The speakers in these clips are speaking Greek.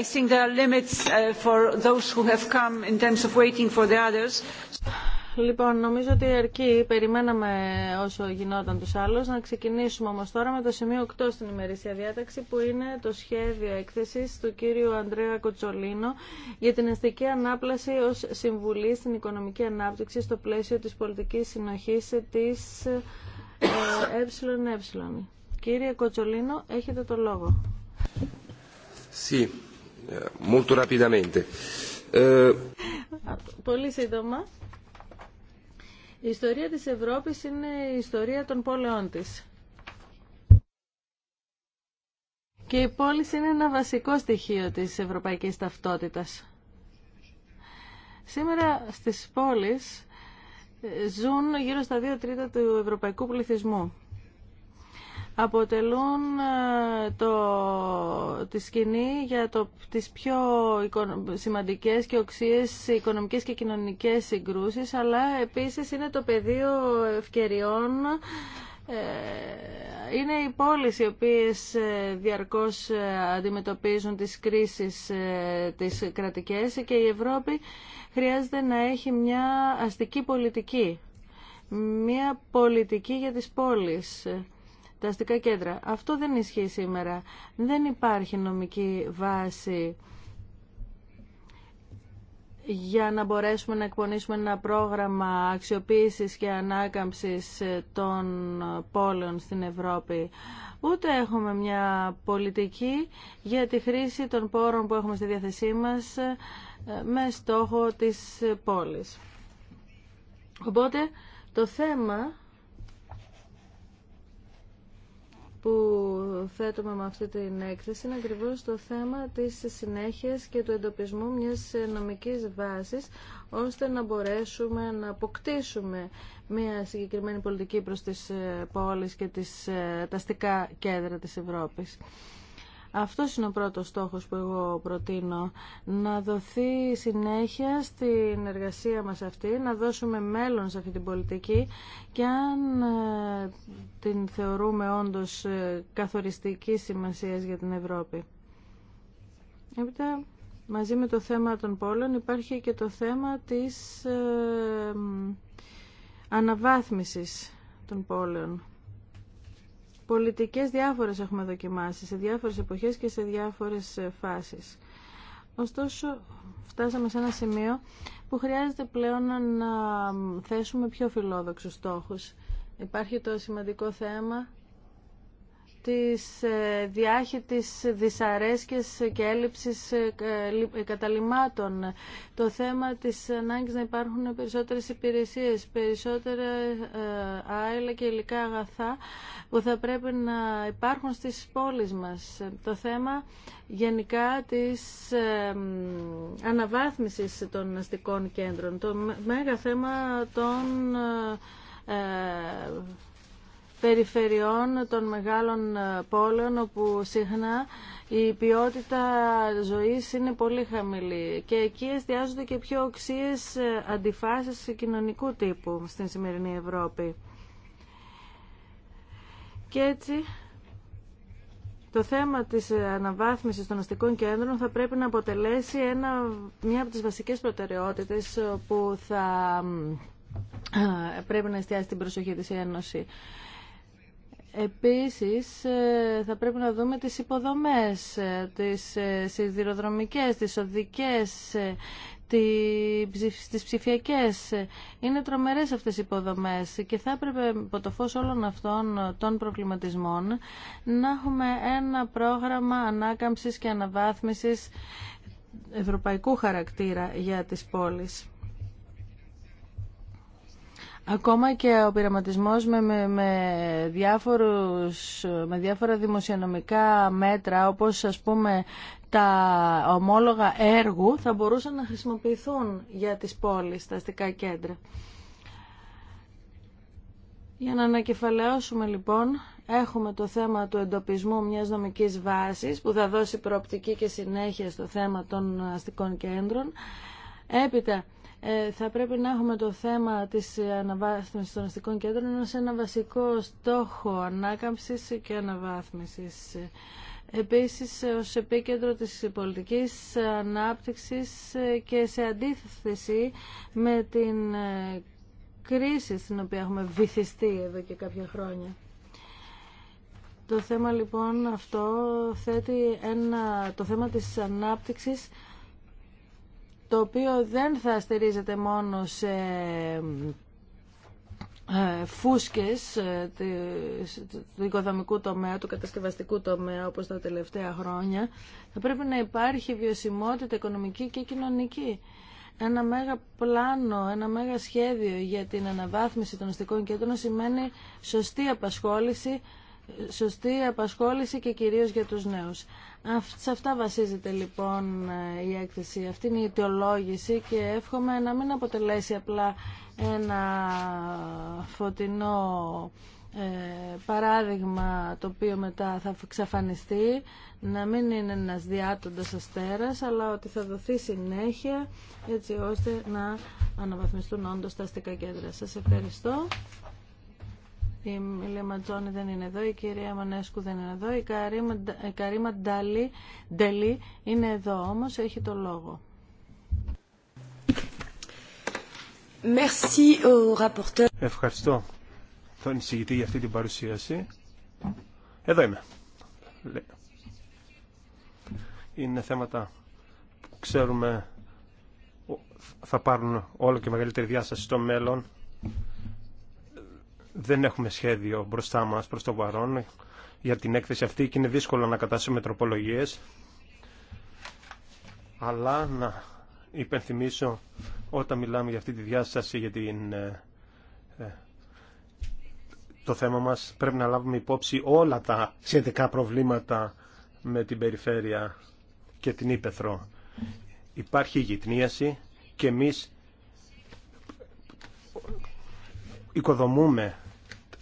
I think there limits uh, for those who have come in terms of waiting for the others. Λοιπόν, νομίζω ότι αρκεί, περιμέναμε όσο γινόταν τους άλλους, να ξεκινήσουμε όμως τώρα με το σημείο 8 στην ημερήσια διάταξη που είναι το σχέδιο έκθεσης του κύριου Ανδρέα Κοτσολίνο για την αστική ανάπλαση ως συμβουλή στην οικονομική ανάπτυξη στο πλαίσιο της πολιτικής συνοχής της ΕΕ. Κύριε Κοτσολίνο, έχετε το λόγο. Sí. Eh, molto rapidamente. Eh, Πολύ σύντομα. Η ιστορία της Ευρώπης είναι η ιστορία των πόλεων της. Και η πόλη είναι ένα βασικό στοιχείο της ευρωπαϊκής ταυτότητας. Σήμερα στις πόλεις ε, ζουν γύρω στα δύο τρίτα του ευρωπαϊκού πληθυσμού αποτελούν ε, το, τη σκηνή για το, τις πιο σημαντικές και οξύες οικονομικές και κοινωνικές συγκρούσεις, αλλά επίσης είναι το πεδίο ευκαιριών ε, είναι οι πόλεις οι οποίες ε, διαρκώς αντιμετωπίζουν τις κρίσεις τις κρατικές και η Ευρώπη χρειάζεται να έχει μια αστική πολιτική, μια πολιτική για τις πόλεις τα κέντρα. Αυτό δεν ισχύει σήμερα. Δεν υπάρχει νομική βάση για να μπορέσουμε να εκπονήσουμε ένα πρόγραμμα αξιοποίησης και ανάκαμψης των πόλεων στην Ευρώπη. Ούτε έχουμε μια πολιτική για τη χρήση των πόρων που έχουμε στη διάθεσή μας ε, με στόχο της πόλης. Οπότε το θέμα που θέτουμε με αυτή την έκθεση είναι ακριβώς το θέμα της συνέχειας και του εντοπισμού μιας νομικής βάσης ώστε να μπορέσουμε να αποκτήσουμε μια συγκεκριμένη πολιτική προς τις ε, πόλεις και τις, ε, τα αστικά κέντρα της Ευρώπης. Αυτός είναι ο πρώτος στόχος που εγώ προτείνω. Να δοθεί συνέχεια στην εργασία μας αυτή, να δώσουμε μέλλον σε αυτή την πολιτική και αν ε, την θεωρούμε όντως ε, καθοριστική σημασία για την Ευρώπη. Έπειτα, μαζί με το θέμα των πόλων υπάρχει και το θέμα της ε, αναβάθμισης των πόλεων πολιτικές διάφορες έχουμε δοκιμάσει σε διάφορες εποχές και σε διάφορες ε, φάσεις. Ωστόσο, φτάσαμε σε ένα σημείο που χρειάζεται πλέον να θέσουμε πιο φιλόδοξους στόχους. Υπάρχει το σημαντικό θέμα της ε, διάχυτης δυσαρέσκειας και έλλειψης ε, ε, καταλημάτων, το θέμα της ανάγκης να υπάρχουν περισσότερες υπηρεσίες, περισσότερα άελα και υλικά αγαθά που θα πρέπει να υπάρχουν στις πόλεις μας. Το θέμα γενικά της αναβάθμισης των αστικών κέντρων, το μέγα θέμα των περιφερειών των μεγάλων ε, πόλεων όπου συχνά η ποιότητα ζωής είναι πολύ χαμηλή και εκεί εστιάζονται και πιο οξύες ε, αντιφάσεις κοινωνικού τύπου στην σημερινή Ευρώπη. Και έτσι το θέμα της ε, αναβάθμισης των αστικών κέντρων θα πρέπει να αποτελέσει ένα, μια από τις βασικές προτεραιότητες που θα πρέπει να εστιάσει την προσοχή της Ένωση. Επίσης ε, θα πρέπει να δούμε τις υποδομές, ε, τις ε, σιδηροδρομικές, τις οδικές, τις ψηφιακές. Είναι τρομερές αυτές οι υποδομές και θα έπρεπε υπό το φως όλων αυτών των προβληματισμών να έχουμε ένα πρόγραμμα ανάκαμψης και αναβάθμισης ευρωπαϊκού χαρακτήρα για τις πόλεις. Ακόμα και ο πειραματισμός με, με, διάφορους, με διάφορα δημοσιονομικά μέτρα, όπως ας πούμε τα ομόλογα έργου, θα μπορούσαν να χρησιμοποιηθούν για τις πόλεις, τα αστικά κέντρα. Για να ανακεφαλαιώσουμε λοιπόν, έχουμε το θέμα του εντοπισμού μιας νομικής βάσης που θα δώσει προοπτική και συνέχεια στο θέμα των αστικών κέντρων. Έπειτα, ε, θα πρέπει να έχουμε το θέμα της ε, αναβάθμισης των αστικών κέντρων ως ένα βασικό στόχο ανάκαμψης και αναβάθμισης. Επίσης, ως επίκεντρο της πολιτικής ανάπτυξης και σε αντίθεση με την ε, κρίση στην οποία έχουμε βυθιστεί εδώ και κάποια χρόνια. Το θέμα λοιπόν αυτό θέτει ένα, το θέμα της ανάπτυξης το οποίο δεν θα στηρίζεται μόνο σε ε, φούσκες ε, του οικοδομικού τομέα, του κατασκευαστικού τομέα όπως τα τελευταία χρόνια θα πρέπει να υπάρχει βιωσιμότητα οικονομική και κοινωνική ένα μέγα πλάνο, ένα μέγα σχέδιο για την αναβάθμιση των αστικών κέντρων σημαίνει σωστή απασχόληση σωστή απασχόληση και κυρίως για τους νέους. Σε αυτά βασίζεται λοιπόν η έκθεση. Αυτή είναι η αιτιολόγηση και εύχομαι να μην αποτελέσει απλά ένα φωτεινό ε, παράδειγμα το οποίο μετά θα εξαφανιστεί, να μην είναι ένας διάτοντας αστέρας, αλλά ότι θα δοθεί συνέχεια έτσι ώστε να αναβαθμιστούν όντως τα αστικά κέντρα. Σας ευχαριστώ. Η Μιλία Ματζόνη δεν είναι εδώ, η κυρία Μανέσκου δεν είναι εδώ, η Καρίμα Νταλή, Ντελή είναι εδώ όμως, έχει το λόγο. Ευχαριστώ τον εισηγητή για αυτή την παρουσίαση. Εδώ είμαι. Είναι θέματα που ξέρουμε θα πάρουν όλο και μεγαλύτερη διάσταση στο μέλλον δεν έχουμε σχέδιο μπροστά μας προς το παρόν για την έκθεση αυτή και είναι δύσκολο να κατάσουμε τροπολογίες. Αλλά να υπενθυμίσω όταν μιλάμε για αυτή τη διάσταση για την, ε, ε, το θέμα μας πρέπει να λάβουμε υπόψη όλα τα σχετικά προβλήματα με την περιφέρεια και την Ήπεθρο. Υπάρχει γυτνίαση και εμείς οικοδομούμε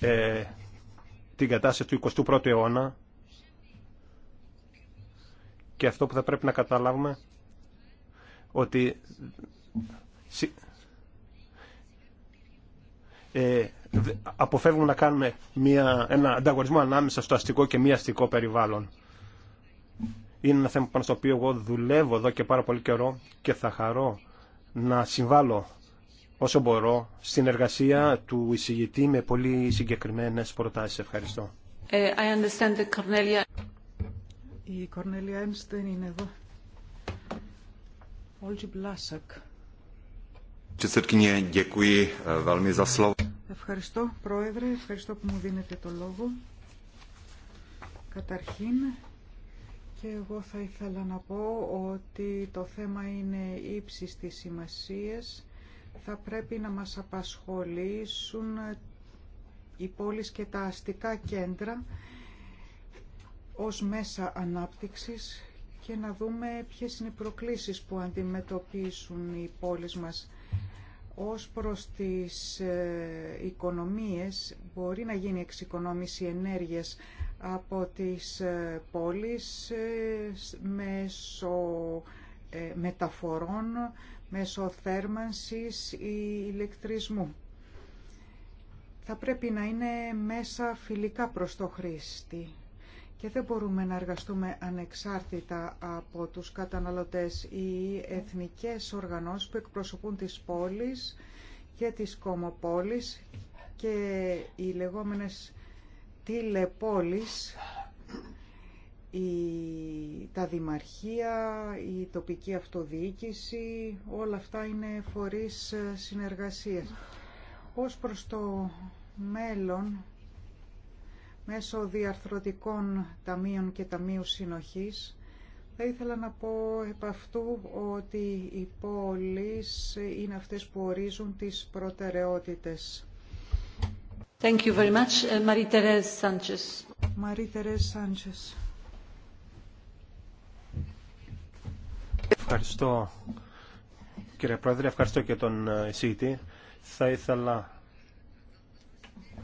ε, την κατάσταση του 21ου αιώνα και αυτό που θα πρέπει να καταλάβουμε ότι ε, αποφεύγουμε να κάνουμε μια, ένα ανταγωνισμό ανάμεσα στο αστικό και μη αστικό περιβάλλον. Είναι ένα θέμα πάνω στο οποίο εγώ δουλεύω εδώ και πάρα πολύ καιρό και θα χαρώ να συμβάλλω όσο μπορώ στην εργασία του εισηγητή με πολύ συγκεκριμένες προτάσεις. Ευχαριστώ. Ε, I understand Cornelia... Η Κορνέλια είναι εδώ. Μπλάσακ. Eh, Ευχαριστώ, Πρόεδρε. Ευχαριστώ που μου δίνετε το λόγο. Καταρχήν, και εγώ θα ήθελα να πω ότι το θέμα είναι ύψης της σημασίας θα πρέπει να μας απασχολήσουν οι πόλεις και τα αστικά κέντρα ως μέσα ανάπτυξης και να δούμε ποιες είναι οι προκλήσεις που αντιμετωπίσουν οι πόλεις μας. Ως προς τις ε, οικονομίες μπορεί να γίνει εξοικονόμηση ενέργειας από τις ε, πόλεις ε, μέσω ε, μεταφορών μέσω θέρμανσης ή ηλεκτρισμού. Θα πρέπει να είναι μέσα φιλικά προς το χρήστη και δεν μπορούμε να εργαστούμε ανεξάρτητα από τους καταναλωτές ή εθνικές οργανώσεις που εκπροσωπούν τις πόλεις και τις κομοπόλεις και οι λεγόμενες τηλεπόλεις η, τα δημαρχία, η τοπική αυτοδιοίκηση, όλα αυτά είναι φορείς ε, συνεργασίας. Ως προς το μέλλον, μέσω διαρθρωτικών ταμείων και ταμείου συνοχής, θα ήθελα να πω επ' αυτού ότι οι πόλεις είναι αυτές που ορίζουν τις προτεραιότητες. Thank you very much. Ε, marie Sanchez. marie Sanchez. Ευχαριστώ κύριε Πρόεδρε, ευχαριστώ και τον ε, ΣΥΤΗ. Θα ήθελα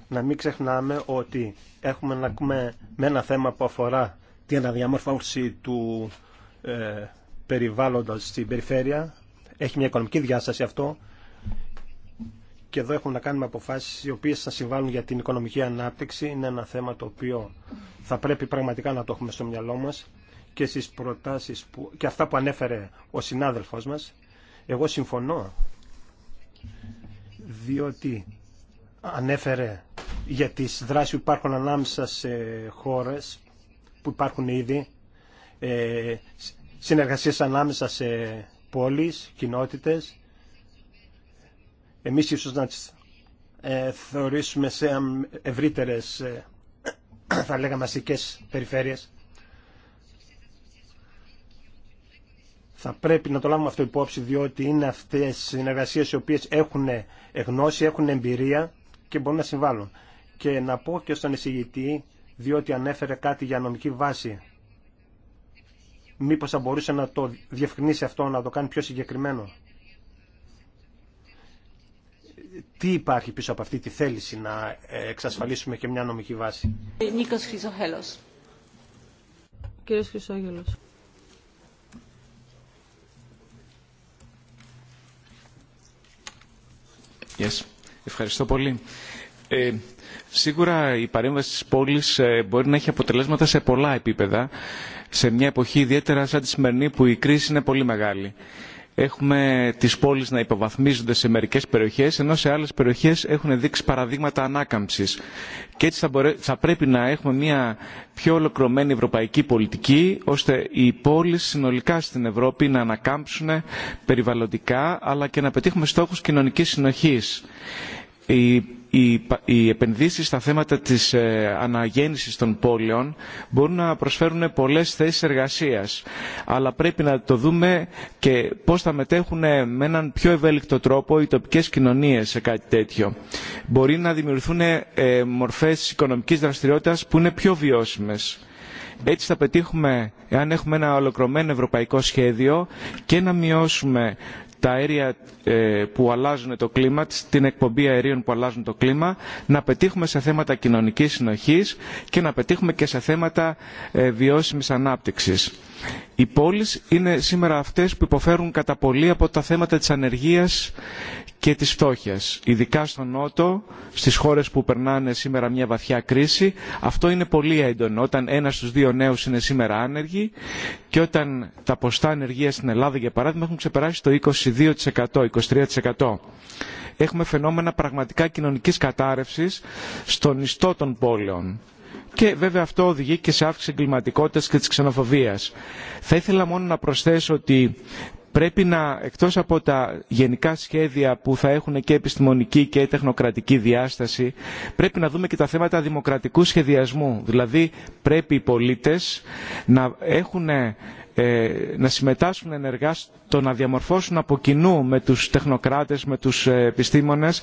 να μην ξεχνάμε ότι έχουμε να ακούμε με ένα θέμα που αφορά την αναδιαμόρφωση του ε, περιβάλλοντος στην περιφέρεια. Έχει μια οικονομική διάσταση αυτό και εδώ έχουμε να κάνουμε αποφάσεις οι οποίες θα συμβάλλουν για την οικονομική ανάπτυξη. Είναι ένα θέμα το οποίο θα πρέπει πραγματικά να το έχουμε στο μυαλό μας και προτάσεις και αυτά που ανέφερε ο συνάδελφός μας, εγώ συμφωνώ, διότι ανέφερε για τις δράσεις που υπάρχουν ανάμεσα σε χώρες που υπάρχουν ήδη, ε, συνεργασίες ανάμεσα σε πόλεις, κοινότητες. Εμείς ίσως να τις ε, θεωρήσουμε σε ευρύτερες, ε, θα λέγαμε, αστικές περιφέρειες. θα πρέπει να το λάβουμε αυτό υπόψη διότι είναι αυτές οι συνεργασίες οι οποίες έχουν γνώση, έχουν εμπειρία και μπορούν να συμβάλλουν. Και να πω και στον εισηγητή διότι ανέφερε κάτι για νομική βάση. Μήπως θα μπορούσε να το διευκρινίσει αυτό, να το κάνει πιο συγκεκριμένο. Τι υπάρχει πίσω από αυτή τη θέληση να εξασφαλίσουμε και μια νομική βάση. Νίκος Κύριος Χρυσόγελος. Ευχαριστώ πολύ. Ε, σίγουρα η παρέμβαση της πόλης ε, μπορεί να έχει αποτελέσματα σε πολλά επίπεδα, σε μια εποχή ιδιαίτερα σαν τη σημερινή που η κρίση είναι πολύ μεγάλη έχουμε τις πόλεις να υποβαθμίζονται σε μερικές περιοχές ενώ σε άλλες περιοχές έχουν δείξει παραδείγματα ανάκαμψης. Και έτσι θα, πρέπει να έχουμε μια πιο ολοκληρωμένη ευρωπαϊκή πολιτική ώστε οι πόλεις συνολικά στην Ευρώπη να ανακάμψουν περιβαλλοντικά αλλά και να πετύχουμε στόχους κοινωνικής συνοχής. Η οι επενδύσεις στα θέματα της ε, αναγέννησης των πόλεων μπορούν να προσφέρουν πολλές θέσεις εργασίας αλλά πρέπει να το δούμε και πώς θα μετέχουν με έναν πιο ευέλικτο τρόπο οι τοπικές κοινωνίες σε κάτι τέτοιο. Μπορεί να δημιουργηθούν ε, μορφές οικονομικής δραστηριότητας που είναι πιο βιώσιμες. Έτσι θα πετύχουμε, εάν έχουμε ένα ολοκληρωμένο ευρωπαϊκό σχέδιο, και να μειώσουμε τα αέρια ε, που αλλάζουν το κλίμα, την εκπομπή αερίων που αλλάζουν το κλίμα, να πετύχουμε σε θέματα κοινωνικής συνοχής και να πετύχουμε και σε θέματα ε, βιώσιμης ανάπτυξης. Οι πόλεις είναι σήμερα αυτές που υποφέρουν κατά πολύ από τα θέματα της ανεργίας και της φτώχειας. Ειδικά στον Νότο, στις χώρες που περνάνε σήμερα μια βαθιά κρίση, αυτό είναι πολύ έντονο. Όταν ένας στους δύο νέους είναι σήμερα άνεργοι και όταν τα ποστά ανεργία στην Ελλάδα, για παράδειγμα, έχουν ξεπεράσει το 22%, 23%. Έχουμε φαινόμενα πραγματικά κοινωνικής κατάρρευσης στον ιστό των πόλεων. Και βέβαια αυτό οδηγεί και σε αύξηση εγκληματικότητας και της ξενοφοβίας. Θα ήθελα μόνο να προσθέσω ότι πρέπει να, εκτός από τα γενικά σχέδια που θα έχουν και επιστημονική και τεχνοκρατική διάσταση, πρέπει να δούμε και τα θέματα δημοκρατικού σχεδιασμού. Δηλαδή πρέπει οι πολίτες να έχουν ε, να συμμετάσχουν ενεργά στο να διαμορφώσουν από κοινού με τους τεχνοκράτες, με τους ε, επιστήμονες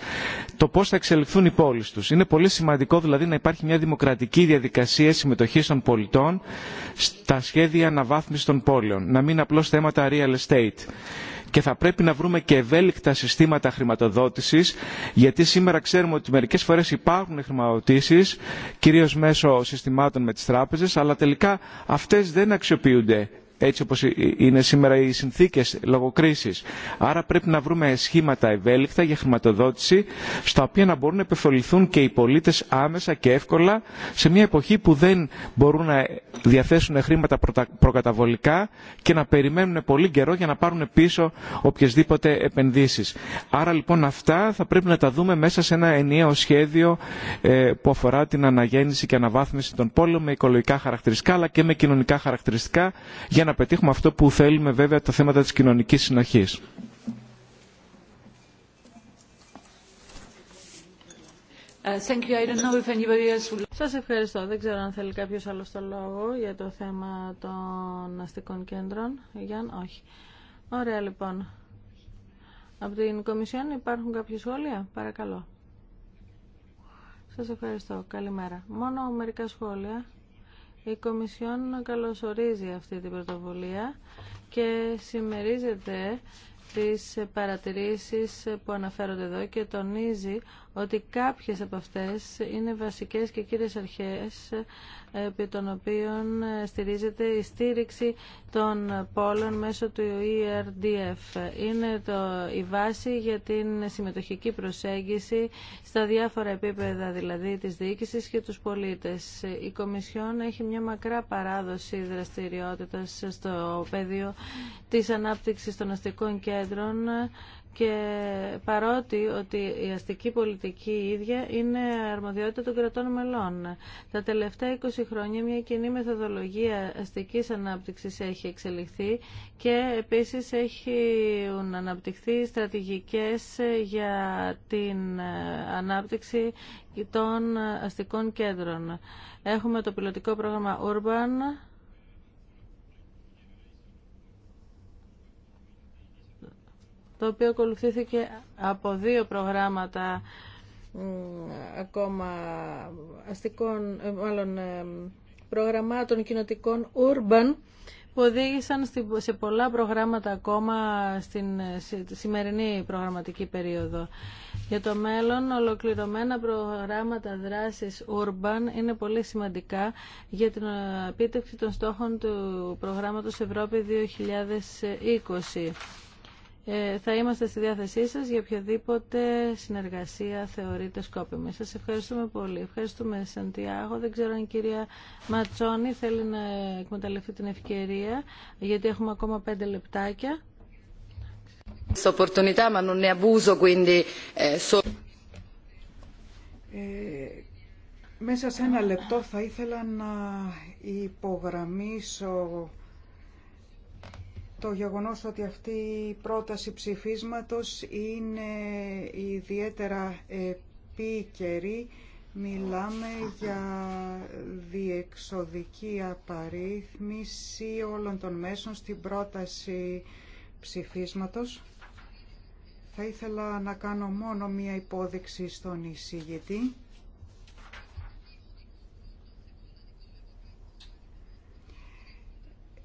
το πώς θα εξελιχθούν οι πόλεις τους. Είναι πολύ σημαντικό δηλαδή να υπάρχει μια δημοκρατική διαδικασία συμμετοχής των πολιτών στα σχέδια αναβάθμισης των πόλεων, να μην απλώς θέματα real estate και θα πρέπει να βρούμε και ευέλικτα συστήματα χρηματοδότησης γιατί σήμερα ξέρουμε ότι μερικές φορές υπάρχουν χρηματοδοτήσεις κυρίως μέσω συστημάτων με τις τράπεζες αλλά τελικά αυτές δεν αξιοποιούνται έτσι όπως ε, ε, είναι σήμερα οι συνθήκες λόγω κρίσης. Άρα πρέπει να βρούμε σχήματα ευέλικτα για χρηματοδότηση στα οποία να μπορούν να επιφωληθούν και οι πολίτες άμεσα και εύκολα σε μια εποχή που δεν μπορούν να διαθέσουν χρήματα προκαταβολικά και να περιμένουν πολύ καιρό για να πάρουν πίσω οποιασδήποτε επενδύσεις. Άρα λοιπόν αυτά θα πρέπει να τα δούμε μέσα σε ένα ενιαίο σχέδιο ε, που αφορά την αναγέννηση και αναβάθμιση των πόλεων με οικολογικά χαρακτηριστικά αλλά και με κοινωνικά χαρακτηριστικά για πετύχουμε αυτό που θέλουμε βέβαια τα θέματα της κοινωνικής συνοχής. Σας ευχαριστώ. Δεν ξέρω αν θέλει κάποιος άλλος το λόγο για το θέμα των αστικών κέντρων. Γιάν, όχι. Ωραία, λοιπόν. Από την Κομισιόν υπάρχουν κάποια σχόλια. Παρακαλώ. Σας ευχαριστώ. Καλημέρα. Μόνο μερικά σχόλια η Κομισιόν καλωσορίζει αυτή την πρωτοβουλία και συμμερίζεται τις παρατηρήσεις που αναφέρονται εδώ και τονίζει ότι κάποιες από αυτές είναι βασικές και κύριες αρχές ε, επί των οποίων ε, στηρίζεται η στήριξη των πόλων μέσω του ERDF. Είναι το, η βάση για την συμμετοχική προσέγγιση στα διάφορα επίπεδα δηλαδή της διοίκησης και τους πολίτες. Η Κομισιόν έχει μια μακρά παράδοση δραστηριότητας στο πεδίο της ανάπτυξης των αστικών κέντρων και παρότι ότι η αστική πολιτική η ίδια είναι αρμοδιότητα των κρατών μελών. Τα τελευταία 20 χρόνια μια κοινή μεθοδολογία αστικής ανάπτυξης έχει εξελιχθεί και επίσης έχουν αναπτυχθεί στρατηγικές για την ανάπτυξη των αστικών κέντρων. Έχουμε το πιλωτικό πρόγραμμα Urban το οποίο ακολουθήθηκε από δύο προγράμματα ακόμα αστικών, ε, μάλλον ε, προγραμμάτων κοινοτικών Urban που οδήγησαν σε πολλά προγράμματα ακόμα στην ε, σημερινή προγραμματική περίοδο. Για το μέλλον, ολοκληρωμένα προγράμματα δράσης Urban είναι πολύ σημαντικά για την επίτευξη των στόχων του προγράμματος Ευρώπη 2020. Ε, θα είμαστε στη διάθεσή σας για οποιαδήποτε συνεργασία θεωρείτε σκόπιμη. Σας ευχαριστούμε πολύ. Ευχαριστούμε Σαντιάγο. Δεν ξέρω αν η κυρία Ματσόνη θέλει να εκμεταλλευτεί την ευκαιρία, γιατί έχουμε ακόμα πέντε λεπτάκια. Eh, ε, μέσα σε ένα λεπτό θα ήθελα να υπογραμμίσω το γεγονός ότι αυτή η πρόταση ψηφίσματος είναι ιδιαίτερα επίκαιρη. Μιλάμε για διεξοδική απαρίθμηση όλων των μέσων στην πρόταση ψηφίσματος. Θα ήθελα να κάνω μόνο μία υπόδειξη στον εισηγητή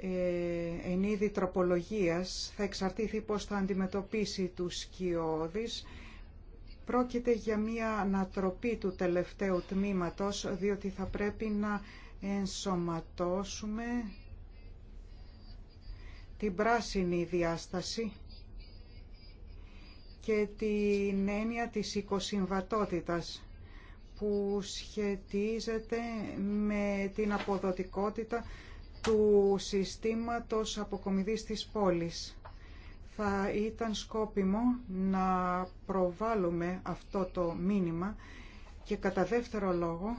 ε, εν είδη τροπολογίας θα εξαρτήθει πώς θα αντιμετωπίσει του σκιώδης. Πρόκειται για μία ανατροπή του τελευταίου τμήματος, διότι θα πρέπει να ενσωματώσουμε την πράσινη διάσταση και την έννοια της οικοσυμβατότητας που σχετίζεται με την αποδοτικότητα του συστήματος αποκομιδής της πόλης. Θα ήταν σκόπιμο να προβάλλουμε αυτό το μήνυμα και κατά δεύτερο λόγο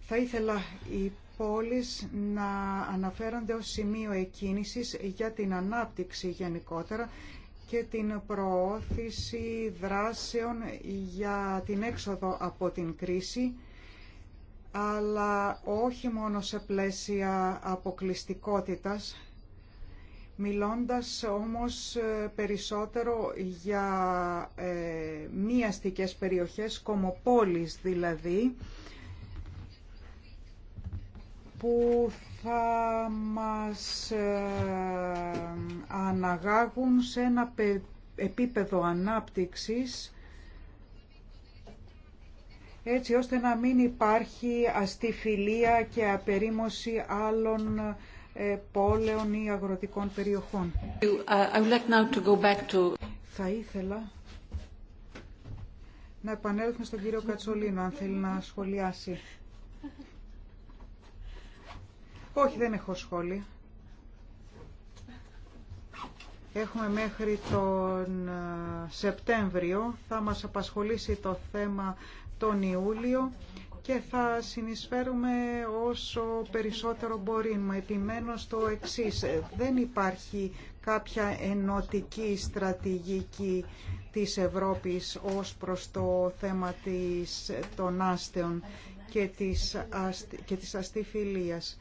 θα ήθελα οι πόλεις να αναφέρονται ως σημείο εκκίνησης για την ανάπτυξη γενικότερα και την προώθηση δράσεων για την έξοδο από την κρίση, αλλά όχι μόνο σε πλαίσια αποκλειστικότητας, μιλώντας όμως ε, περισσότερο για ε, περιοχές, κομοπόλεις δηλαδή, που θα μας ε, αναγάγουν σε ένα επίπεδο ανάπτυξης έτσι ώστε να μην υπάρχει αστιφιλία και απερίμωση άλλων ε, πόλεων ή αγροτικών περιοχών. Uh, I would go back Θα ήθελα να επανέλθουμε στον κύριο Κατσολίνο, αν θέλει να σχολιάσει. Όχι, δεν έχω σχόλια. Έχουμε μέχρι τον ε, Σεπτέμβριο. Θα μας απασχολήσει το θέμα τον Ιούλιο και θα συνεισφέρουμε όσο περισσότερο με Επιμένω στο εξής. Δεν υπάρχει κάποια ενωτική στρατηγική της Ευρώπης ως προς το θέμα της, των άστεων και της, και της αστιφιλίας.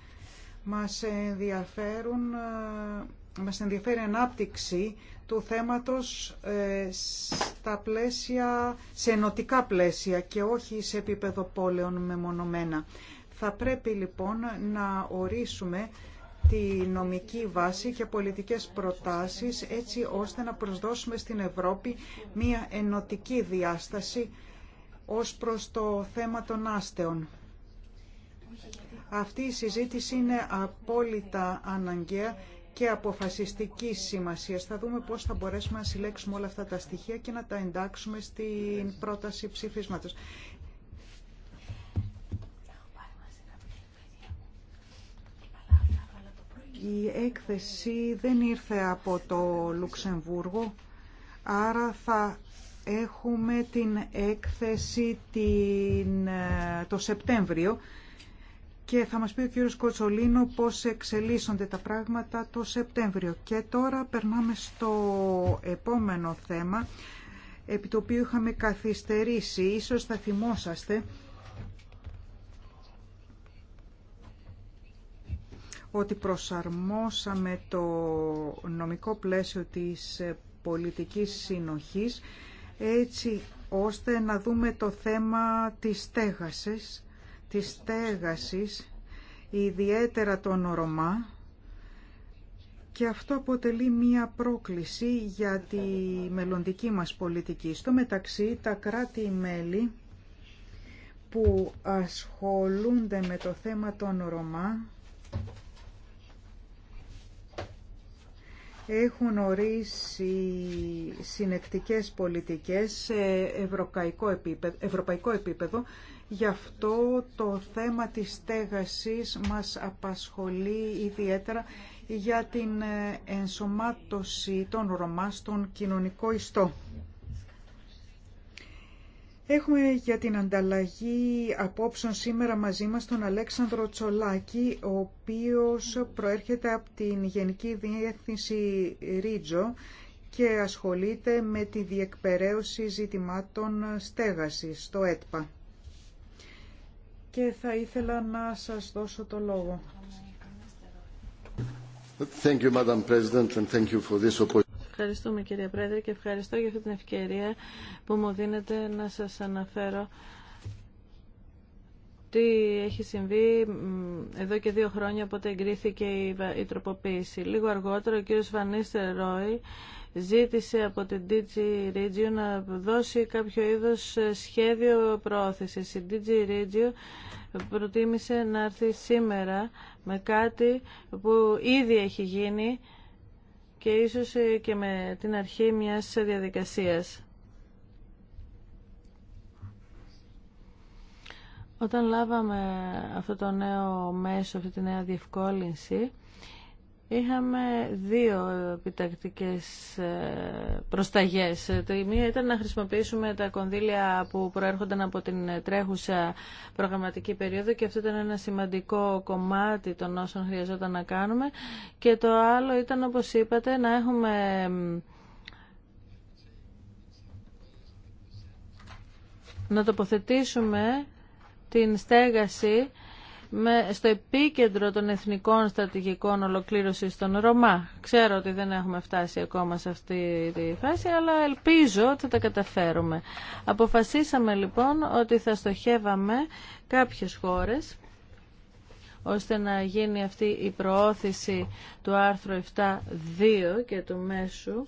Μας, ενδιαφέρουν, ε, μας ενδιαφέρει ανάπτυξη του θέματος ε, στα πλαίσια, σε ενωτικά πλαίσια και όχι σε επίπεδο πόλεων μεμονωμένα. Θα πρέπει λοιπόν να ορίσουμε τη νομική βάση και πολιτικές προτάσεις έτσι ώστε να προσδώσουμε στην Ευρώπη μία ενωτική διάσταση ως προς το θέμα των άστεων. Αυτή η συζήτηση είναι απόλυτα αναγκαία και αποφασιστική σημασία. Θα δούμε πώς θα μπορέσουμε να συλλέξουμε όλα αυτά τα στοιχεία και να τα εντάξουμε στην πρόταση ψηφίσματος. Η έκθεση δεν ήρθε από το Λουξεμβούργο, άρα θα έχουμε την έκθεση την, ε, το Σεπτέμβριο και θα μας πει ο κύριος Κοτσολίνο πώς εξελίσσονται τα πράγματα το Σεπτέμβριο. Και τώρα περνάμε στο επόμενο θέμα, επί το οποίο είχαμε καθυστερήσει, ίσως θα θυμόσαστε, ότι προσαρμόσαμε το νομικό πλαίσιο της πολιτικής συνοχής έτσι ώστε να δούμε το θέμα της στέγασης της στέγασης, ιδιαίτερα των Ρωμά, και αυτό αποτελεί μία πρόκληση για τη μελλοντική μας πολιτική. Στο μεταξύ, τα κράτη-μέλη που ασχολούνται με το θέμα των Ρωμά έχουν ορίσει συνεκτικές πολιτικές σε ευρωπαϊκό επίπεδο, ευρωπαϊκό επίπεδο Γι' αυτό το θέμα της στέγασης μας απασχολεί ιδιαίτερα για την ε, ενσωμάτωση των Ρωμά στον κοινωνικό ιστό. Έχουμε για την ανταλλαγή απόψεων σήμερα μαζί μας τον Αλέξανδρο Τσολάκη, ο οποίος προέρχεται από την Γενική Διεύθυνση Ρίτζο και ασχολείται με τη διεκπαιρέωση ζητημάτων στέγασης στο ΕΤΠΑ και θα ήθελα να σας δώσω το λόγο. Ευχαριστούμε κύριε Πρόεδρε και ευχαριστώ για αυτή την ευκαιρία που μου δίνετε να σας αναφέρω τι έχει συμβεί εδώ και δύο χρόνια από εγκρίθηκε η, τροποποίηση. Λίγο αργότερα ο κύριος Βανίστερ Ρόι ζήτησε από την DG Regio να δώσει κάποιο είδος σχέδιο προώθησης. Η DG Regio προτίμησε να έρθει σήμερα με κάτι που ήδη έχει γίνει και ίσως και με την αρχή μιας διαδικασίας. Όταν λάβαμε αυτό το νέο μέσο, αυτή τη νέα διευκόλυνση, Είχαμε δύο επιτακτικές ε, προσταγές. Το μία ήταν να χρησιμοποιήσουμε τα κονδύλια που προέρχονταν από την τρέχουσα προγραμματική περίοδο και αυτό ήταν ένα σημαντικό κομμάτι των όσων χρειαζόταν να κάνουμε. Και το άλλο ήταν, όπως είπατε, να έχουμε να τοποθετήσουμε την στέγαση με, στο επίκεντρο των εθνικών στρατηγικών ολοκλήρωσης των Ρωμά. Ξέρω ότι δεν έχουμε φτάσει ακόμα σε αυτή τη φάση, αλλά ελπίζω ότι θα τα καταφέρουμε. Αποφασίσαμε λοιπόν ότι θα στοχεύαμε κάποιες χώρες ώστε να γίνει αυτή η προώθηση του άρθρου 7.2 και του μέσου.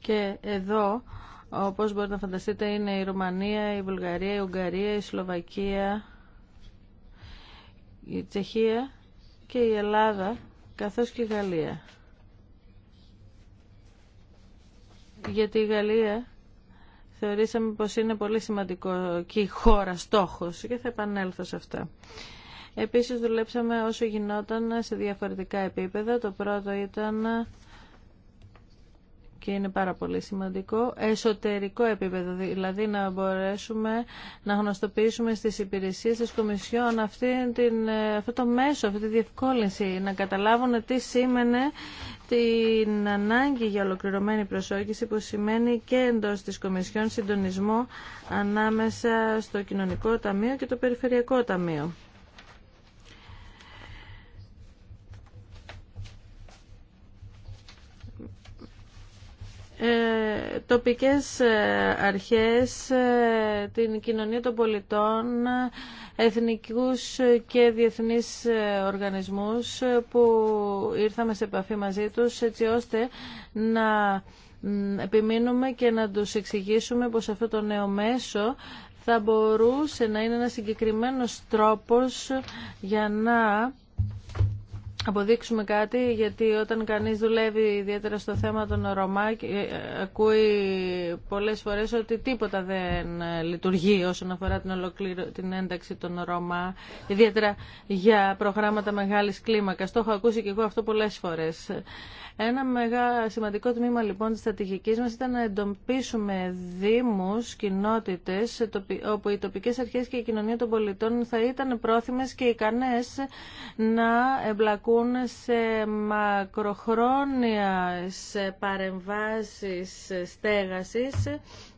Και εδώ, όπως μπορείτε να φανταστείτε, είναι η Ρουμανία, η Βουλγαρία, η Ουγγαρία, η Σλοβακία, η Τσεχία και η Ελλάδα καθώς και η Γαλλία. Γιατί η Γαλλία θεωρήσαμε πως είναι πολύ σημαντικό και η χώρα στόχος και θα επανέλθω σε αυτά. Επίσης δουλέψαμε όσο γινόταν σε διαφορετικά επίπεδα. Το πρώτο ήταν και είναι πάρα πολύ σημαντικό, εσωτερικό επίπεδο, δηλαδή να μπορέσουμε να γνωστοποιήσουμε στις υπηρεσίες της Κομισιόν αυτή την, ε, αυτό το μέσο, αυτή τη διευκόλυνση, να καταλάβουν τι σήμαινε την ανάγκη για ολοκληρωμένη προσώγηση που σημαίνει και εντός της Κομισιόν συντονισμό ανάμεσα στο Κοινωνικό Ταμείο και το Περιφερειακό Ταμείο. Ε, τοπικές ε, αρχές, ε, την κοινωνία των πολιτών, εθνικούς και διεθνείς οργανισμούς που ήρθαμε σε επαφή μαζί τους έτσι ώστε να επιμείνουμε και να τους εξηγήσουμε πως αυτό το νέο μέσο θα μπορούσε να είναι ένα συγκεκριμένος τρόπος για να αποδείξουμε κάτι γιατί όταν κανείς δουλεύει ιδιαίτερα στο θέμα των Ρωμά ε, ακούει πολλές φορές ότι τίποτα δεν ε, λειτουργεί όσον αφορά την, ολοκληρω... την ένταξη των Ρωμά ιδιαίτερα για προγράμματα μεγάλης κλίμακας. Το έχω ακούσει και εγώ αυτό πολλές φορές. Ένα μεγάλο σημαντικό τμήμα λοιπόν της στρατηγικής μας ήταν να εντοπίσουμε δήμους, κοινότητες, όπου οι τοπικές αρχές και η κοινωνία των πολιτών θα ήταν πρόθυμες και ικανές να εμπλακούν σε μακροχρόνια παρεμβάσεις στέγασης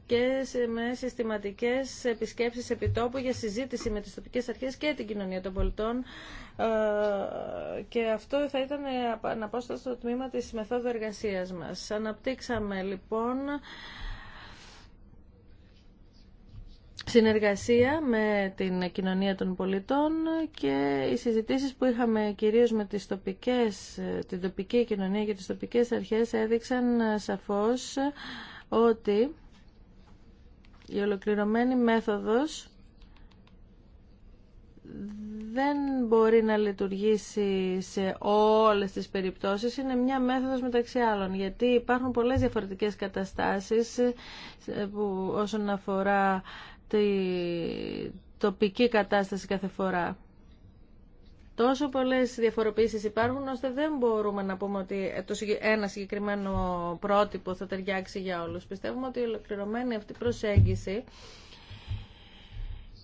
και με συστηματικές επισκέψεις επιτόπου για συζήτηση με τις τοπικές αρχές και την κοινωνία των πολιτών ε, και αυτό θα ήταν ε, αναπόσταση στο τμήμα της μεθόδου εργασίας μας. Αναπτύξαμε λοιπόν συνεργασία με την κοινωνία των πολιτών και οι συζητήσεις που είχαμε κυρίως με τις τοπικές, την τοπική κοινωνία και τις τοπικές αρχές έδειξαν ε, σαφώς ότι η ολοκληρωμένη μέθοδος δεν μπορεί να λειτουργήσει σε όλες τις περιπτώσεις. Είναι μια μέθοδος μεταξύ άλλων, γιατί υπάρχουν πολλές διαφορετικές καταστάσεις ε, που όσον αφορά τη τοπική κατάσταση κάθε φορά. Τόσο πολλές διαφοροποίησεις υπάρχουν ώστε δεν μπορούμε να πούμε ότι ένα συγκεκριμένο πρότυπο θα ταιριάξει για όλους. Πιστεύουμε ότι η ολοκληρωμένη αυτή προσέγγιση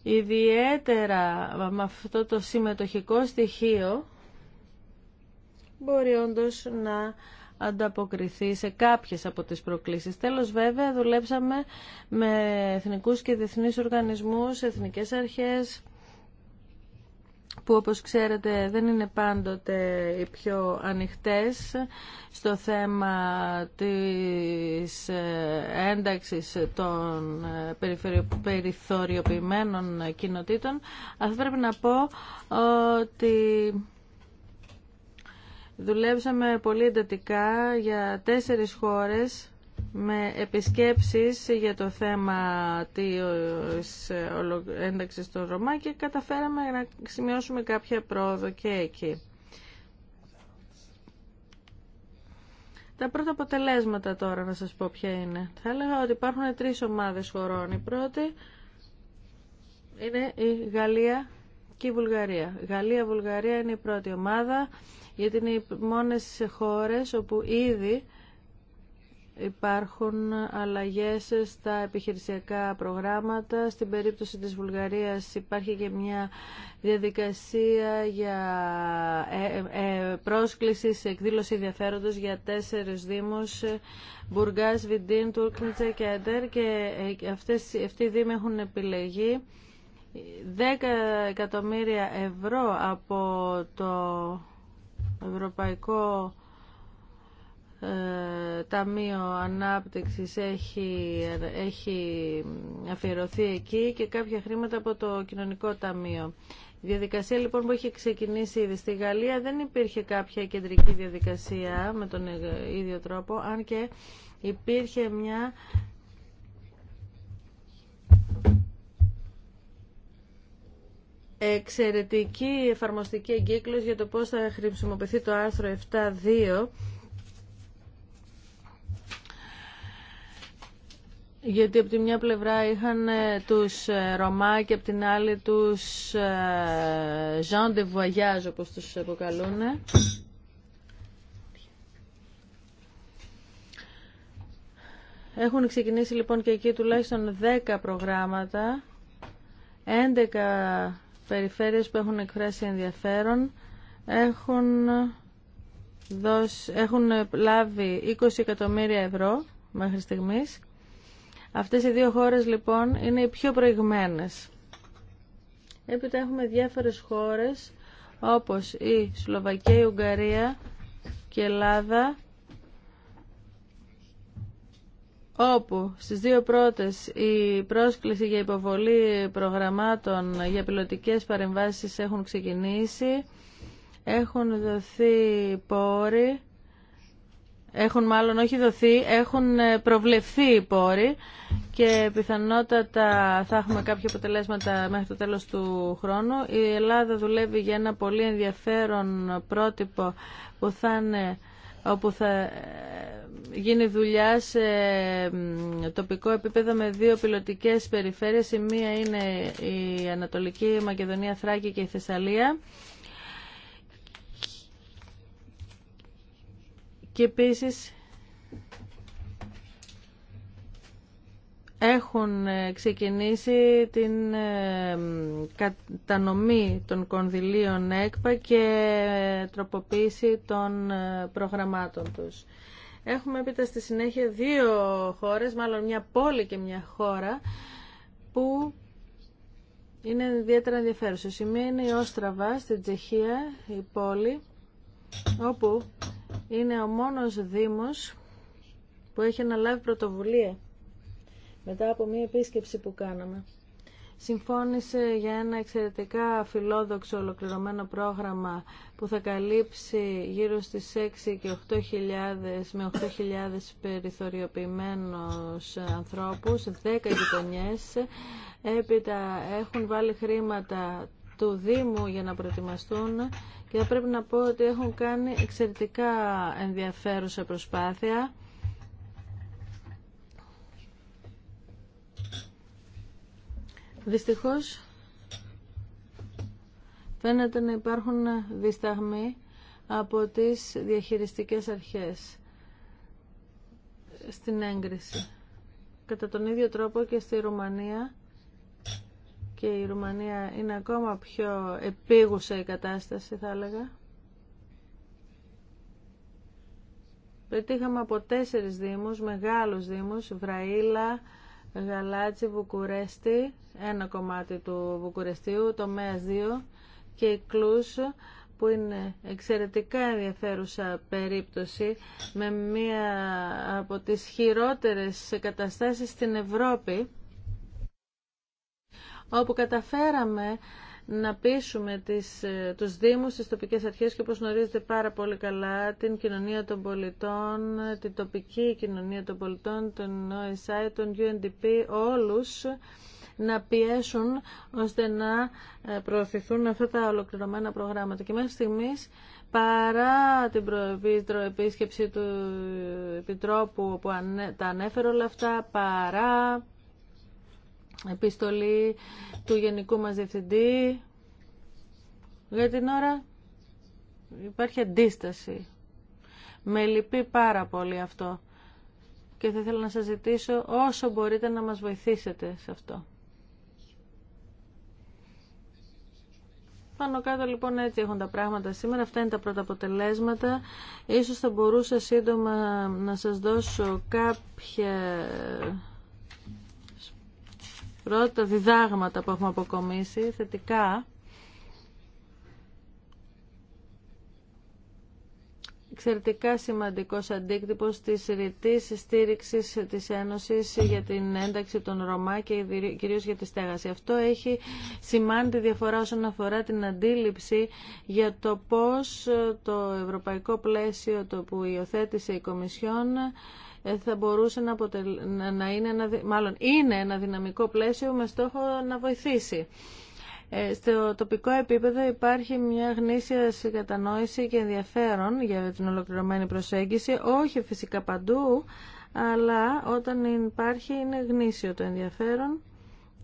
ιδιαίτερα με αυτό το συμμετοχικό στοιχείο μπορεί όντως να ανταποκριθεί σε κάποιες από τις προκλήσεις. Τέλος βέβαια δουλέψαμε με εθνικούς και διεθνείς οργανισμούς, εθνικές αρχές, που όπως ξέρετε δεν είναι πάντοτε οι πιο ανοιχτές στο θέμα της ε, ένταξης των ε, περιθωριοποιημένων κοινοτήτων. Θα πρέπει να πω ότι δουλέψαμε πολύ εντατικά για τέσσερις χώρες με επισκέψεις για το θέμα της ένταξης των Ρωμά και καταφέραμε να σημειώσουμε κάποια πρόοδο και εκεί. Τα πρώτα αποτελέσματα τώρα να σας πω ποια είναι. Θα έλεγα ότι υπάρχουν τρεις ομάδες χωρών. Η πρώτη είναι η Γαλλία και η Βουλγαρία. Γαλλία-Βουλγαρία είναι η πρώτη ομάδα γιατί είναι οι μόνες χώρες όπου ήδη υπάρχουν αλλαγές στα επιχειρησιακά προγράμματα. Στην περίπτωση της Βουλγαρίας υπάρχει και μια διαδικασία για ε, ε, ε, πρόσκληση σε εκδήλωση ενδιαφέροντος για τέσσερις δήμους Μπουργκάς, Βιντίν, Τούρκνιτσα και Αντέρ και αυτές, αυτοί οι δήμοι έχουν επιλεγεί 10 εκατομμύρια ευρώ από το Ευρωπαϊκό ε, ταμείο Ανάπτυξης έχει, αφιερωθεί εκεί και κάποια χρήματα από το Κοινωνικό Ταμείο. Η διαδικασία λοιπόν που έχει ξεκινήσει ήδη στη Γαλλία δεν υπήρχε κάποια κεντρική διαδικασία με τον ίδιο τρόπο, αν και υπήρχε μια εξαιρετική εφαρμοστική εγκύκλωση για το πώς θα χρησιμοποιηθεί το άρθρο 7.2 γιατί από τη μια πλευρά είχαν ε, τους ε, Ρωμά και από την άλλη τους ε, Jean de Voyage όπως τους αποκαλούν. Έχουν ξεκινήσει λοιπόν και εκεί τουλάχιστον 10 προγράμματα, 11 περιφέρειες που έχουν εκφράσει ενδιαφέρον, έχουν, δώσει, έχουν λάβει 20 εκατομμύρια ευρώ μέχρι στιγμής Αυτές οι δύο χώρες λοιπόν είναι οι πιο προηγμένες. Έπειτα έχουμε διάφορες χώρες όπως η Σλοβακία, η Ουγγαρία και η Ελλάδα όπου στις δύο πρώτες η πρόσκληση για υποβολή προγραμμάτων για πιλωτικές παρεμβάσεις έχουν ξεκινήσει, έχουν δοθεί πόροι έχουν μάλλον όχι δοθεί, έχουν ε, προβλεφθεί οι πόροι και πιθανότατα θα έχουμε κάποια αποτελέσματα μέχρι το τέλος του χρόνου. Η Ελλάδα δουλεύει για ένα πολύ ενδιαφέρον πρότυπο όπου θα ε, γίνει δουλειά σε τοπικό επίπεδο με δύο πιλωτικές περιφέρειες. Η μία είναι η Ανατολική Μακεδονία Θράκη και η Θεσσαλία. και επίσης έχουν ε, ξεκινήσει την ε, κατανομή των κονδυλίων ΕΚΠΑ και ε, τροποποίηση των προγραμμάτων τους. Έχουμε έπειτα στη συνέχεια δύο χώρες, μάλλον μια πόλη και μια χώρα, που είναι ιδιαίτερα ενδιαφέρουσε. Η μία είναι η Όστραβα, στην Τσεχία, η πόλη, όπου είναι ο μόνος Δήμος που έχει αναλάβει πρωτοβουλία μετά από μία επίσκεψη που κάναμε. Συμφώνησε για ένα εξαιρετικά φιλόδοξο ολοκληρωμένο πρόγραμμα που θα καλύψει γύρω στις 6 και 8.000 με 8.000 περιθωριοποιημένους ανθρώπους, 10 γειτονιές. Έπειτα έχουν βάλει χρήματα του Δήμου για να προετοιμαστούν και θα πρέπει να πω ότι έχουν κάνει εξαιρετικά ενδιαφέρουσα προσπάθεια. Δυστυχώς φαίνεται να υπάρχουν δισταγμοί από τις διαχειριστικές αρχές στην έγκριση. Κατά τον ίδιο τρόπο και στη Ρουμανία και η Ρουμανία είναι ακόμα πιο επίγουσα η κατάσταση θα έλεγα. Πετύχαμε από τέσσερις δήμους, μεγάλους δήμους, Βραήλα, Γαλάτσι, Βουκουρέστι, ένα κομμάτι του Βουκουρεστίου, το ΜΕΑΣ 2 και η Κλούς, που είναι εξαιρετικά ενδιαφέρουσα περίπτωση με μία από τις χειρότερες καταστάσεις στην Ευρώπη όπου καταφέραμε να πείσουμε τις, ε, τους Δήμους, τις τοπικές αρχές και όπως γνωρίζετε πάρα πολύ καλά την κοινωνία των πολιτών, την τοπική κοινωνία των πολιτών, τον OSI, τον UNDP, όλους να πιέσουν ώστε να ε, προωθηθούν αυτά τα ολοκληρωμένα προγράμματα. Και μέχρι στιγμής παρά την επίσκεψη του Επιτρόπου που τα ανέφερε όλα αυτά, παρά επιστολή του Γενικού μας Διευθυντή. Για την ώρα υπάρχει αντίσταση. Με λυπεί πάρα πολύ αυτό και θα ήθελα να σας ζητήσω όσο μπορείτε να μας βοηθήσετε σε αυτό. Πάνω κάτω λοιπόν έτσι έχουν τα πράγματα σήμερα. Αυτά είναι τα πρώτα αποτελέσματα. Ίσως θα μπορούσα σύντομα να σας δώσω κάποια πρώτα διδάγματα που έχουμε αποκομίσει θετικά εξαιρετικά σημαντικός αντίκτυπος της ρητής στήριξης της Ένωσης για την ένταξη των Ρωμά και κυρίως για τη στέγαση. Αυτό έχει σημάνει τη διαφορά όσον αφορά την αντίληψη για το πώς το ευρωπαϊκό πλαίσιο το που υιοθέτησε η Κομισιόν ε, θα μπορούσε να, να είναι ένα, μάλλον είναι ένα δυναμικό πλαίσιο με στόχο να βοηθήσει. Ε, στο τοπικό επίπεδο υπάρχει μια γνήσια συγκατανόηση και ενδιαφέρον για την ολοκληρωμένη προσέγγιση, όχι φυσικά παντού, αλλά όταν υπάρχει είναι γνήσιο το ενδιαφέρον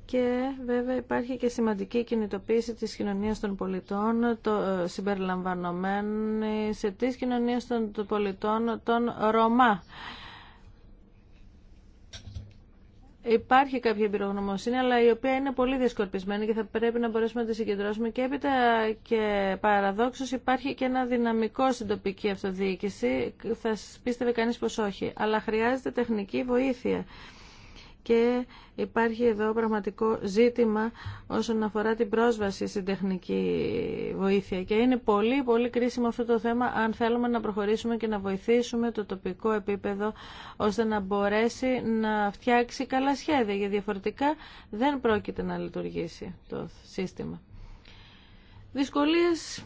και βέβαια υπάρχει και σημαντική κινητοποίηση της κοινωνίας των πολιτών το, ε, συμπεριλαμβανομένη σε της κοινωνίας των πολιτών των Ρωμά Υπάρχει κάποια εμπειρογνωμοσύνη, αλλά η οποία είναι πολύ διασκορπισμένη και θα πρέπει να μπορέσουμε να τη συγκεντρώσουμε. Και έπειτα και παραδόξω υπάρχει και ένα δυναμικό στην τοπική αυτοδιοίκηση. Θα πίστευε κανεί πω όχι. Αλλά χρειάζεται τεχνική βοήθεια και υπάρχει εδώ πραγματικό ζήτημα όσον αφορά την πρόσβαση στην τεχνική βοήθεια και είναι πολύ πολύ κρίσιμο αυτό το θέμα αν θέλουμε να προχωρήσουμε και να βοηθήσουμε το τοπικό επίπεδο ώστε να μπορέσει να φτιάξει καλά σχέδια γιατί διαφορετικά δεν πρόκειται να λειτουργήσει το σύστημα. Δυσκολίες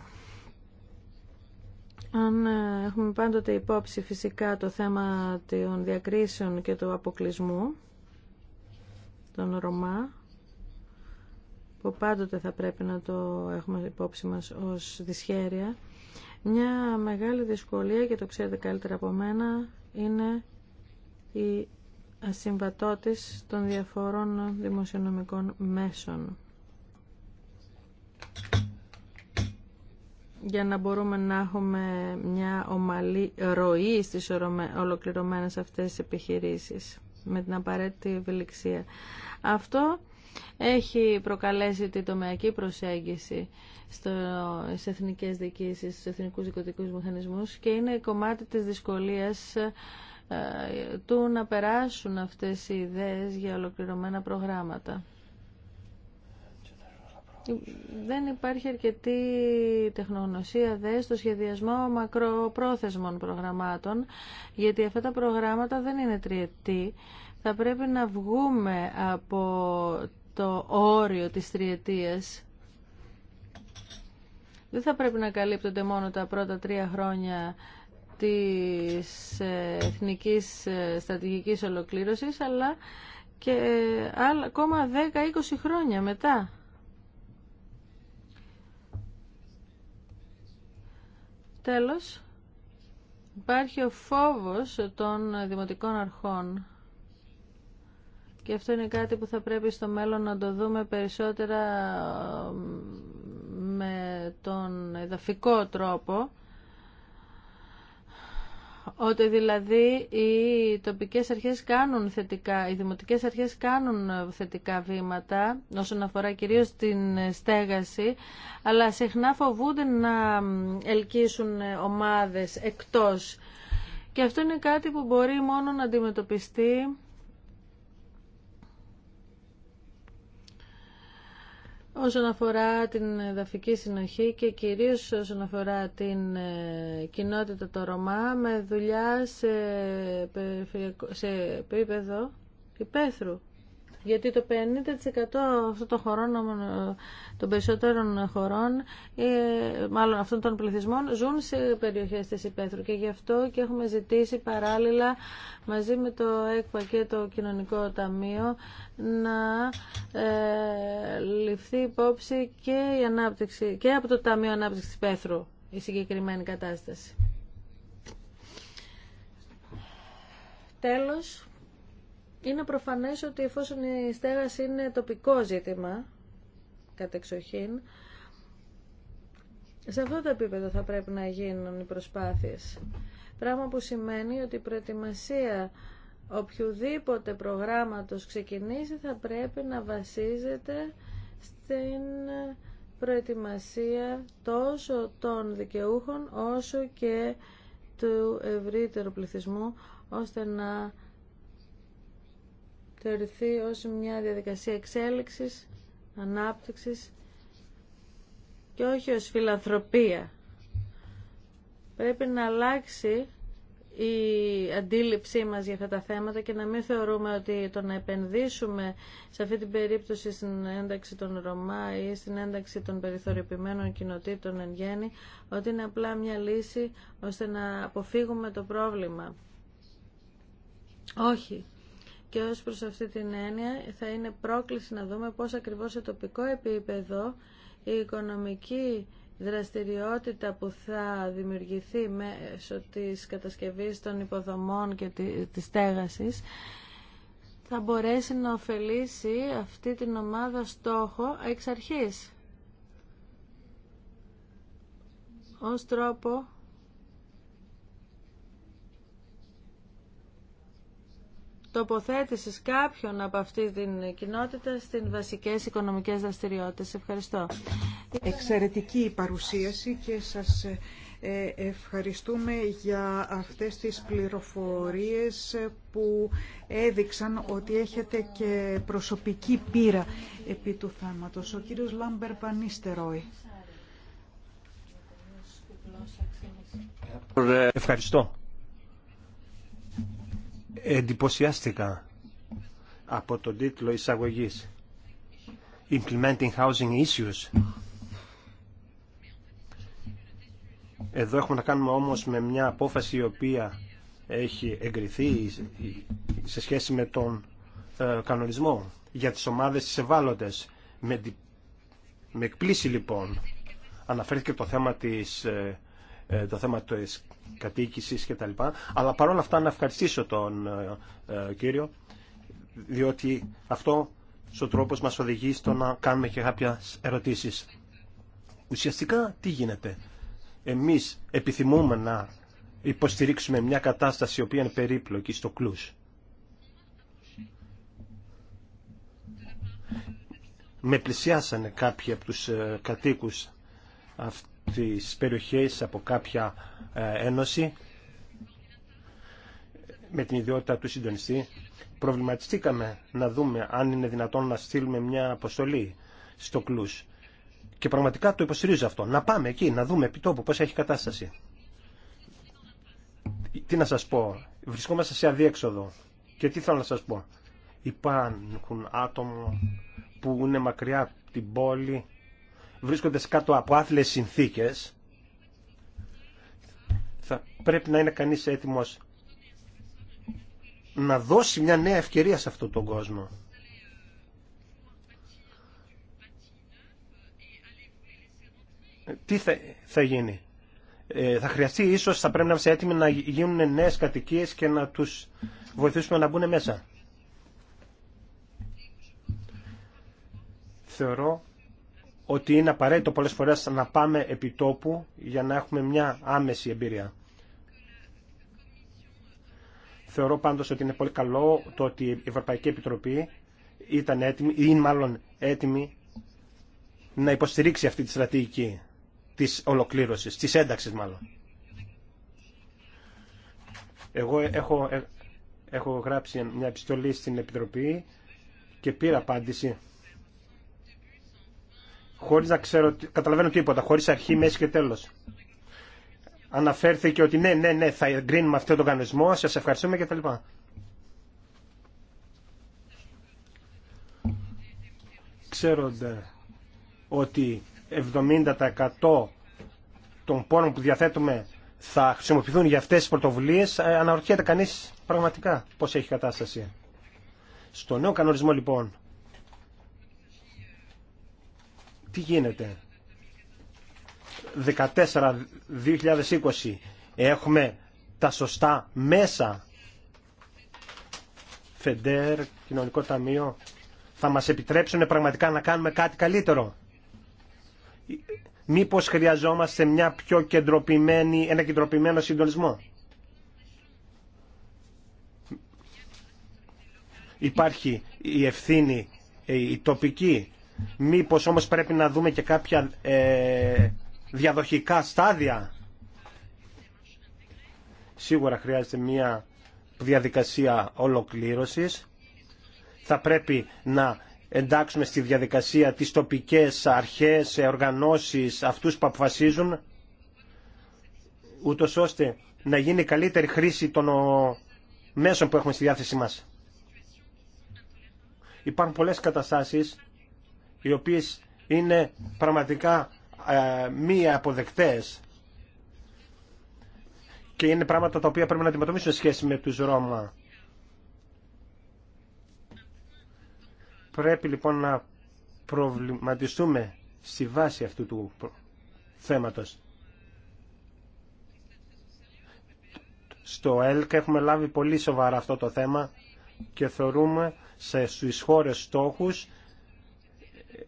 αν ε, έχουμε πάντοτε υπόψη φυσικά το θέμα των διακρίσεων και του αποκλεισμού τον Ρωμά που πάντοτε θα πρέπει να το έχουμε υπόψη μας ως δυσχέρεια. Μια μεγάλη δυσκολία και το ξέρετε καλύτερα από μένα είναι η ασυμβατότης των διαφόρων δημοσιονομικών μέσων. για να μπορούμε να έχουμε μια ομαλή ροή στις ολοκληρωμένες αυτές τις επιχειρήσεις με την απαραίτητη ευελιξία. Αυτό έχει προκαλέσει τη τομεακή προσέγγιση στο, στις εθνικές δικήσεις, στους εθνικούς δικοτικούς μηχανισμούς και είναι κομμάτι της δυσκολίας ε, του να περάσουν αυτές οι ιδέες για ολοκληρωμένα προγράμματα δεν υπάρχει αρκετή τεχνογνωσία δε στο σχεδιασμό μακροπρόθεσμων προγραμμάτων, γιατί αυτά τα προγράμματα δεν είναι τριετή. Θα πρέπει να βγούμε από το όριο της τριετίας. Δεν θα πρέπει να καλύπτονται μόνο τα πρώτα τρία χρόνια της ε, εθνικής ε, στρατηγικής ολοκλήρωσης, αλλά και ακόμα 10-20 χρόνια μετά. Τέλος, υπάρχει ο φόβος των δημοτικών αρχών και αυτό είναι κάτι που θα πρέπει στο μέλλον να το δούμε περισσότερα ε, με τον εδαφικό τρόπο ότι δηλαδή οι τοπικές αρχές κάνουν θετικά, οι δημοτικές αρχές κάνουν θετικά βήματα όσον αφορά κυρίως την στέγαση, αλλά συχνά φοβούνται να ελκύσουν ομάδες εκτός. Και αυτό είναι κάτι που μπορεί μόνο να αντιμετωπιστεί όσον αφορά την δαφική συνοχή και κυρίως όσον αφορά την ε, κοινότητα το Ρωμά με δουλειά σε, σε επίπεδο υπαίθρου γιατί το 50% αυτών των χωρών, των περισσότερων χωρών, ε, μάλλον αυτών των πληθυσμών, ζουν σε περιοχές της υπαίθρου και γι' αυτό και έχουμε ζητήσει παράλληλα μαζί με το ΕΚΠΑ και το Κοινωνικό Ταμείο να ε, ληφθεί υπόψη και, η ανάπτυξη, και από το Ταμείο Ανάπτυξης Πέθρου η συγκεκριμένη κατάσταση. Τέλος, είναι προφανές ότι εφόσον η στέγαση είναι τοπικό ζήτημα, εξοχήν σε αυτό το επίπεδο θα πρέπει να γίνουν οι προσπάθειες. Πράγμα που σημαίνει ότι η προετοιμασία οποιοδήποτε προγράμματος ξεκινήσει θα πρέπει να βασίζεται στην προετοιμασία τόσο των δικαιούχων όσο και του ευρύτερου πληθυσμού ώστε να θεωρηθεί ως μια διαδικασία εξέλιξης, ανάπτυξης και όχι ως φιλανθρωπία. Πρέπει να αλλάξει η αντίληψή μας για αυτά τα θέματα και να μην θεωρούμε ότι το να επενδύσουμε σε αυτή την περίπτωση στην ένταξη των Ρωμά ή στην ένταξη των περιθωριοποιημένων κοινοτήτων εν γέννη, ότι είναι απλά μια λύση ώστε να αποφύγουμε το πρόβλημα. Όχι. Και ως προς αυτή την έννοια θα είναι πρόκληση να δούμε πώς ακριβώς σε τοπικό επίπεδο η οικονομική δραστηριότητα που θα δημιουργηθεί μέσω της κατασκευής των υποδομών και της στέγασης θα μπορέσει να ωφελήσει αυτή την ομάδα στόχο εξ αρχής ως τρόπο τοποθέτησης κάποιων από αυτή την κοινότητα στις βασικές οικονομικές δραστηριότητες. Ευχαριστώ. Εξαιρετική η παρουσίαση και σας ε, ε, ευχαριστούμε για αυτές τις πληροφορίες που έδειξαν ότι έχετε και προσωπική πείρα επί του θάματος. Ο κύριος Λάμπερ Πανίστερόι. Ευχαριστώ εντυπωσιάστηκα από τον τίτλο εισαγωγής Implementing Housing Issues. Εδώ έχουμε να κάνουμε όμως με μια απόφαση η οποία έχει εγκριθεί σε σχέση με τον ε, κανονισμό για τις ομάδες τις Με, με λοιπόν αναφέρθηκε το θέμα της, ε, ε, το θέμα της κατοίκηση κτλ. Αλλά παρόλα αυτά να ευχαριστήσω τον ε, ε, κύριο, διότι αυτό ο τρόπο μας οδηγεί στο να κάνουμε και κάποιε ερωτήσεις. Ουσιαστικά τι γίνεται. Εμείς επιθυμούμε να υποστηρίξουμε μια κατάσταση η οποία είναι περίπλοκη στο κλούς. Με πλησιάσανε κάποιοι από τους ε, κατοίκους αυτού τις περιοχές από κάποια ε, ένωση με την ιδιότητα του συντονιστή προβληματιστήκαμε να δούμε αν είναι δυνατόν να στείλουμε μια αποστολή στο κλούς και πραγματικά το υποστηρίζω αυτό να πάμε εκεί να δούμε επί τόπου πώς έχει κατάσταση τι να σας πω βρισκόμαστε σε αδίέξοδο και τι θέλω να σας πω υπάρχουν άτομα που είναι μακριά από την πόλη βρίσκονται κάτω από άθλες συνθήκες θα πρέπει να είναι κανείς έτοιμος να δώσει μια νέα ευκαιρία σε αυτόν τον κόσμο. Ε, τι θα, γίνει. Ε, θα χρειαστεί ίσως, θα πρέπει να είμαστε έτοιμοι να γίνουν νέες κατοικίες και να τους βοηθήσουμε να μπουν μέσα. Θεωρώ ότι είναι απαραίτητο πολλές φορές να πάμε επί τόπου για να έχουμε μια άμεση εμπειρία. Θεωρώ πάντως ότι είναι πολύ καλό το ότι η Ευρωπαϊκή Επιτροπή ήταν έτοιμη, ή είναι μάλλον έτοιμη να υποστηρίξει αυτή τη στρατηγική της ολοκλήρωσης, της ένταξης μάλλον. Εγώ έχω, ε, έχω γράψει μια επιστολή στην Επιτροπή και πήρα απάντηση χωρίς να ξέρω, καταλαβαίνω τίποτα, χωρίς αρχή, μέση και τέλος. Αναφέρθηκε ότι ναι, ναι, ναι, θα εγκρίνουμε αυτό τον κανονισμό, Σα ευχαριστούμε λοιπά. Ξέρονται ότι 70% των πόρων που διαθέτουμε θα χρησιμοποιηθούν για αυτές τις πρωτοβουλίες, ε, αναρωτιέται κανείς πραγματικά πώς έχει κατάσταση. Στο νέο κανονισμό λοιπόν Τι γίνεται. 14-2020 έχουμε τα σωστά μέσα. Φεντέρ, Κοινωνικό Ταμείο, θα μας επιτρέψουν πραγματικά να κάνουμε κάτι καλύτερο. Μήπως χρειαζόμαστε μια πιο κεντροποιημένη, ένα κεντροποιημένο συντονισμό. Υπάρχει η ευθύνη, η τοπική Μήπως όμως πρέπει να δούμε και κάποια ε, διαδοχικά στάδια. Σίγουρα χρειάζεται μια διαδικασία ολοκλήρωσης. Θα πρέπει να εντάξουμε στη διαδικασία τις τοπικές αρχές, οργανώσεις, αυτούς που αποφασίζουν, ούτω ώστε να γίνει καλύτερη χρήση των ε, μέσων που έχουμε στη διάθεσή μας. Υπάρχουν πολλές καταστάσεις οι οποίες είναι πραγματικά ε, μη αποδεκτές και είναι πράγματα τα οποία πρέπει να αντιμετωπίσουν σε σχέση με τους Ρώμα. Πρέπει λοιπόν να προβληματιστούμε στη βάση αυτού του θέματος. Στο ΕΛΚ έχουμε λάβει πολύ σοβαρά αυτό το θέμα και θεωρούμε σε, στις χώρες στόχους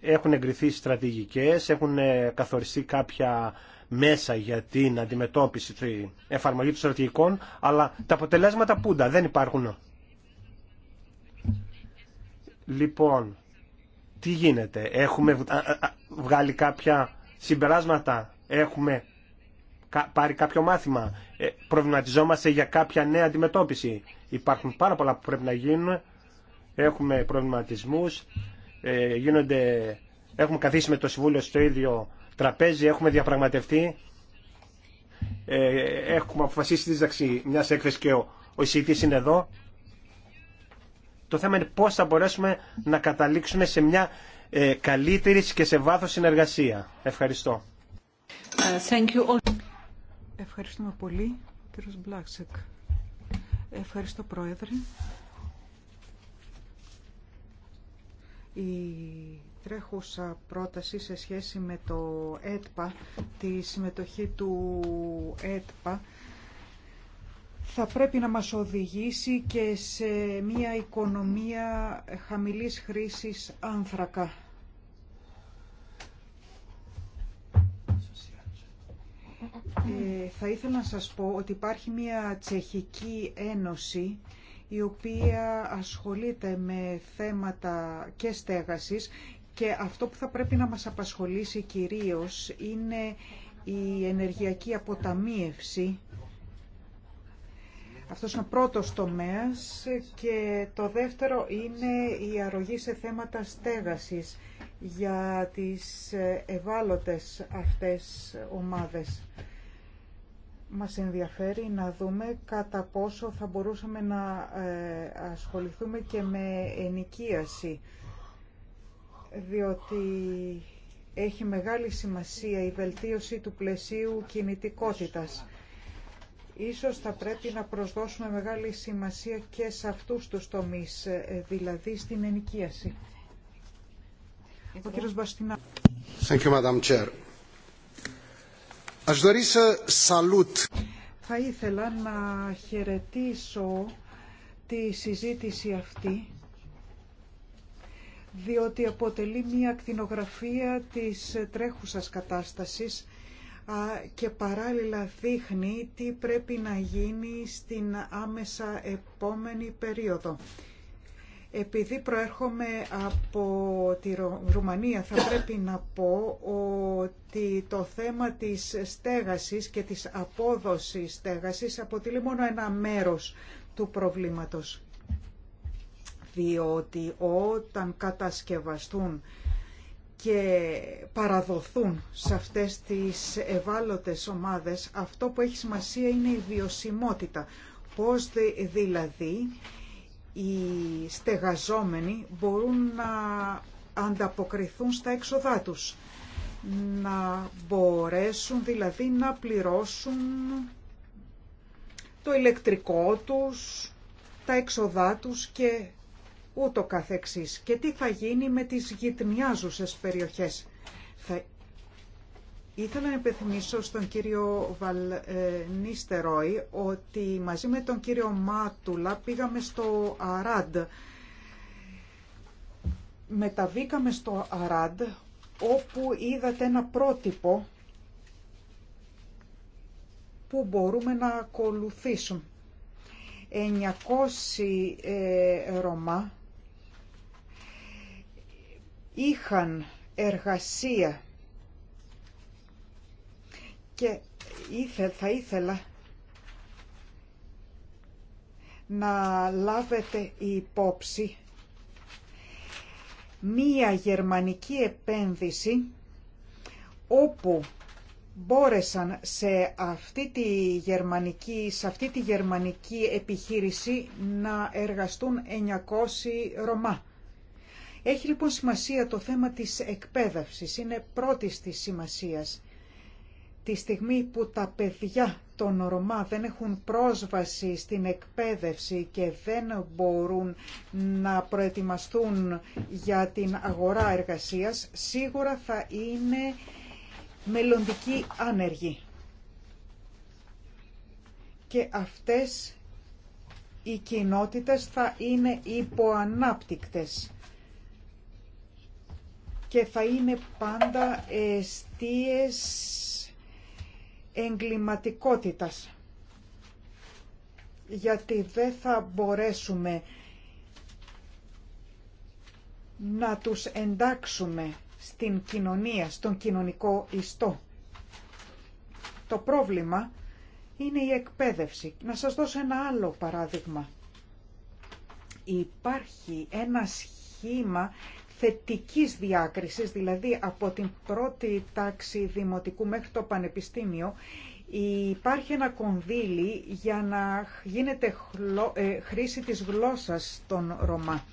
έχουν εγκριθεί στρατηγικές, έχουν ε, καθοριστεί κάποια μέσα για την αντιμετώπιση την εφαρμογή των στρατηγικών, αλλά τα αποτελέσματα πούντα, δεν υπάρχουν. Λοιπόν, τι γίνεται, έχουμε βγάλει κάποια συμπεράσματα, έχουμε πάρει κάποιο μάθημα, ε, προβληματιζόμαστε για κάποια νέα αντιμετώπιση. Υπάρχουν πάρα πολλά που πρέπει να γίνουν, έχουμε προβληματισμούς, ε, γίνονται, έχουμε καθίσει με το Συμβούλιο στο ίδιο τραπέζι, έχουμε διαπραγματευτεί, ε, έχουμε αποφασίσει τη διδαξή μιας έκθεση και ο, ο είναι εδώ. Το θέμα είναι πώς θα μπορέσουμε να καταλήξουμε σε μια ε, καλύτερη και σε βάθος συνεργασία. Ευχαριστώ. Thank you all. Ευχαριστούμε πολύ, κύριος Μπλάξεκ. Ευχαριστώ, Πρόεδρε. Η τρέχουσα πρόταση σε σχέση με το ΕΤΠΑ, τη συμμετοχή του ΕΤΠΑ, θα πρέπει να μας οδηγήσει και σε μια οικονομία χαμηλής χρήσης άνθρακα. Ε, θα ήθελα να σας πω ότι υπάρχει μια τσεχική ένωση η οποία ασχολείται με θέματα και στέγασης και αυτό που θα πρέπει να μας απασχολήσει κυρίως είναι η ενεργειακή αποταμίευση. Αυτός είναι ο πρώτος τομέας και το δεύτερο είναι η αρρωγή σε θέματα στέγασης για τις ευάλωτες αυτές ομάδες. Μας ενδιαφέρει να δούμε κατά πόσο θα μπορούσαμε να ε, ασχοληθούμε και με ενοικίαση, διότι έχει μεγάλη σημασία η βελτίωση του πλαισίου κινητικότητας. Ίσως θα πρέπει να προσδώσουμε μεγάλη σημασία και σε αυτούς τους τομείς, ε, δηλαδή στην ενοικίαση. Θα ήθελα να χαιρετήσω τη συζήτηση αυτή διότι αποτελεί μια ακτινογραφία της τρέχουσας κατάστασης και παράλληλα δείχνει τι πρέπει να γίνει στην άμεσα επόμενη περίοδο. Επειδή προέρχομαι από τη Ρουμανία θα πρέπει να πω ότι το θέμα της στέγασης και της απόδοσης στέγασης αποτελεί μόνο ένα μέρος του προβλήματος. Διότι όταν κατασκευαστούν και παραδοθούν σε αυτές τις ευάλωτες ομάδες, αυτό που έχει σημασία είναι η βιωσιμότητα. Πώς δηλαδή οι στεγαζόμενοι μπορούν να ανταποκριθούν στα έξοδά τους. Να μπορέσουν δηλαδή να πληρώσουν το ηλεκτρικό τους, τα έξοδά τους και ούτω καθεξής. Και τι θα γίνει με τις γυτνιάζουσες περιοχές. Ήθελα να υπενθυμίσω στον κύριο Βαλνίστερόι ότι μαζί με τον κύριο Μάτουλα πήγαμε στο Αράντ. Μεταβήκαμε στο Αράντ όπου είδατε ένα πρότυπο που μπορούμε να ακολουθήσουμε. 900 ε, Ρωμά είχαν εργασία και θα ήθελα να λάβετε υπόψη μία γερμανική επένδυση όπου μπόρεσαν σε αυτή τη γερμανική, σε αυτή τη γερμανική επιχείρηση να εργαστούν 900 Ρωμά. Έχει λοιπόν σημασία το θέμα της εκπαίδευσης, είναι πρώτης της σημασίας τη στιγμή που τα παιδιά των Ρωμά δεν έχουν πρόσβαση στην εκπαίδευση και δεν μπορούν να προετοιμαστούν για την αγορά εργασίας, σίγουρα θα είναι μελλοντικοί άνεργοι. Και αυτές οι κοινότητες θα είναι υποανάπτυκτες και θα είναι πάντα εστίες εγκληματικότητας. Γιατί δεν θα μπορέσουμε να τους εντάξουμε στην κοινωνία, στον κοινωνικό ιστό. Το πρόβλημα είναι η εκπαίδευση. Να σας δώσω ένα άλλο παράδειγμα. Υπάρχει ένα σχήμα θετικής διάκρισης, δηλαδή από την πρώτη τάξη δημοτικού μέχρι το πανεπιστήμιο, υπάρχει ένα κονδύλι για να γίνεται ε, χρήση της γλώσσας των Ρωμά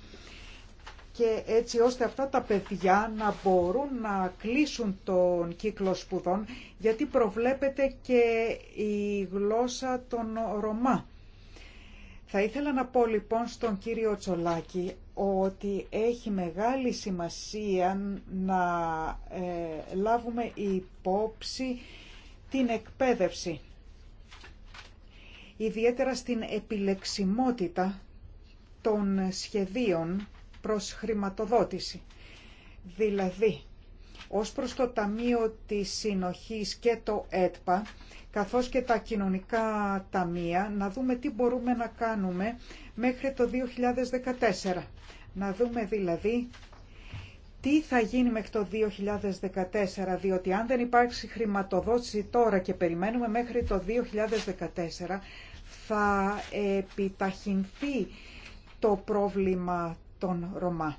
και έτσι ώστε αυτά τα παιδιά να μπορούν να κλείσουν τον κύκλο σπουδών γιατί προβλέπεται και η γλώσσα των Ρωμά. Θα ήθελα να πω λοιπόν στον κύριο Τσολάκη ότι έχει μεγάλη σημασία να ε, λάβουμε υπόψη την εκπαίδευση. Ιδιαίτερα στην επιλεξιμότητα των σχεδίων προς χρηματοδότηση. Δηλαδή, ως προς το Ταμείο της Συνοχής και το ΕΤΠΑ, καθώς και τα κοινωνικά ταμεία, να δούμε τι μπορούμε να κάνουμε μέχρι το 2014. Να δούμε δηλαδή τι θα γίνει μέχρι το 2014, διότι αν δεν υπάρξει χρηματοδότηση τώρα και περιμένουμε μέχρι το 2014, θα επιταχυνθεί το πρόβλημα των Ρωμά.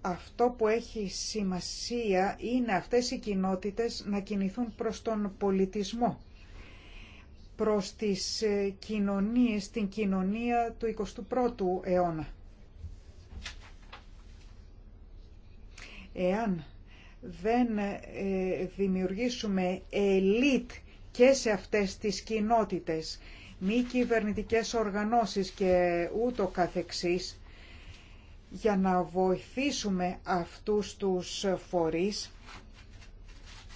Αυτό που έχει σημασία είναι αυτές οι κοινότητες να κινηθούν προς τον πολιτισμό προς τις ε, κοινωνίες, την κοινωνία του 21ου αιώνα. Εάν δεν ε, δημιουργήσουμε ελίτ και σε αυτές τις κοινότητες, μη κυβερνητικέ οργανώσεις και ούτω καθεξής, για να βοηθήσουμε αυτούς τους φορείς,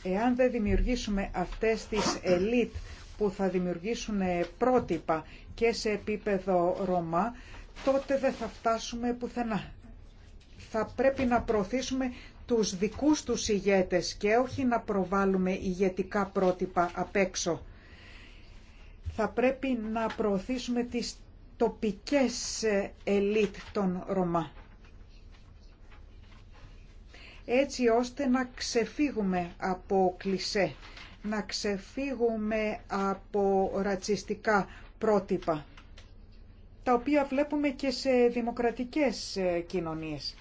εάν δεν δημιουργήσουμε αυτές τις ελίτ που θα δημιουργήσουν πρότυπα και σε επίπεδο Ρωμά, τότε δεν θα φτάσουμε πουθενά. Θα πρέπει να προωθήσουμε τους δικούς τους ηγέτες και όχι να προβάλλουμε ηγετικά πρότυπα απ' έξω. Θα πρέπει να προωθήσουμε τις τοπικές ελίτ των Ρωμά. Έτσι ώστε να ξεφύγουμε από κλισέ να ξεφύγουμε από ρατσιστικά πρότυπα, τα οποία βλέπουμε και σε δημοκρατικές ε, κοινωνίες.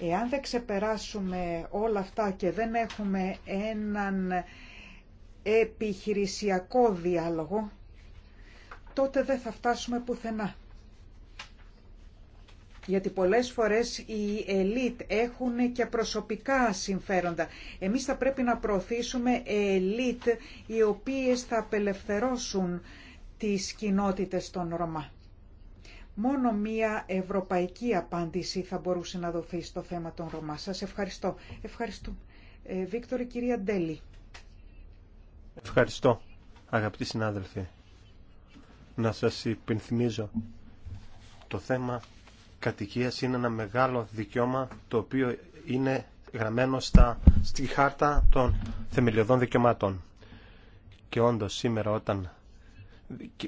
Εάν δεν ξεπεράσουμε όλα αυτά και δεν έχουμε έναν επιχειρησιακό διάλογο, τότε δεν θα φτάσουμε πουθενά γιατί πολλές φορές οι ελίτ έχουν και προσωπικά συμφέροντα. Εμείς θα πρέπει να προωθήσουμε ελίτ οι οποίες θα απελευθερώσουν τις κοινότητες των Ρωμά. Μόνο μία ευρωπαϊκή απάντηση θα μπορούσε να δοθεί στο θέμα των Ρωμά. Σας ευχαριστώ. Ευχαριστώ. Ε, κυρία Ντέλη. Ευχαριστώ, αγαπητοί συνάδελφοι. Να σας υπενθυμίζω το θέμα κατοικία είναι ένα μεγάλο δικαίωμα το οποίο είναι γραμμένο στα, στη χάρτα των θεμελιωδών δικαιωμάτων. Και όντως σήμερα όταν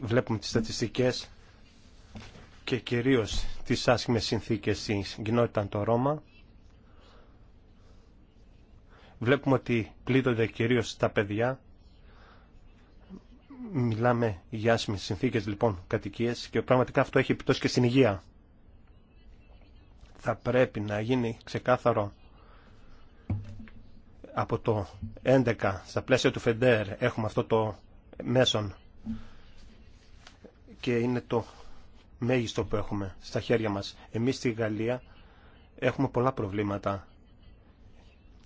βλέπουμε τις στατιστικές και κυρίως τις άσχημες συνθήκες στην κοινότητα το Ρώμα, βλέπουμε ότι πλήττονται κυρίως τα παιδιά. Μιλάμε για άσχημες συνθήκες λοιπόν κατοικίες και πραγματικά αυτό έχει επιπτώσει και στην υγεία θα πρέπει να γίνει ξεκάθαρο από το 11 στα πλαίσια του ΦΕΝΤΕΡ έχουμε αυτό το μέσον και είναι το μέγιστο που έχουμε στα χέρια μας. Εμείς στη Γαλλία έχουμε πολλά προβλήματα.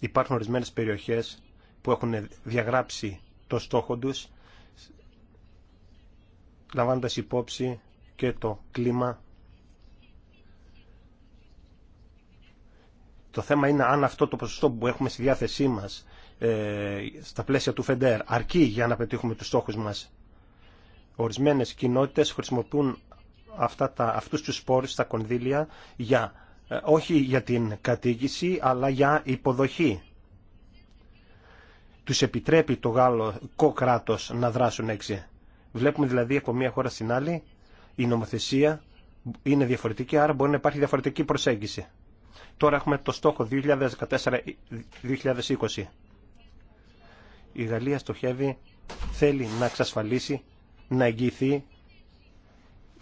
Υπάρχουν ορισμένες περιοχές που έχουν διαγράψει το στόχο τους λαμβάνοντας υπόψη και το κλίμα Το θέμα είναι αν αυτό το ποσοστό που έχουμε στη διάθεσή μας ε, στα πλαίσια του ΦΕΝΤΕΡ αρκεί για να πετύχουμε τους στόχους μας. Ορισμένες κοινότητες χρησιμοποιούν αυτά τα, αυτούς τους σπόρους, τα κονδύλια, για, ε, όχι για την κατήγηση, αλλά για υποδοχή. Τους επιτρέπει το γαλλικό κράτος να δράσουν έξι. Βλέπουμε δηλαδή από μία χώρα στην άλλη η νομοθεσία είναι διαφορετική, άρα μπορεί να υπάρχει διαφορετική προσέγγιση. Τώρα έχουμε το στόχο 2014-2020. Η Γαλλία στοχεύει, θέλει να εξασφαλίσει, να εγγυηθεί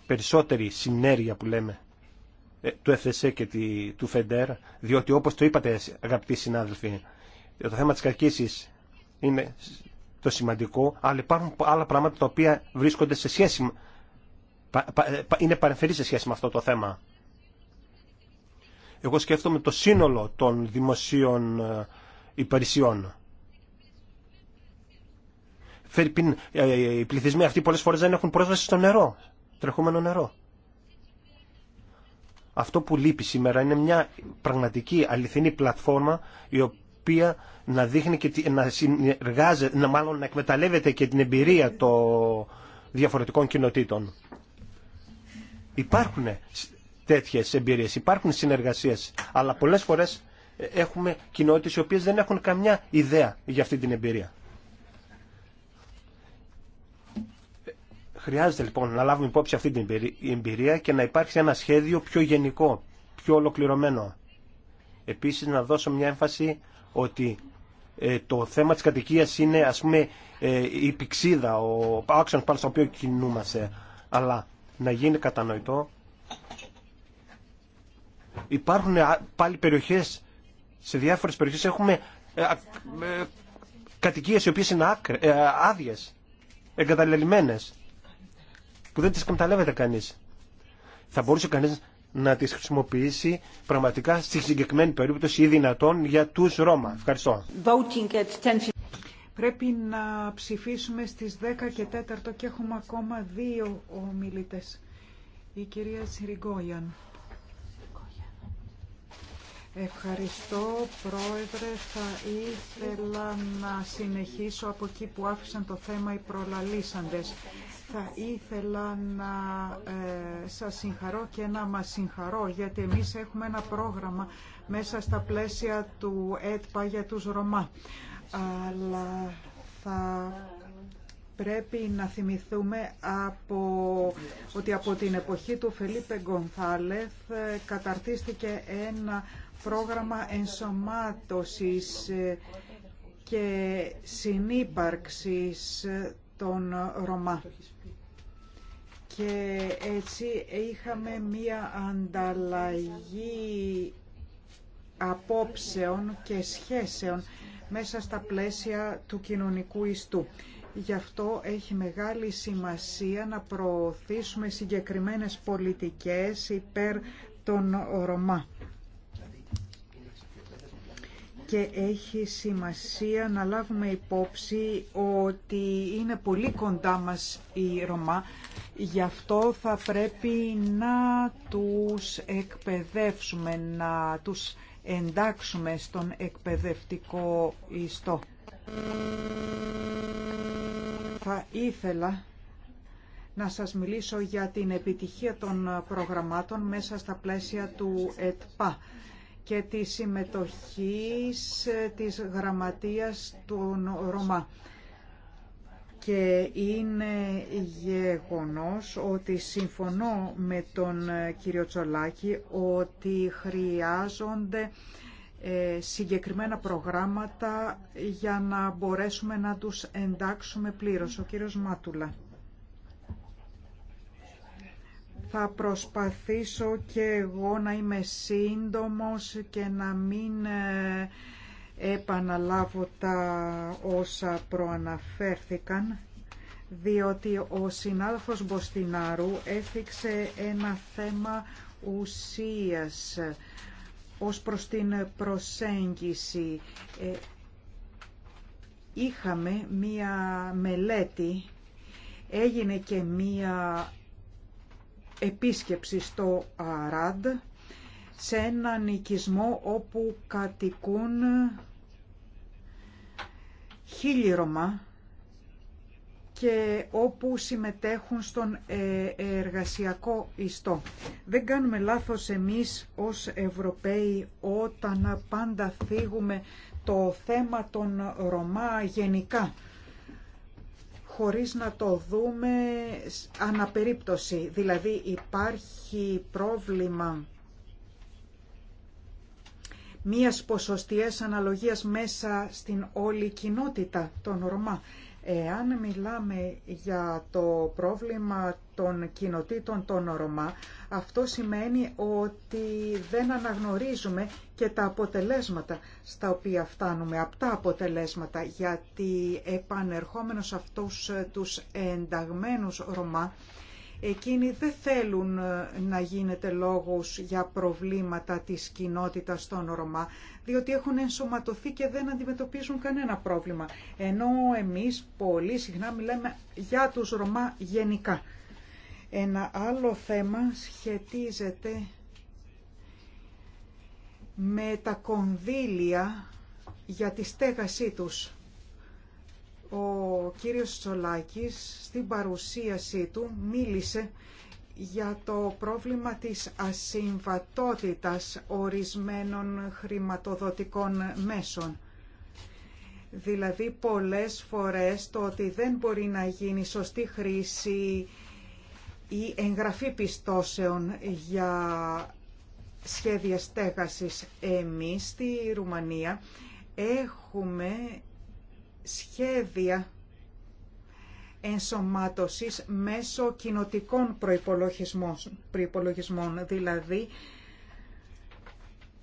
περισσότερη συνέργεια που λέμε ε, του ΕΦΣΕ και του ΦΕΝΤΕΡ, διότι όπως το είπατε αγαπητοί συνάδελφοι, το θέμα της καρκίσης είναι το σημαντικό, αλλά υπάρχουν άλλα πράγματα τα οποία βρίσκονται σε σχέση, ε, είναι παρεμφερή σε σχέση με αυτό το θέμα. Εγώ σκέφτομαι το σύνολο των δημοσίων ε, υπηρεσιών. Ε, ε, οι πληθυσμοί αυτοί πολλές φορές δεν έχουν πρόσβαση στο νερό, τρεχούμενο νερό. Αυτό που λείπει σήμερα είναι μια πραγματική αληθινή πλατφόρμα η οποία να δείχνει και να συνεργάζεται, να μάλλον να εκμεταλλεύεται και την εμπειρία των διαφορετικών κοινοτήτων. Υπάρχουν τέτοιες εμπειρίες. Υπάρχουν συνεργασίες, αλλά πολλές φορές ε, έχουμε κοινότητε οι οποίες δεν έχουν καμιά ιδέα για αυτή την εμπειρία. Χρειάζεται λοιπόν να λάβουμε υπόψη αυτή την εμπειρία και να υπάρξει ένα σχέδιο πιο γενικό, πιο ολοκληρωμένο. Επίσης να δώσω μια έμφαση ότι ε, το θέμα της κατοικία είναι ας πούμε ε, η πηξίδα, ο άξονα πάνω στο οποίο κινούμαστε. Αλλά να γίνει κατανοητό Υπάρχουν πάλι περιοχές, σε διάφορες περιοχές έχουμε ε, ε, κατοικίες οι οποίες είναι ε, άδειε, εγκαταλελειμμένες, που δεν τις εκμεταλλεύεται κανείς. Θα μπορούσε κανείς να τις χρησιμοποιήσει πραγματικά στη συγκεκριμένη περίπτωση ή δυνατόν για τους Ρώμα. Ευχαριστώ. Πρέπει να ψηφίσουμε στις 10 και 4 και έχουμε ακόμα δύο ομιλητές. Η κυρία Σιριγκόγιαν. Ευχαριστώ, Πρόεδρε. Θα ήθελα να συνεχίσω από εκεί που άφησαν το θέμα οι προλαλήσαντες. Θα ήθελα να ε, σας συγχαρώ και να μας συγχαρώ, γιατί εμείς έχουμε ένα πρόγραμμα μέσα στα πλαίσια του ΕΤΠΑ για τους Ρωμά. Αλλά θα πρέπει να θυμηθούμε από, ότι από την εποχή του Φελίπε Γκονθάλεθ ε, καταρτίστηκε ένα πρόγραμμα ενσωμάτωσης ε, και συνύπαρξης των Ρωμά. Και έτσι είχαμε μία ανταλλαγή απόψεων και σχέσεων μέσα στα πλαίσια του κοινωνικού ιστού. Γι' αυτό έχει μεγάλη σημασία να προωθήσουμε συγκεκριμένες πολιτικές υπέρ των Ρωμά και έχει σημασία να λάβουμε υπόψη ότι είναι πολύ κοντά μας η Ρωμά, γι' αυτό θα πρέπει να τους εκπαιδεύσουμε, να τους εντάξουμε στον εκπαιδευτικό ιστό. Θα ήθελα να σας μιλήσω για την επιτυχία των προγραμμάτων μέσα στα πλαίσια του ΕΤΠΑ και τη συμμετοχή ε, της γραμματείας των Ρωμά. Και είναι γεγονός ότι συμφωνώ με τον ε, κύριο Τσολάκη ότι χρειάζονται ε, συγκεκριμένα προγράμματα για να μπορέσουμε να τους εντάξουμε πλήρως. Ο κύριος Μάτουλα. Θα προσπαθήσω και εγώ να είμαι σύντομος και να μην ε, επαναλάβω τα όσα προαναφέρθηκαν διότι ο συνάδελφος Μποστινάρου έθιξε ένα θέμα ουσίας ως προς την προσέγγιση. Ε, είχαμε μία μελέτη, έγινε και μία επίσκεψη στο Αράντ σε ένα οικισμό όπου κατοικούν χίλιοι Ρωμά και όπου συμμετέχουν στον ε, εργασιακό ιστό. Δεν κάνουμε λάθος εμείς ως Ευρωπαίοι όταν πάντα φύγουμε το θέμα των Ρωμά γενικά χωρίς να το δούμε αναπερίπτωση. Δηλαδή υπάρχει πρόβλημα μίας ποσοστιαίας αναλογίας μέσα στην όλη κοινότητα των ορμά. Εάν μιλάμε για το πρόβλημα των κοινοτήτων των Ρωμά, αυτό σημαίνει ότι δεν αναγνωρίζουμε και τα αποτελέσματα στα οποία φτάνουμε, αυτά αποτελέσματα, γιατί επανερχόμενος αυτούς τους ενταγμένους Ρωμά, Εκείνοι δεν θέλουν ε, να γίνεται λόγος για προβλήματα της κοινότητας των Ρωμά, διότι έχουν ενσωματωθεί και δεν αντιμετωπίζουν κανένα πρόβλημα. Ενώ εμείς πολύ συχνά μιλάμε για τους Ρωμά γενικά. Ένα άλλο θέμα σχετίζεται με τα κονδύλια για τη στέγασή τους. Ο κύριος Σολάκης στην παρουσίασή του μίλησε για το πρόβλημα της ασυμβατότητας ορισμένων χρηματοδοτικών μέσων. Δηλαδή πολλές φορές το ότι δεν μπορεί να γίνει σωστή χρήση ή εγγραφή πιστώσεων για σχέδια στέγασης εμείς στη Ρουμανία έχουμε σχέδια ενσωμάτωσης μέσω κοινοτικών προϋπολογισμών, προϋπολογισμών δηλαδή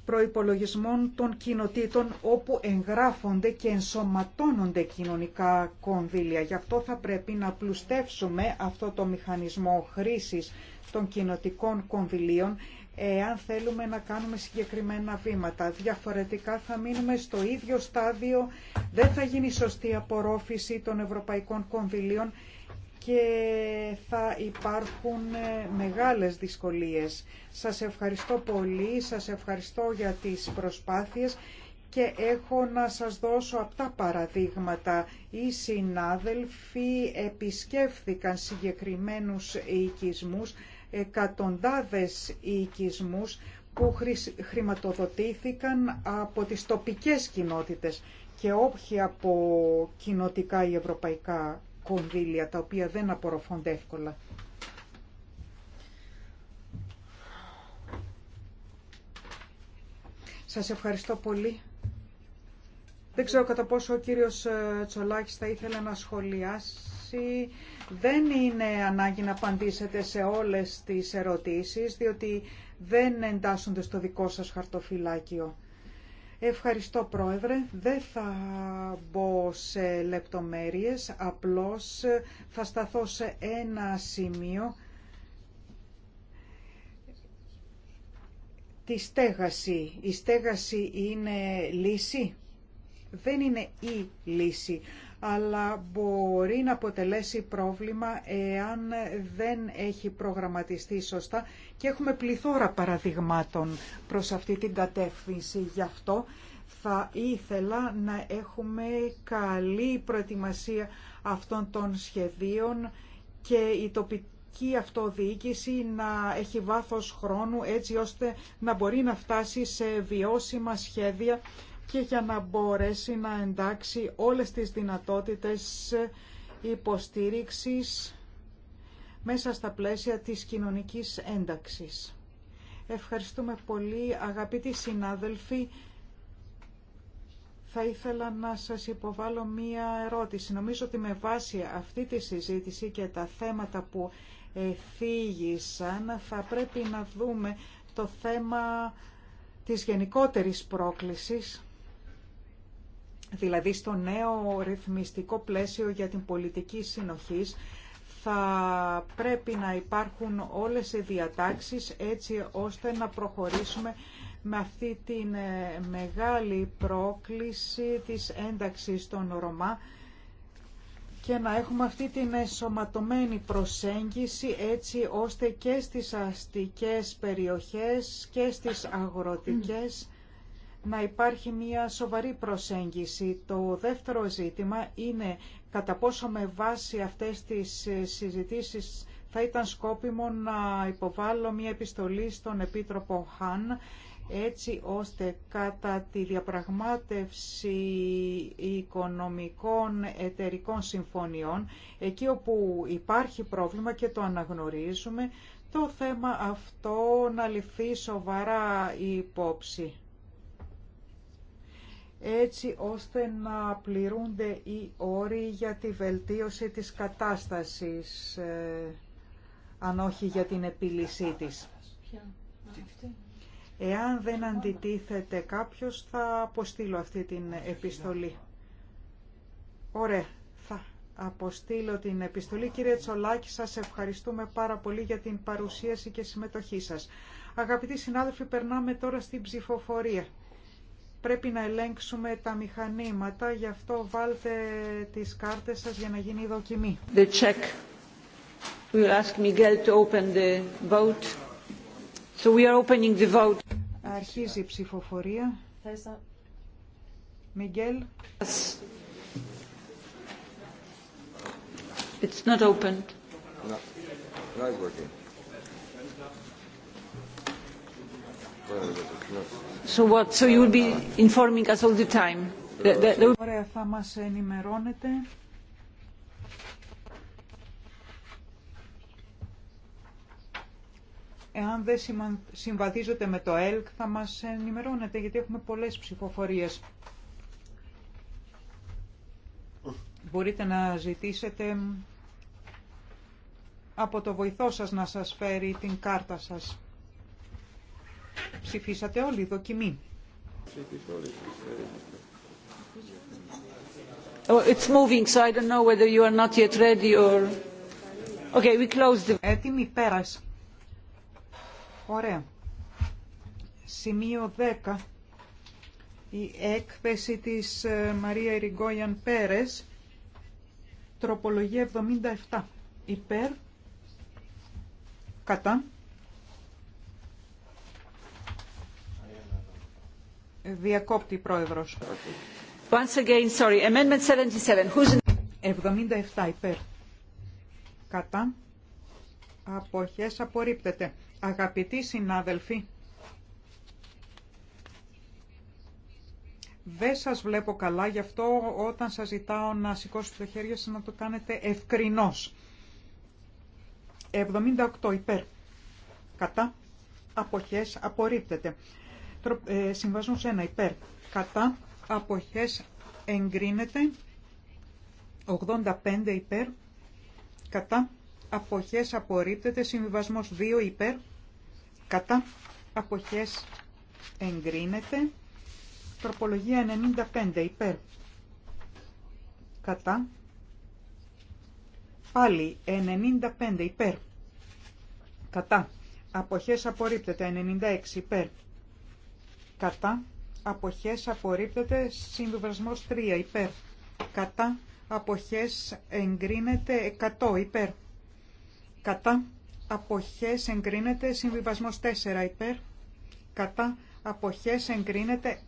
προϋπολογισμών των κοινοτήτων όπου εγγράφονται και ενσωματώνονται κοινωνικά κονδύλια. Γι' αυτό θα πρέπει να πλουστεύσουμε αυτό το μηχανισμό χρήσης των κοινοτικών κονδυλίων εάν θέλουμε να κάνουμε συγκεκριμένα βήματα. Διαφορετικά θα μείνουμε στο ίδιο στάδιο, δεν θα γίνει σωστή απορρόφηση των ευρωπαϊκών κονδυλίων και θα υπάρχουν ε, μεγάλες δυσκολίες. Σας ευχαριστώ πολύ, σας ευχαριστώ για τις προσπάθειες και έχω να σας δώσω αυτά παραδείγματα. Οι συνάδελφοι επισκέφθηκαν συγκεκριμένους οικισμούς, εκατοντάδες οικισμούς που χρηματοδοτήθηκαν από τις τοπικές κοινότητες και όχι από κοινοτικά ή ευρωπαϊκά κονδύλια τα οποία δεν απορροφώνται εύκολα. Σας ευχαριστώ πολύ. Δεν ξέρω κατά πόσο ο κύριος ε, Τσολάκης θα ήθελε να σχολιάσει. Δεν είναι ανάγκη να απαντήσετε σε όλες τις ερωτήσεις, διότι δεν εντάσσονται στο δικό σας χαρτοφυλάκιο. Ευχαριστώ Πρόεδρε. Δεν θα μπω σε λεπτομέρειες, απλώς θα σταθώ σε ένα σημείο τη στέγαση. Η στέγαση είναι λύση. Δεν είναι η λύση, αλλά μπορεί να αποτελέσει πρόβλημα εάν δεν έχει προγραμματιστεί σωστά και έχουμε πληθώρα παραδειγμάτων προς αυτή την κατεύθυνση. Γι' αυτό θα ήθελα να έχουμε καλή προετοιμασία αυτών των σχεδίων και η τοπική αυτοδιοίκηση να έχει βάθος χρόνου έτσι ώστε να μπορεί να φτάσει σε βιώσιμα σχέδια και για να μπορέσει να εντάξει όλες τις δυνατότητες υποστήριξης μέσα στα πλαίσια της κοινωνικής ένταξης. Ευχαριστούμε πολύ αγαπητοί συνάδελφοι. Θα ήθελα να σας υποβάλω μία ερώτηση. Νομίζω ότι με βάση αυτή τη συζήτηση και τα θέματα που θίγησαν θα πρέπει να δούμε το θέμα της γενικότερης πρόκλησης δηλαδή στο νέο ρυθμιστικό πλαίσιο για την πολιτική συνοχής θα πρέπει να υπάρχουν όλες οι διατάξεις έτσι ώστε να προχωρήσουμε με αυτή την ε, μεγάλη πρόκληση της ένταξης των Ρωμά και να έχουμε αυτή την εσωματωμένη προσέγγιση έτσι ώστε και στις αστικές περιοχές και στις αγροτικές να υπάρχει μια σοβαρή προσέγγιση. Το δεύτερο ζήτημα είναι κατά πόσο με βάση αυτές τις ε, συζητήσεις θα ήταν σκόπιμο να υποβάλω μια επιστολή στον Επίτροπο Χάν έτσι ώστε κατά τη διαπραγμάτευση οικονομικών εταιρικών συμφωνιών, εκεί όπου υπάρχει πρόβλημα και το αναγνωρίζουμε, το θέμα αυτό να ληφθεί σοβαρά υπόψη έτσι ώστε να πληρούνται οι όροι για τη βελτίωση της κατάστασης, ε, αν όχι για την επίλυσή της. Εάν δεν αντιτίθεται κάποιος, θα αποστείλω αυτή την επιστολή. Ωραία, θα αποστείλω την επιστολή. Κύριε Τσολάκη, σας ευχαριστούμε πάρα πολύ για την παρουσίαση και συμμετοχή σας. Αγαπητοί συνάδελφοι, περνάμε τώρα στην ψηφοφορία πρέπει να ελέγξουμε τα μηχανήματα, γι' αυτό βάλτε τις κάρτες σας για να γίνει η δοκιμή. The check. We will ask Miguel to open the vote. So we are opening the vote. Αρχίζει η ψηφοφορία. Miguel. Yes. It's not opened. No. Not working. Well, So what? Ωραία, θα μας ενημερώνετε. Εάν δεν συμβαδίζετε με το ΕΛΚ θα μας ενημερώνετε γιατί έχουμε πολλές ψηφοφορίες. Μπορείτε να ζητήσετε από το βοηθό σας να σας φέρει την κάρτα σας. Ψηφίσατε όλοι, δοκιμή. Oh, it's moving, so I don't know whether you are not yet ready or... Okay, we close the... πέρας. Ωραία. Σημείο 10. Η έκθεση της ε, Μαρία Ριγκόιαν Πέρες. Τροπολογία 77. Υπέρ. Κατά. Διακόπτη πρόεδρος. Once again, sorry. Amendment 77. 77 υπέρ. Κατά. Αποχές απορρίπτεται. Αγαπητοί συνάδελφοι, δεν σας βλέπω καλά, γι' αυτό όταν σας ζητάω να σηκώσετε το χέρι σας να το κάνετε ευκρινώς. 78 υπέρ. Κατά. Αποχές απορρίπτεται ε, συμβασμός 1 υπέρ κατά αποχές εγκρίνεται 85 υπέρ κατά αποχές απορρίπτεται συμβιβασμός 2 υπέρ κατά αποχές εγκρίνεται τροπολογία 95 υπέρ κατά πάλι 95 υπέρ κατά αποχές απορρίπτεται 96 υπέρ κατά αποχές απορρίπτεται συμβιβασμός 3 υπέρ κατά αποχές εγκρίνεται 100 υπέρ κατά αποχές εγκρίνεται συμβιβασμός 4 υπέρ κατά αποχές εγκρίνεται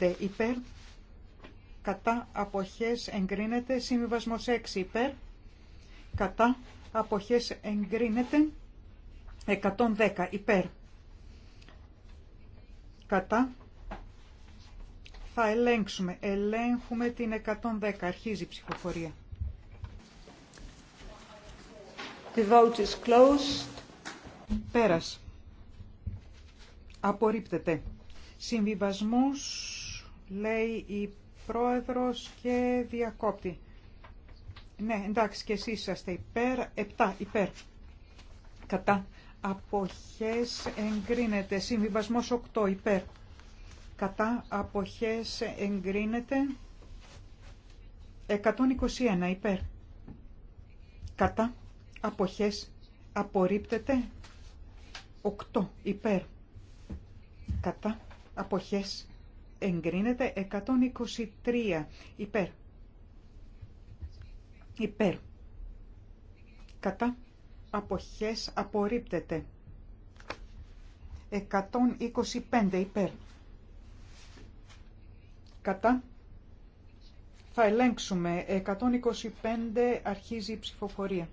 5 υπέρ κατά αποχές εγκρίνεται συμβιβασμός 6 υπέρ κατά αποχές εγκρίνεται 110 υπέρ Κατά. Θα ελέγξουμε. Ελέγχουμε την 110. Αρχίζει η ψηφοφορία. The vote is closed. Πέρας. Απορρίπτεται. Συμβιβασμός, λέει η πρόεδρος και διακόπτη. Ναι, εντάξει, και εσείς είσαστε υπέρ. Επτά, υπέρ. Κατά αποχές εγκρίνεται. Συμβιβασμός 8 υπέρ. Κατά αποχές εγκρίνεται 121 υπέρ. Κατά αποχές απορρίπτεται 8 υπέρ. Κατά αποχές εγκρίνεται 123 υπέρ. Υπέρ. Κατά αποχές απορρίπτεται. 125 υπέρ. Κατά. Θα ελέγξουμε. 125 αρχίζει η ψηφοφορία.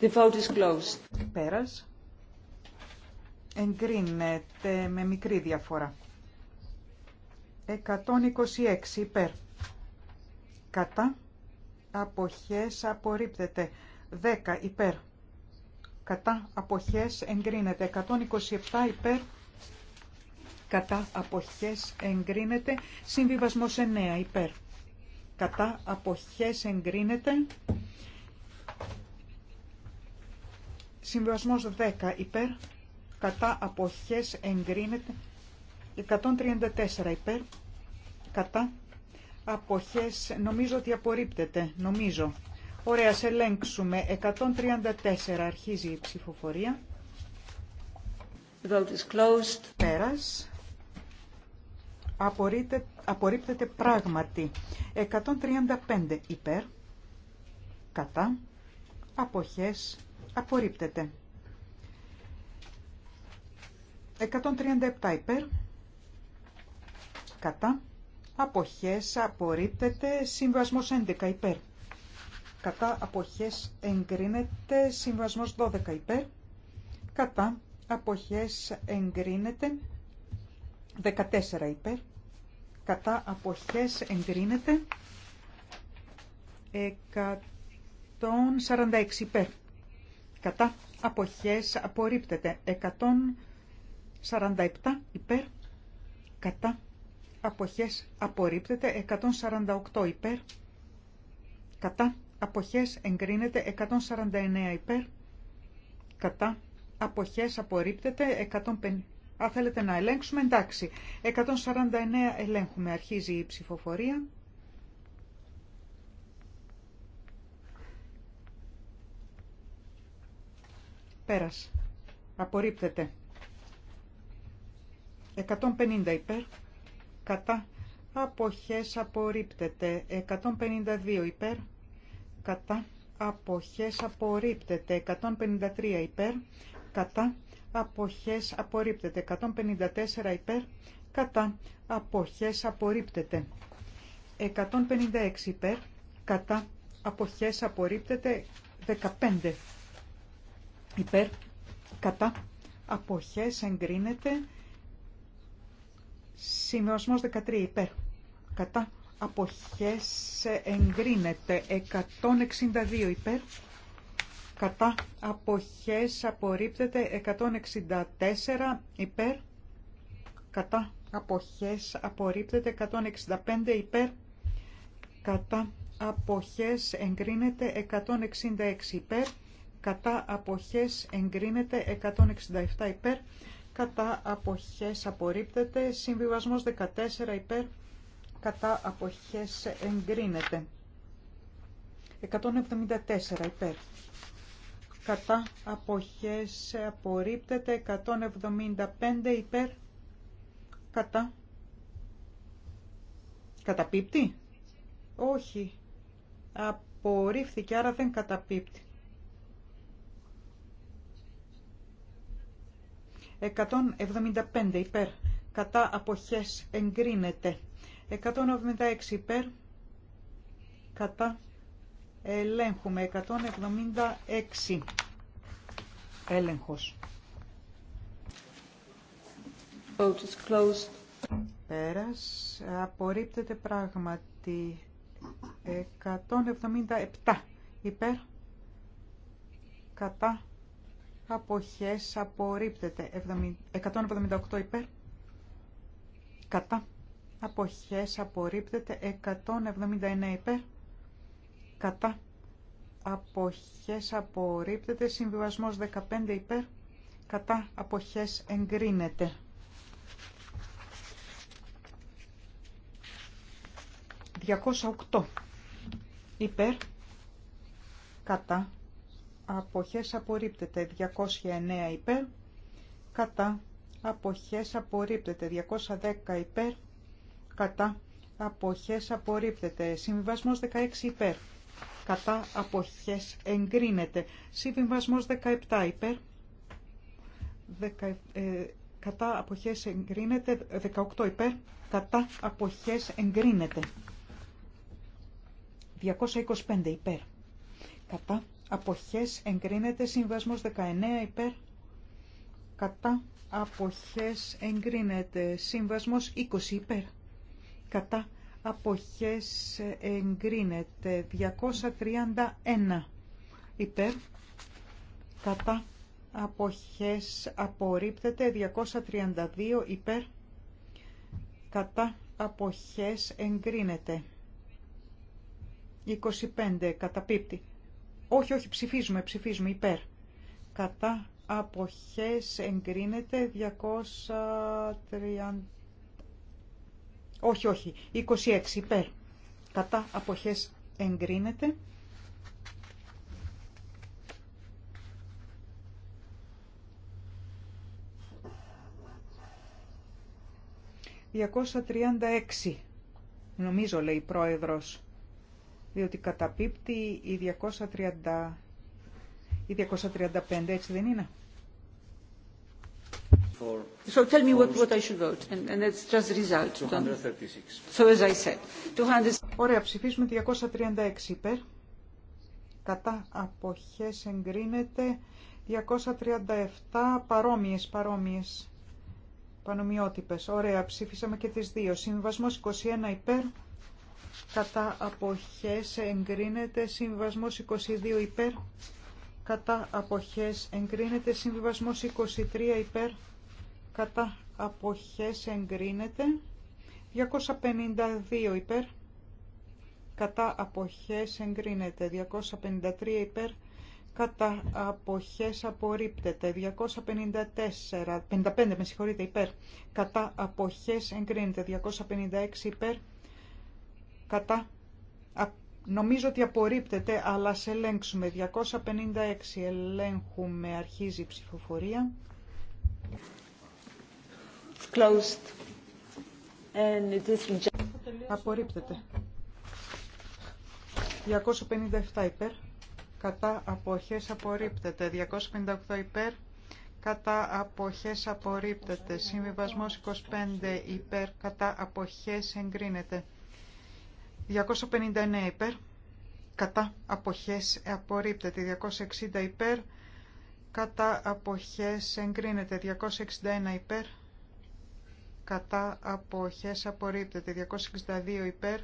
The vote is closed. Πέρας. Εγκρίνεται με μικρή διαφορά. 126 υπέρ κατά αποχές απορρίπτεται 10 υπέρ κατά αποχές εγκρίνεται 127 υπέρ κατά αποχές εγκρίνεται συμβιβασμός 9 υπέρ κατά αποχές εγκρίνεται συμβιβασμός 10 υπέρ κατά αποχές εγκρίνεται 134 υπέρ κατά αποχές νομίζω ότι απορρίπτεται, νομίζω. Ωραία, σε ελέγξουμε. 134 αρχίζει η ψηφοφορία. vote is closed. Πέρας. Απορρίπτεται, απορρίπτεται πράγματι. 135 υπέρ. Κατά. Αποχές. Απορρίπτεται. 137 υπέρ. Κατά αποχές απορρίπτεται συμβασμός 11 υπέρ. Κατά αποχές εγκρίνεται συμβασμός 12 υπέρ. Κατά αποχές εγκρίνεται 14 υπέρ. Κατά αποχές εγκρίνεται 146 υπέρ. Κατά αποχές απορρίπτεται 147 υπέρ. Κατά αποχές απορρίπτεται 148 υπέρ, κατά αποχές εγκρίνεται 149 υπέρ, κατά αποχές απορρίπτεται 150. Αν θέλετε να ελέγξουμε, εντάξει. 149 ελέγχουμε, αρχίζει η ψηφοφορία. Πέρας. Απορρίπτεται. 150 υπέρ κατά αποχές απορρίπτεται 152 υπέρ κατά αποχές απορρίπτεται 153 υπέρ κατά αποχές απορρίπτεται 154 υπέρ κατά αποχές απορρίπτεται 156 υπέρ κατά αποχές απορρίπτεται 15 υπέρ κατά αποχές εγκρίνεται Σημειώσμος 13 ε, υπέρ. Κατά αποχές εγκρίνεται 162 υπέρ. Κατά αποχές απορρίπτεται 164 υπέρ. Κατά αποχές απορρίπτεται 165 υπέρ. Κατά αποχές εγκρίνεται 166 υπέρ. Κατά αποχές εγκρίνεται 167 υπέρ κατά αποχές απορρίπτεται, συμβιβασμός 14 υπέρ, κατά αποχές εγκρίνεται. 174 υπέρ. Κατά αποχές απορρίπτεται 175 υπέρ. Κατά. Καταπίπτει. Όχι. Απορρίφθηκε άρα δεν καταπίπτει. 175 υπέρ. Κατά αποχές εγκρίνεται. 176 υπέρ. Κατά ελέγχουμε. 176 έλεγχος. Vote is closed. Πέρας. Απορρίπτεται πράγματι. 177 υπέρ. Κατά αποχές απορρίπτεται 178 υπέρ κατά αποχές απορρίπτεται 179 υπέρ κατά αποχές απορρίπτεται συμβιβασμός 15 υπέρ κατά αποχές εγκρίνεται ...208 υπέρ κατά αποχές απορρίπτεται 209 υπέρ κατά αποχές απορρίπτεται 210 υπέρ κατά αποχές απορρίπτεται συμβιβασμός 16 υπέρ κατά αποχές εγκρίνεται συμβιβασμός 17 υπέρ ε, κατά αποχές εγκρίνεται 18 υπέρ κατά αποχές εγκρίνεται 225 υπέρ κατά αποχές εγκρίνεται συμβασμός 19 υπέρ κατά αποχές εγκρίνεται συμβασμός 20 υπέρ κατά αποχές εγκρίνεται 231 υπέρ κατά αποχές απορρίπτεται 232 υπέρ κατά αποχές εγκρίνεται 25 καταπίπτει όχι, όχι, ψηφίζουμε, ψηφίζουμε υπέρ. Κατά αποχές εγκρίνεται 230... Όχι, όχι, 26 υπέρ. Κατά αποχές εγκρίνεται. «236» νομίζω λέει πρόεδρος διότι καταπίπτει η 230, η 235, έτσι δεν είναι. So tell me what, what I should vote, and, and it's just the result. 236. So as I said, 200... Ωραία, ψηφίσουμε 236 υπέρ. Κατά αποχές εγκρίνεται 237 παρόμοιες, παρόμοιες, πανομοιότυπες. Ωραία, ψήφισαμε και τις δύο. Συμβασμός 21 υπέρ κατά αποχές εγκρίνεται συμβιβασμός 22 υπέρ κατά αποχές εγκρίνεται συμβιβασμός 23 υπέρ κατά αποχές εγκρίνεται 252 υπέρ κατά αποχές εγκρίνεται 253 υπέρ κατά αποχές απορρίπτεται 254 55 με συγχωρείτε υπέρ κατά αποχές εγκρίνεται 256 υπέρ κατά, νομίζω ότι απορρίπτεται, αλλά σε ελέγξουμε. 256 ελέγχουμε, αρχίζει η ψηφοφορία. closed. And it is απορρίπτεται. 257 υπέρ, κατά αποχές απορρίπτεται. 258 υπέρ, κατά αποχές απορρίπτεται. Συμβιβασμός 25 υπέρ, κατά αποχές εγκρίνεται. 259 υπέρ, κατά αποχές απορρίπτεται. 260 υπέρ, κατά αποχές εγκρίνεται. 261 υπέρ, κατά αποχές απορρίπτεται. 262 υπέρ,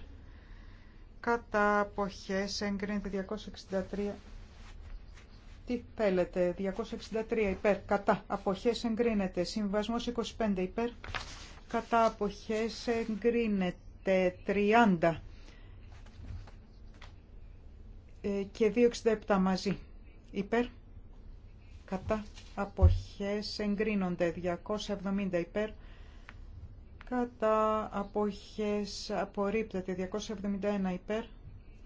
κατά αποχές εγκρίνεται. 263 τι θέλετε, 263 υπέρ, κατά, αποχές εγκρίνεται, συμβασμός 25 υπέρ, κατά αποχές εγκρίνεται, 30 και 267 μαζί. Υπέρ. Κατά αποχές εγκρίνονται 270 υπέρ. Κατά αποχές απορρίπτεται 271 υπέρ.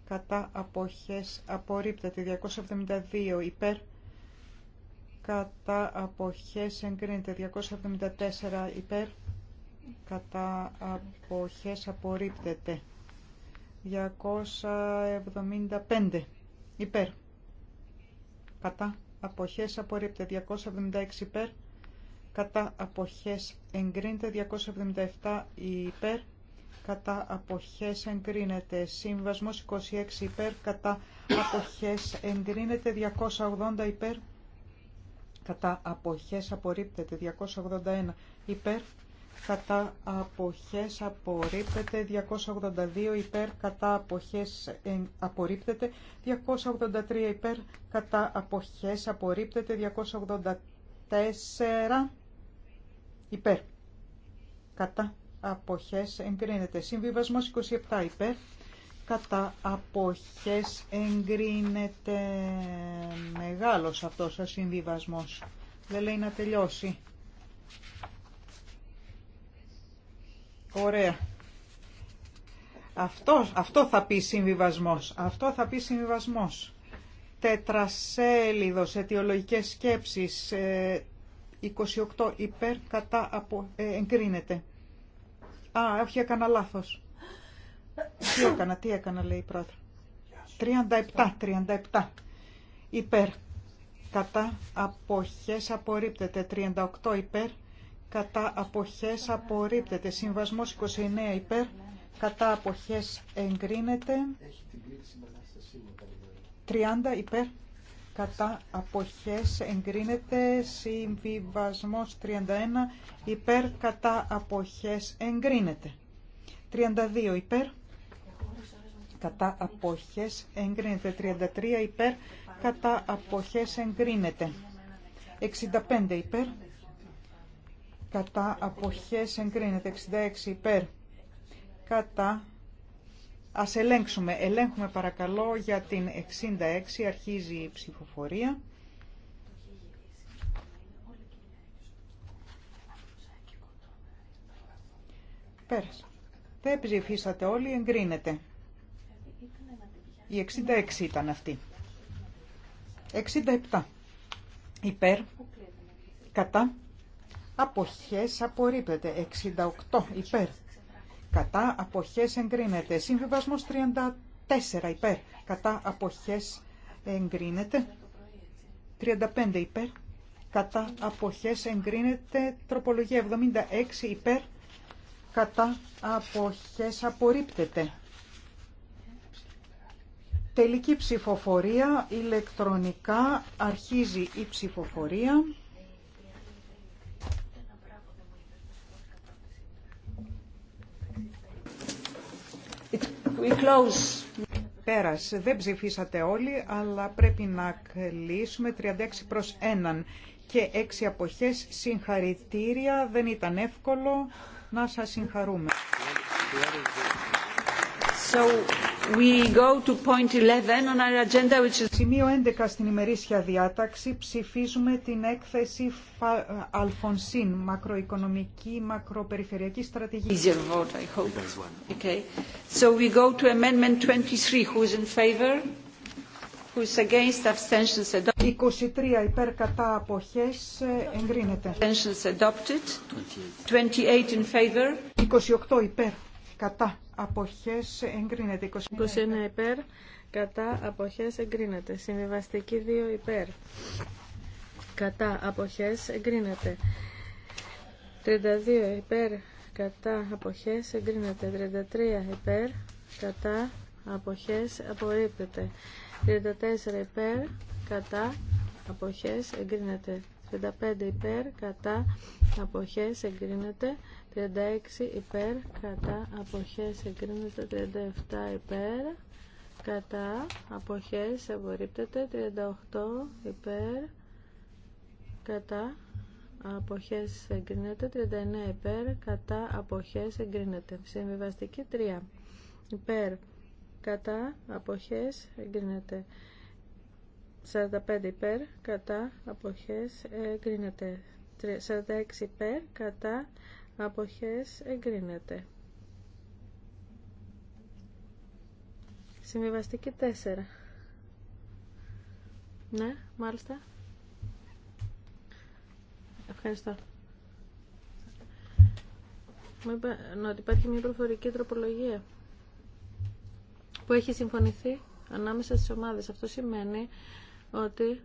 Κατά αποχές απορρίπτεται 272 υπέρ. Κατά αποχές εγκρίνεται 274 υπέρ. Κατά αποχές απορρίπτεται 275 υπέρ κατά αποχές απορρίπτεται 276 υπέρ κατά αποχές εγκρίνεται 277 υπέρ κατά αποχές εγκρίνεται σύμβασμος 26 υπέρ κατά αποχές εγκρίνεται 280 υπέρ κατά αποχές απορρίπτεται 281 υπέρ κατά αποχές ε, απορρίπτεται 282 υπέρ κατά αποχές απορρίπτεται 283 υπέρ κατά αποχές απορρίπτεται 284 υπέρ κατά αποχές εγκρίνεται συμβιβασμός 27 υπέρ κατά αποχές εγκρίνεται μεγάλος αυτός ο συμβιβασμός δεν λέει να τελειώσει Ωραία. Αυτό, αυτό θα πει συμβιβασμός. Αυτό θα πει συμβιβασμός. Τετρασέλιδος, αιτιολογικές σκέψεις, 28 ε, υπέρ κατά από, ε, εγκρίνεται. Α, όχι έκανα λάθος. τι έκανα, τι έκανα λέει η πρόεδρο. 37, 37 υπέρ κατά αποχές απορρίπτεται. 38 υπέρ κατά αποχές απορρίπτεται. Συμβασμός 29 υπέρ, κατά αποχές εγκρίνεται. 30 υπέρ, κατά αποχές εγκρίνεται. Συμβιβασμός 31 υπέρ, κατά αποχές εγκρίνεται. 32 υπέρ, κατά αποχές εγκρίνεται. 33 υπέρ, κατά αποχές εγκρίνεται. 65 υπέρ, κατά αποχές εγκρίνεται 66 υπέρ κατά ας ελέγξουμε ελέγχουμε παρακαλώ για την 66 αρχίζει η ψηφοφορία Πέρασα. δεν ψηφίσατε όλοι εγκρίνεται η 66 ήταν αυτή 67 υπέρ κατά αποχές απορρίπτεται. 68 υπέρ. Κατά αποχές εγκρίνεται. Συμβιβασμός 34 υπέρ. Κατά αποχές εγκρίνεται. 35 υπέρ. Κατά αποχές εγκρίνεται. Τροπολογία 76 υπέρ. Κατά αποχές απορρίπτεται. Τελική ψηφοφορία ηλεκτρονικά αρχίζει η ψηφοφορία. We close. Πέρας. Δεν ψηφίσατε όλοι, αλλά πρέπει να κλείσουμε 36 προς 1 και 6 αποχές. Συγχαρητήρια. Δεν ήταν εύκολο να σας συγχαρούμε. So... We go to point 11 on our agenda, which is... Σημείο 11 στην ημερήσια διάταξη ψηφίζουμε την έκθεση Αλφονσίν, μακροοικονομική, μακροπεριφερειακή στρατηγική. Easier vote, I hope. Okay. So we go to amendment 23. Who is in favor? Who is against? Abstentions adopted. 23 υπέρ κατά αποχές εγκρίνεται. Abstentions adopted. 28 in favor. 28 υπέρ κατά αποχές εγκρίνεται. 21 υπέρ, κατά αποχές εγκρίνεται. Συμβιβαστική 2 υπέρ, κατά αποχές εγκρίνεται. 32 υπέρ, κατά αποχές εγκρίνεται. 33 υπέρ, κατά αποχές απορρίπτεται. 34 υπέρ, κατά αποχές εγκρίνεται. 35 υπέρ, κατά αποχές εγκρίνεται. 36 υπέρ, κατά, αποχές εγκρίνεται, 37 υπέρ, κατά, αποχές απορρίπτεται, 38 υπέρ, κατά, αποχέ εγκρίνεται, 39 υπέρ, κατά, αποχές εγκρίνεται. Συμβιβαστική 3 υπέρ, κατά, αποχέ εγκρίνεται. 45 υπέρ, κατά, αποχές εγκρίνεται. 46 υπέρ, κατά, αποχές εγκρίνεται. Συμβιβαστική 4. Ναι, μάλιστα. Ευχαριστώ. Μου είπα ότι υπάρχει μια προφορική τροπολογία που έχει συμφωνηθεί ανάμεσα στις ομάδες. Αυτό σημαίνει ότι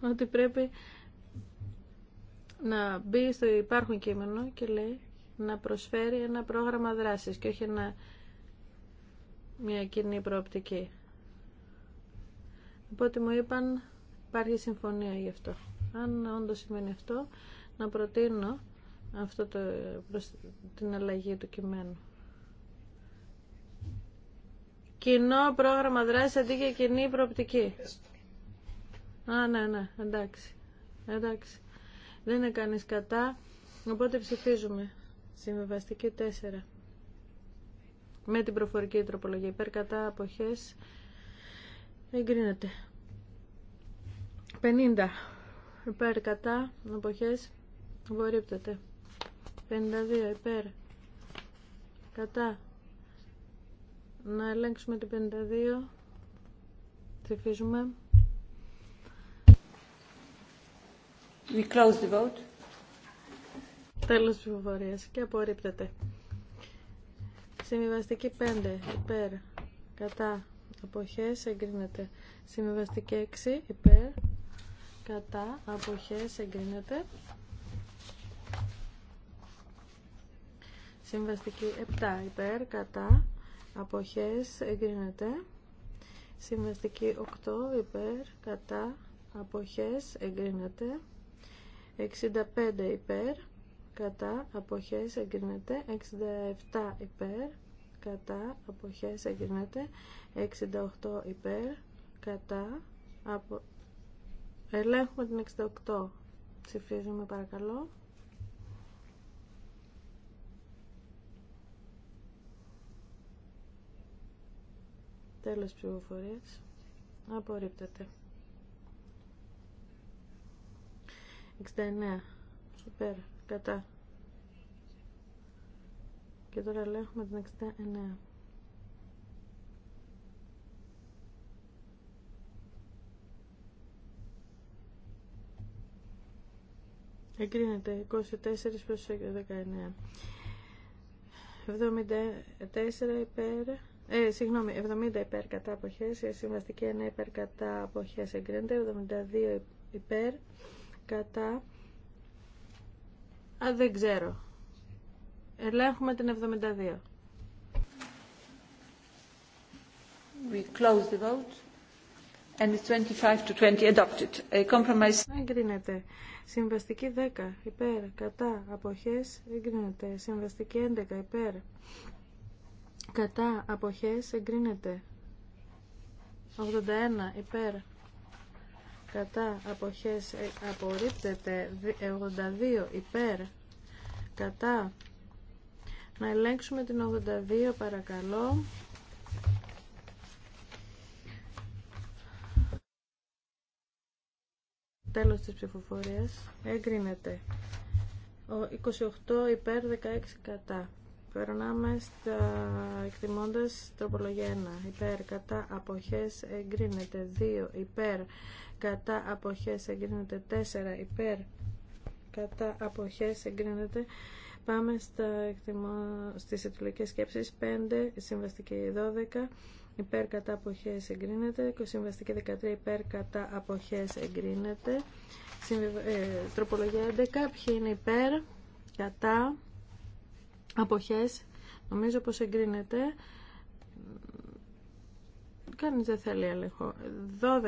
ότι πρέπει να μπει στο υπάρχον κείμενο και λέει να προσφέρει ένα πρόγραμμα δράσης και όχι ένα, μια κοινή προοπτική. Οπότε μου είπαν υπάρχει συμφωνία γι' αυτό. Αν όντω σημαίνει αυτό, να προτείνω αυτό το, την αλλαγή του κειμένου. Κοινό πρόγραμμα δράσης αντί για κοινή προοπτική. Α, ναι, ναι, εντάξει. Εντάξει. Δεν είναι κανείς κατά, οπότε ψηφίζουμε. Συμβιβαστική 4. Με την προφορική τροπολογία υπέρ κατά αποχές εγκρίνεται. 50. Υπέρ κατά αποχές απορρίπτεται. 52. Υπέρ κατά να ελέγξουμε την 52. Ψηφίζουμε. We close the vote. Τέλος της και απορρίπτεται. Συμβιβαστική 5 υπέρ κατά αποχές εγκρίνεται. Συμβιβαστική 6 υπέρ κατά αποχές εγκρίνεται. Συμβαστική 7 υπέρ κατά αποχές εγκρίνεται. Συμβαστική 8 υπέρ κατά αποχές εγκρίνεται. 65 υπέρ κατά αποχές εγκρίνεται 67 υπέρ κατά αποχές εγκρίνεται 68 υπέρ κατά απο... ελέγχουμε την 68 ψηφίζουμε παρακαλώ τέλος ψηφοφορίας απορρίπτεται 69 υπέρ κατά και τώρα ελέγχουμε την 69 Εγκρίνεται 24 προς 19. 74 υπέρ, ε, συγγνώμη, 70 υπέρ κατά αποχές, ε, συμβαστική 1 υπέρ κατά αποχές εγκρίνεται, 72 υπέρ κατά Α, δεν ξέρω. Ελέγχουμε την 72. We close the vote. And it's 25 to 20 adopted. A compromise. Εγκρίνεται. Συμβαστική 10 υπέρ. Κατά. Αποχές. Εγκρίνεται. Συμβαστική 11 υπέρ. Κατά. Αποχές. Εγκρίνεται. 81 υπέρ κατά αποχές ε, απορρίπτεται 82 υπέρ κατά να ελέγξουμε την 82 παρακαλώ τέλος της ψηφοφορίας εγκρίνεται 28 υπέρ 16 κατά Περνάμε στα εκτιμώντα τροπολογία 1. Υπέρ κατά αποχές εγκρίνεται 2. Υπέρ κατά αποχές εγκρίνεται 4. Υπέρ κατά αποχές εγκρίνεται Πάμε στα εκτιμώ, στις ετουλικές σκέψεις 5, συμβαστική 12, υπέρ κατά αποχέ, εγκρίνεται, συμβαστική 13, υπέρ κατά αποχές εγκρίνεται, ε, τροπολογία 11, ποιοι είναι υπέρ, κατά, αποχές νομίζω πως εγκρίνεται κανείς δεν θέλει έλεγχο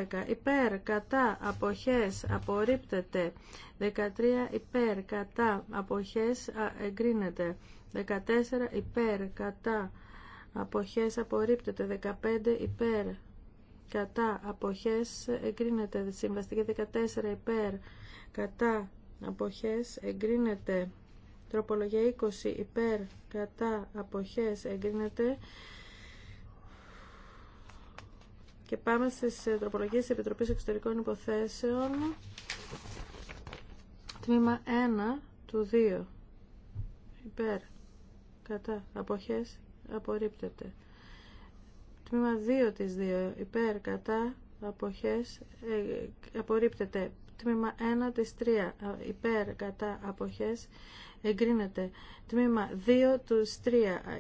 12 υπέρ κατά αποχές απορρίπτεται 13 υπέρ κατά αποχές εγκρίνεται 14 υπέρ κατά αποχές απορρίπτεται 15 υπέρ κατά αποχές εγκρίνεται συμβαστική 14 υπέρ κατά αποχές εγκρίνεται Τροπολογία 20 υπέρ κατά αποχές εγκρίνεται. Και πάμε στις ε, τροπολογίες της Επιτροπής Εξωτερικών Υποθέσεων. Τμήμα 1 του 2. Υπέρ. Κατά. Αποχές. Απορρίπτεται. Τμήμα 2 της 2. Υπέρ. Κατά. Αποχές. Ε, απορρίπτεται. Τμήμα 1 της 3 υπέρ κατά αποχές εγκρίνεται. Τμήμα 2 τους 3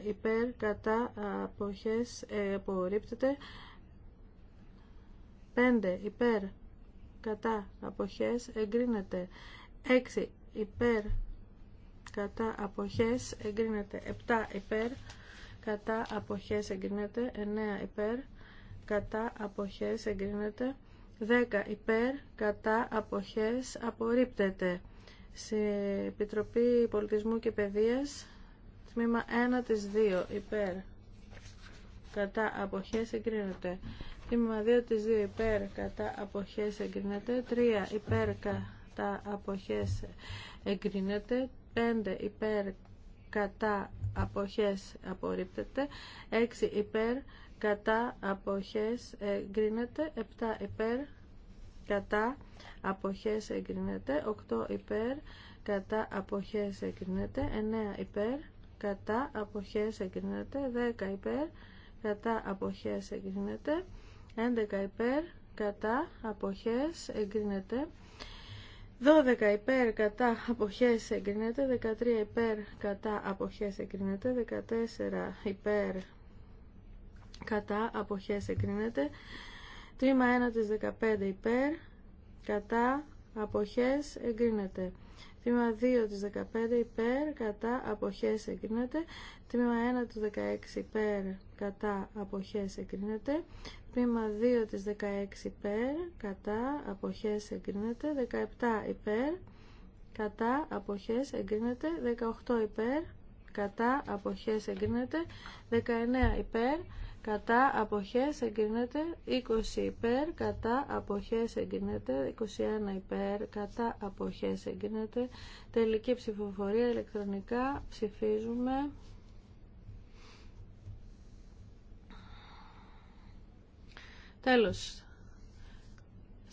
υπέρ κατά αποχές ε, απορρίπτεται. 5 υπέρ κατά αποχές εγκρίνεται. 6 υπέρ κατά αποχές εγκρίνεται. 7 υπέρ κατά αποχές εγκρίνεται. 9 υπέρ κατά αποχές εγκρίνεται. 10 υπέρ, κατά, αποχές, απορρίπτεται. Σε Επιτροπή Πολιτισμού και Παιδείας, τμήμα 1 της 2 υπέρ, κατά, αποχές, εγκρίνεται. Τμήμα 2 της 2 υπέρ, κατά, αποχές, εγκρίνεται. 3 υπέρ, κατά, αποχές, εγκρίνεται. 5 υπέρ, κατά, αποχές, απορρίπτεται. 6 υπέρ, κατά αποχές εγκρίνεται 7 υπέρ κατά αποχές εγκρίνεται 8 υπέρ κατά αποχές εγκρίνεται 9 υπέρ κατά αποχές εγκρίνεται 10 υπέρ κατά αποχές εγκρίνεται 11 υπέρ κατά αποχές εγκρίνεται 12 υπέρ κατά αποχές εγκρίνεται 13 υπέρ κατά αποχές εγκρίνεται 14 υπέρ κατά αποχές έκρίνεται. τμήμα 1 της 15 υπέρ κατά αποχές εγκρίνεται τμήμα 2 της 15 υπέρ κατά αποχές εγκρίνεται τμήμα 1 του 16 υπέρ κατά αποχές εγκρίνεται τμήμα 2 της 16 υπέρ κατά αποχές εγκρίνεται 17 υπέρ κατά αποχές εγκρίνεται 18 υπέρ κατά αποχές εγκρίνεται 19 υπέρ κατά αποχές εγκρίνεται 20 υπέρ κατά αποχές εγκρίνεται 21 υπέρ κατά αποχές εγκρίνεται τελική ψηφοφορία ηλεκτρονικά ψηφίζουμε τέλος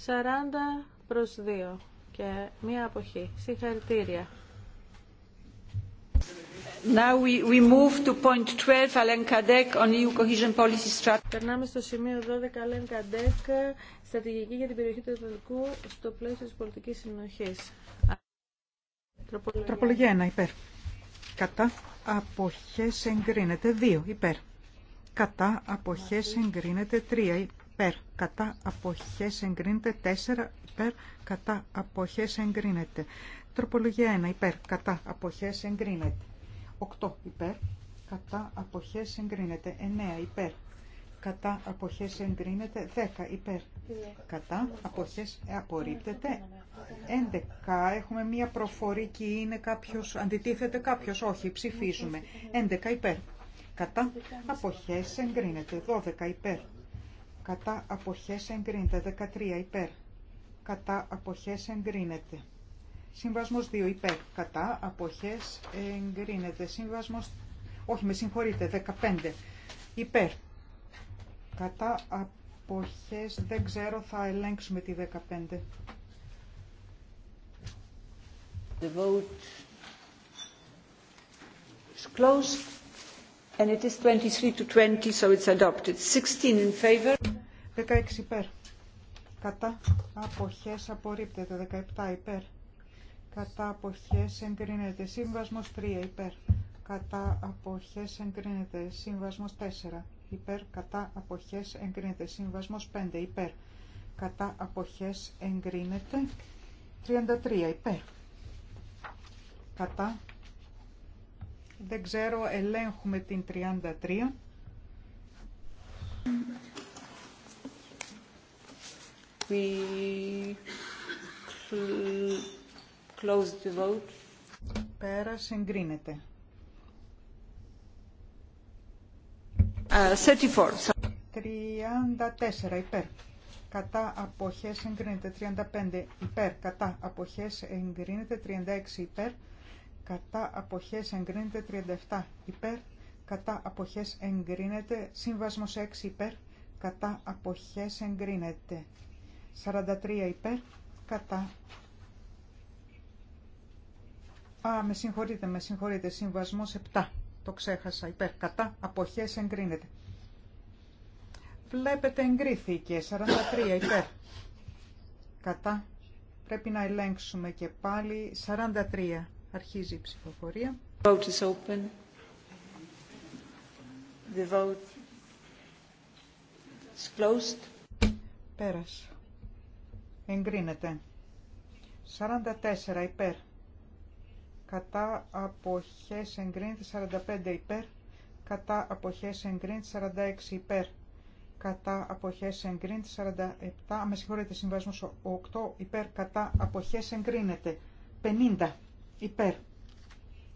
40 προς 2 και μία αποχή συγχαρητήρια Περνάμε στο σημείο 12, Αλέν Καντέκ. στρατηγική για την περιοχή του Ευρωπαϊκού στο πλαίσιο της πολιτικής συνοχής. Τροπολογία, 1, υπέρ. Κατά αποχές εγκρίνεται 2, υπέρ. Κατά αποχές εγκρίνεται 3, υπέρ. Κατά αποχές εγκρίνεται 4, υπέρ. Κατά αποχές εγκρίνεται. Τροπολογία 1, υπέρ. Κατά αποχές εγκρίνεται. 8 υπέρ, κατά απόχέ εγκρίνεται. 9 υπέρ, κατά απόχέ εγκρίνεται. 10 υπέρ, κατά αποχέ απορρίπτεται. 11 έχουμε μία προφορική, είναι κάποιο. αντιτίθεται κάποιο, όχι, ψηφίζουμε. 11 υπέρ, κατά αποχέ εγκρίνεται. 12 υπέρ, κατά αποχέ εγκρίνεται. 13 υπέρ, κατά απόχέ εγκρίνεται. Συμβασμός 2 υπέρ κατά αποχές εγκρίνεται. Συμβασμός, όχι με συγχωρείτε, 15 υπέρ κατά αποχές δεν ξέρω θα ελέγξουμε τη 15. The vote is closed and it is 23 to 20 so it's adopted. 16 in favor. 16 υπέρ. Κατά αποχές απορρίπτεται. 17 υπέρ κατά αποχές εγκρίνεται. Σύμβασμος 3 υπέρ, κατά αποχές εγκρίνεται. Σύμβασμος 4 υπέρ, κατά αποχές εγκρίνεται. Σύμβασμος 5 υπέρ, κατά αποχές εγκρίνεται. 33 υπέρ, κατά, δεν ξέρω, ελέγχουμε την 33. We Close the vote. Πέρα συγκρίνεται. 34. 34 υπέρ. Κατά αποχές εγκρίνεται 35 υπέρ. Κατά αποχές εγκρίνεται 36 υπέρ. Κατά αποχές εγκρίνεται 37 υπέρ. Κατά αποχές εγκρίνεται σύμβασμος 6 υπέρ. Κατά αποχές εγκρίνεται 43 υπέρ. Κατά Α, με συγχωρείτε, με συγχωρείτε. Συμβασμό 7. Το ξέχασα. Υπέρ. Κατά. αποχέ εγκρίνεται. Βλέπετε εγκρίθηκε. 43. Υπέρ. Κατά. Πρέπει να ελέγξουμε και πάλι. 43. Αρχίζει η ψηφοφορία. vote is open. The vote is closed. Πέρασε. Εγκρίνεται. 44 υπέρ κατά αποχές εγκρίνεται 45 υπέρ, κατά αποχές εγκρίνεται 46 υπέρ, κατά αποχές εγκρίνεται 47, με συγχωρείτε συμβασμός 8 υπέρ, κατά αποχές εγκρίνεται 50 υπέρ,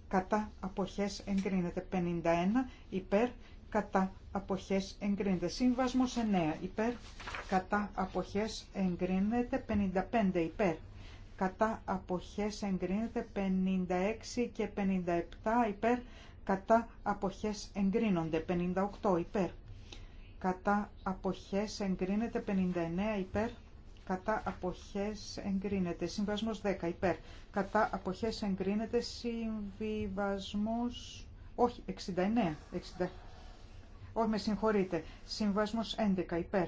κατά αποχές εγκρίνεται 51 υπέρ, κατά αποχές εγκρίνεται. Σύμβασμος 9 υπέρ, κατά αποχές εγκρίνεται 55 υπέρ κατά αποχές εγκρίνεται 56 και 57 υπέρ κατά αποχές εγκρίνονται 58 υπέρ κατά αποχές εγκρίνεται 59 υπέρ κατά αποχές εγκρίνεται συμβασμός 10 υπέρ κατά αποχές εγκρίνεται συμβιβασμός όχι 69 60. όχι με συγχωρείτε συμβασμός 11 υπέρ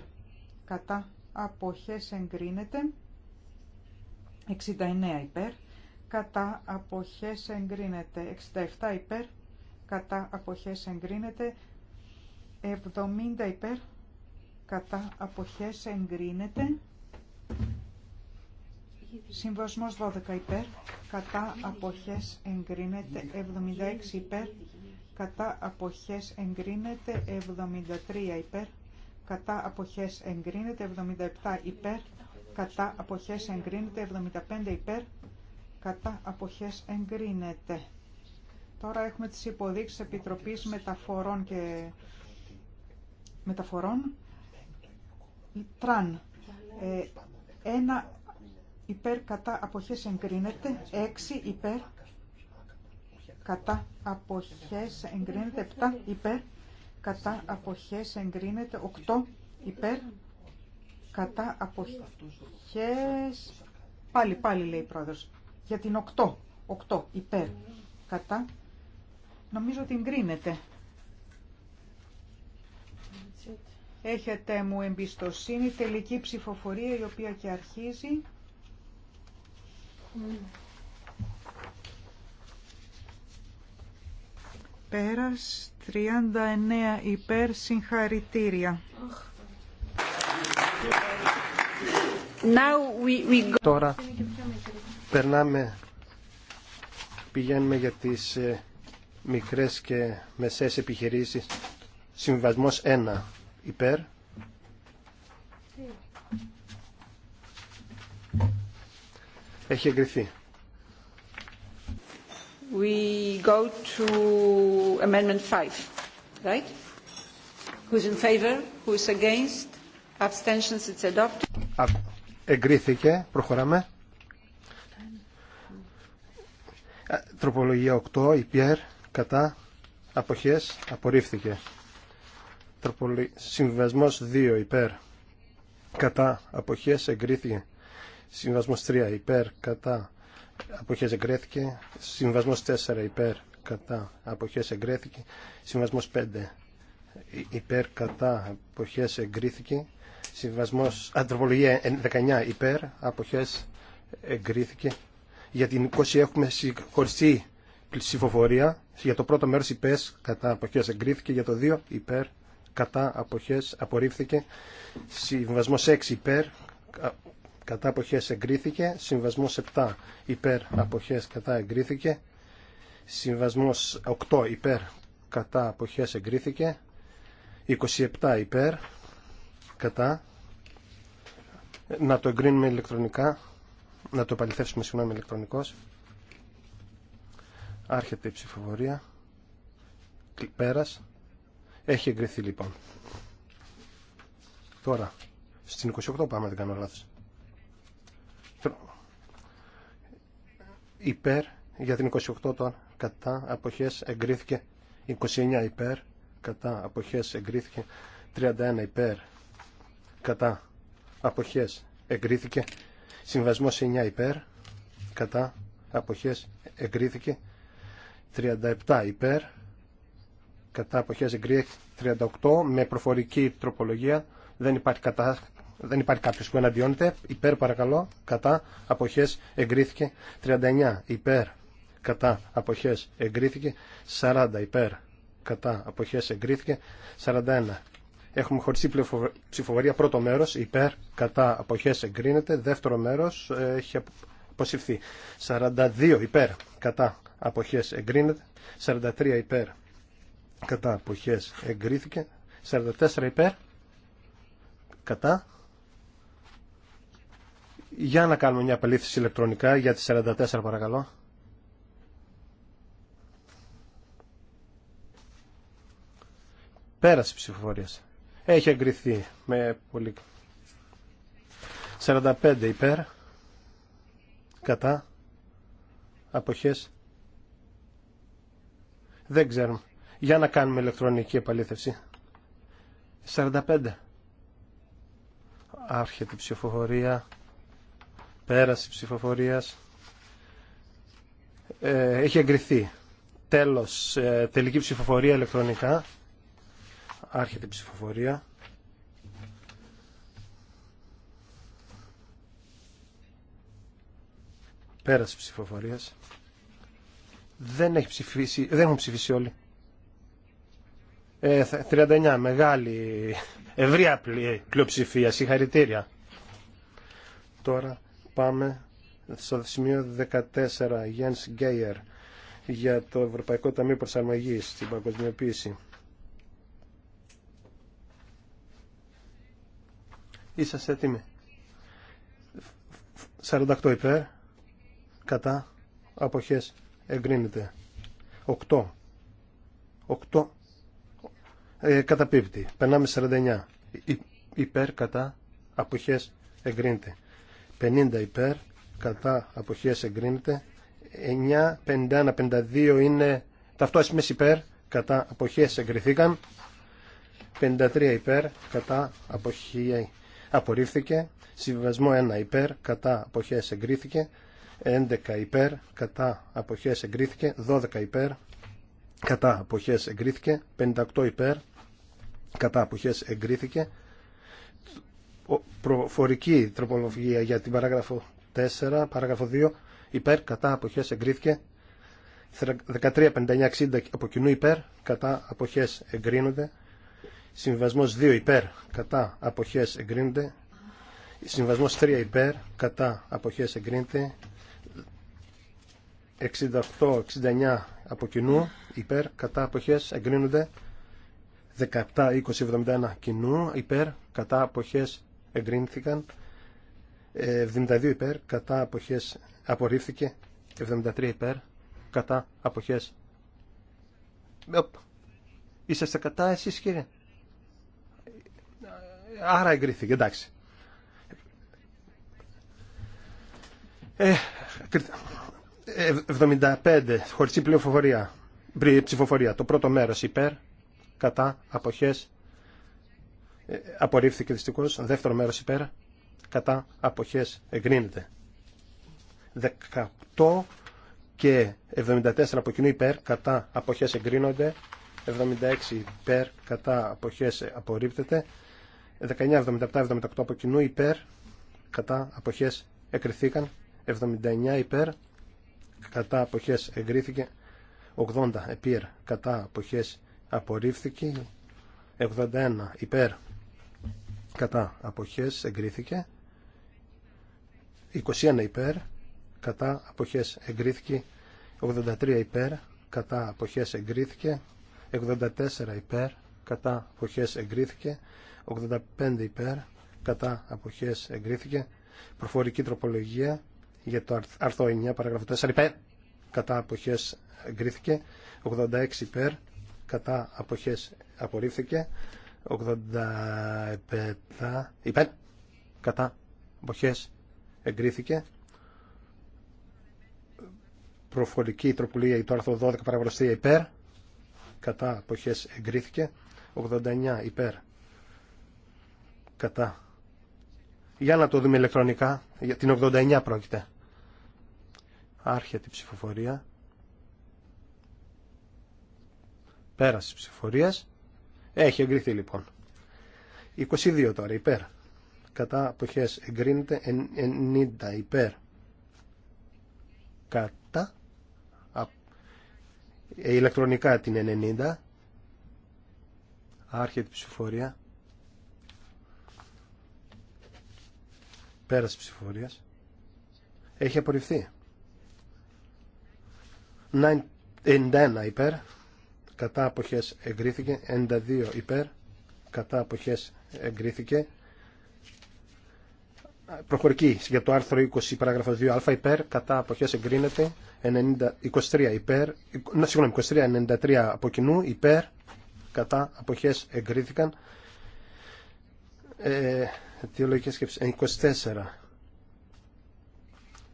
κατά αποχές εγκρίνεται 69 υπέρ, κατά αποχές εγκρίνεται. 67 υπέρ, κατά αποχές εγκρίνεται. 70 υπέρ, κατά αποχές εγκρίνεται. Συμβασμός 12 υπέρ, κατά αποχές εγκρίνεται. 76 υπέρ, κατά αποχές εγκρίνεται. 73 υπέρ, κατά αποχές εγκρίνεται. 77 υπέρ, κατά αποχές εγκρίνεται, 75 υπέρ, κατά αποχές εγκρίνεται. Τώρα έχουμε τις υποδείξεις Επιτροπής Μεταφορών και Μεταφορών. Τραν. Ε, ένα υπέρ κατά αποχές εγκρίνεται, 6 υπέρ κατά αποχές εγκρίνεται, 7 υπέρ κατά αποχές εγκρίνεται, 8 υπέρ κατά αποχές, πάλι πάλι λέει η πρόεδρος, για την 8, 8 υπέρ, κατά, νομίζω ότι εγκρίνεται. Έχετε μου εμπιστοσύνη, τελική ψηφοφορία η οποία και αρχίζει. Πέρας 39 υπέρ συγχαρητήρια. Τώρα περνάμε, πηγαίνουμε για τις ε, μικρές και μεσές επιχειρήσεις. Συμβασμός 1 υπέρ. Έχει εγκριθεί. We go to amendment 5, right? Who's in favor? Who's against? Abstentions, it's adopted. Εγκρίθηκε. Προχωράμε. Τροπολογία 8. Υπέρ. Κατά. Αποχές. Απορρίφθηκε. Τροπολο... 2. Υπέρ. Κατά. Αποχές. Εγκρίθηκε. Συμβιβασμός 3. Υπέρ. Κατά. Αποχές. Εγκρίθηκε. Συμβιβασμός 4. Υπέρ. Κατά. Αποχές. Εγκρίθηκε. Συμβιβασμός 5 υπέρ κατά αποχές εγκρίθηκε Συμβασμό Αντροπολογία 19 υπέρ, αποχές εγκρίθηκε. Για την 20 έχουμε συγχωριστή ψηφοφορία. Για το πρώτο μέρο υπέρ, κατά αποχές εγκρίθηκε. Για το 2 υπέρ, κατά αποχές απορρίφθηκε. Συμβασμό 6 υπέρ, κατά αποχές εγκρίθηκε. Συμβασμό 7 υπέρ, αποχές κατά εγκρίθηκε. Συμβασμό 8 υπέρ, κατά αποχές εγκρίθηκε. 27 υπέρ, κατά, να το εγκρίνουμε ηλεκτρονικά, να το επαληθεύσουμε συγγνώμη ηλεκτρονικός. Άρχεται η ψηφοφορία. Πέρας. Έχει εγκριθεί λοιπόν. Τώρα, στην 28 πάμε, δεν κάνω λάθος. Υπέρ για την 28 τώρα, κατά αποχές εγκρίθηκε 29 υπέρ, κατά αποχές εγκρίθηκε 31 υπέρ, κατά αποχές εγκρίθηκε συμβασμός 9 υπέρ κατά αποχές εγκρίθηκε 37 υπέρ κατά αποχές εγκρίθηκε 38 με προφορική τροπολογία δεν υπάρχει, κατά, δεν υπάρχει κάποιος που εναντιώνεται υπέρ παρακαλώ κατά αποχές εγκρίθηκε 39 υπέρ κατά αποχές εγκρίθηκε 40 υπέρ κατά αποχές εγκρίθηκε 41 Έχουμε χωριστεί ψηφοφορία πρώτο μέρο υπέρ, κατά, αποχέ εγκρίνεται. Δεύτερο μέρο έχει αποσυρθεί. 42 υπέρ, κατά, αποχές εγκρίνεται. 43 ε, υπέρ, κατά, αποχέ εγκρίθηκε. 44 υπέρ, κατά. Για να κάνουμε μια απελήφθηση ηλεκτρονικά για τι 44 παρακαλώ. Πέραση ψηφοφορία. Έχει εγκριθεί με πολύ... 45 υπέρ. Κατά. Αποχές. Δεν ξέρουμε. Για να κάνουμε ηλεκτρονική επαλήθευση. 45. Άρχεται η ψηφοφορία. Πέραση ψηφοφορίας. Ε, έχει εγκριθεί. Τέλος. Ε, τελική ψηφοφορία ηλεκτρονικά. Άρχεται η ψηφοφορία. Πέραση ψηφοφορία. Δεν, έχει ψηφίσει, δεν έχουν ψηφίσει όλοι. Ε, 39, μεγάλη, ευρία πλειοψηφία, συγχαρητήρια. Τώρα πάμε στο σημείο 14, Γιάννης Γκέιερ, για το Ευρωπαϊκό Ταμείο Προσαρμογής στην Παγκοσμιοποίηση. Είσαστε έτοιμοι. 48 υπέρ. Κατά. Αποχές. Εγκρίνεται. 8. 8. Ε, καταπίπτει. Περνάμε 49. Υπέρ. Κατά. Αποχές. Εγκρίνεται. 50 υπέρ. Κατά. Αποχές. Εγκρίνεται. 9, 51, 52 είναι ταυτόσιμες υπέρ, κατά αποχές εγκριθήκαν. 53 υπέρ, κατά αποχή απορρίφθηκε. Συμβιβασμό 1 υπέρ, κατά αποχές εγκρίθηκε. 11 υπέρ, κατά αποχές εγκρίθηκε. 12 υπέρ, κατά αποχές εγκρίθηκε. 58 υπέρ, κατά αποχές εγκρίθηκε. Προφορική τροπολογία για την παράγραφο 4, παράγραφο 2, υπέρ, κατά αποχές εγκρίθηκε. 13, 59, 60 από κοινού υπέρ, κατά αποχές εγκρίνονται. Συμβασμός 2 υπέρ κατά αποχές εγκρίνεται. Συμβασμός 3 υπέρ κατά αποχές εγκρίνεται. 68-69 από κοινού υπέρ κατά αποχές εγκρίνονται. 17-20-71 κοινού υπέρ κατά αποχές εγκρίνθηκαν. 72 ε, υπέρ κατά αποχές απορρίφθηκε. 73 υπέρ κατά αποχές. Οπ. Είσαστε κατά εσείς κύριε άρα εγκρίθηκε, εντάξει. Ε, 75, χωριστή πληροφορία, ψηφοφορία, το πρώτο μέρος υπέρ, κατά, αποχές, ε, απορρίφθηκε δυστυχώς, δεύτερο μέρος υπέρ, κατά, αποχές, εγκρίνεται. 18 και 74 από κοινού υπέρ, κατά, αποχές εγκρίνονται, 76 υπέρ, κατά, αποχές απορρίπτεται, 1977-78 από κοινού υπέρ κατά αποχές εκριθήκαν 79 υπέρ κατά αποχές εγκρίθηκε 80 επίρ κατά αποχές απορρίφθηκε 81 υπέρ κατά αποχές εγκρίθηκε 21 υπέρ κατά αποχές εγκρίθηκε 83 υπέρ κατά αποχές εγκρίθηκε 84 υπέρ κατά αποχές εγκρίθηκε 85 υπέρ κατά αποχές εγκρίθηκε προφορική τροπολογία για το άρθρο 9 παραγραφό 4 υπέρ κατά αποχές εγκρίθηκε 86 υπέρ κατά αποχές απορρίφθηκε 87 υπέρ κατά αποχές εγκρίθηκε προφορική τροπολογία για το άρθρο 12 παραγραφό υπέρ κατά αποχές εγκρίθηκε 89 υπέρ κατά. Για να το δούμε ηλεκτρονικά. Για την 89 πρόκειται. Άρχεται η ψηφοφορία. Πέραση ψηφοφορία. Έχει εγκριθεί λοιπόν. 22 τώρα υπέρ. Κατά αποχές εγκρίνεται 90 υπέρ. Κατά. η ε, ηλεκτρονικά την 90. Άρχεται η ψηφοφορία. Πέραση ψηφοφορία. Έχει απορριφθεί. 91 υπέρ. Κατά αποχέ εγκρίθηκε. 92 υπέρ. Κατά αποχέ εγκρίθηκε. Προχωρική για το άρθρο 20 παράγραφος 2α υπέρ. Κατά αποχές εγκρίνεται. 90, 23 υπέρ. Να, συγγνώμη, 23, 93 από κοινού υπέρ. Κατά αποχές εγκρίθηκαν. Ε, Αιτιολογική σκέψη. 24. Ε,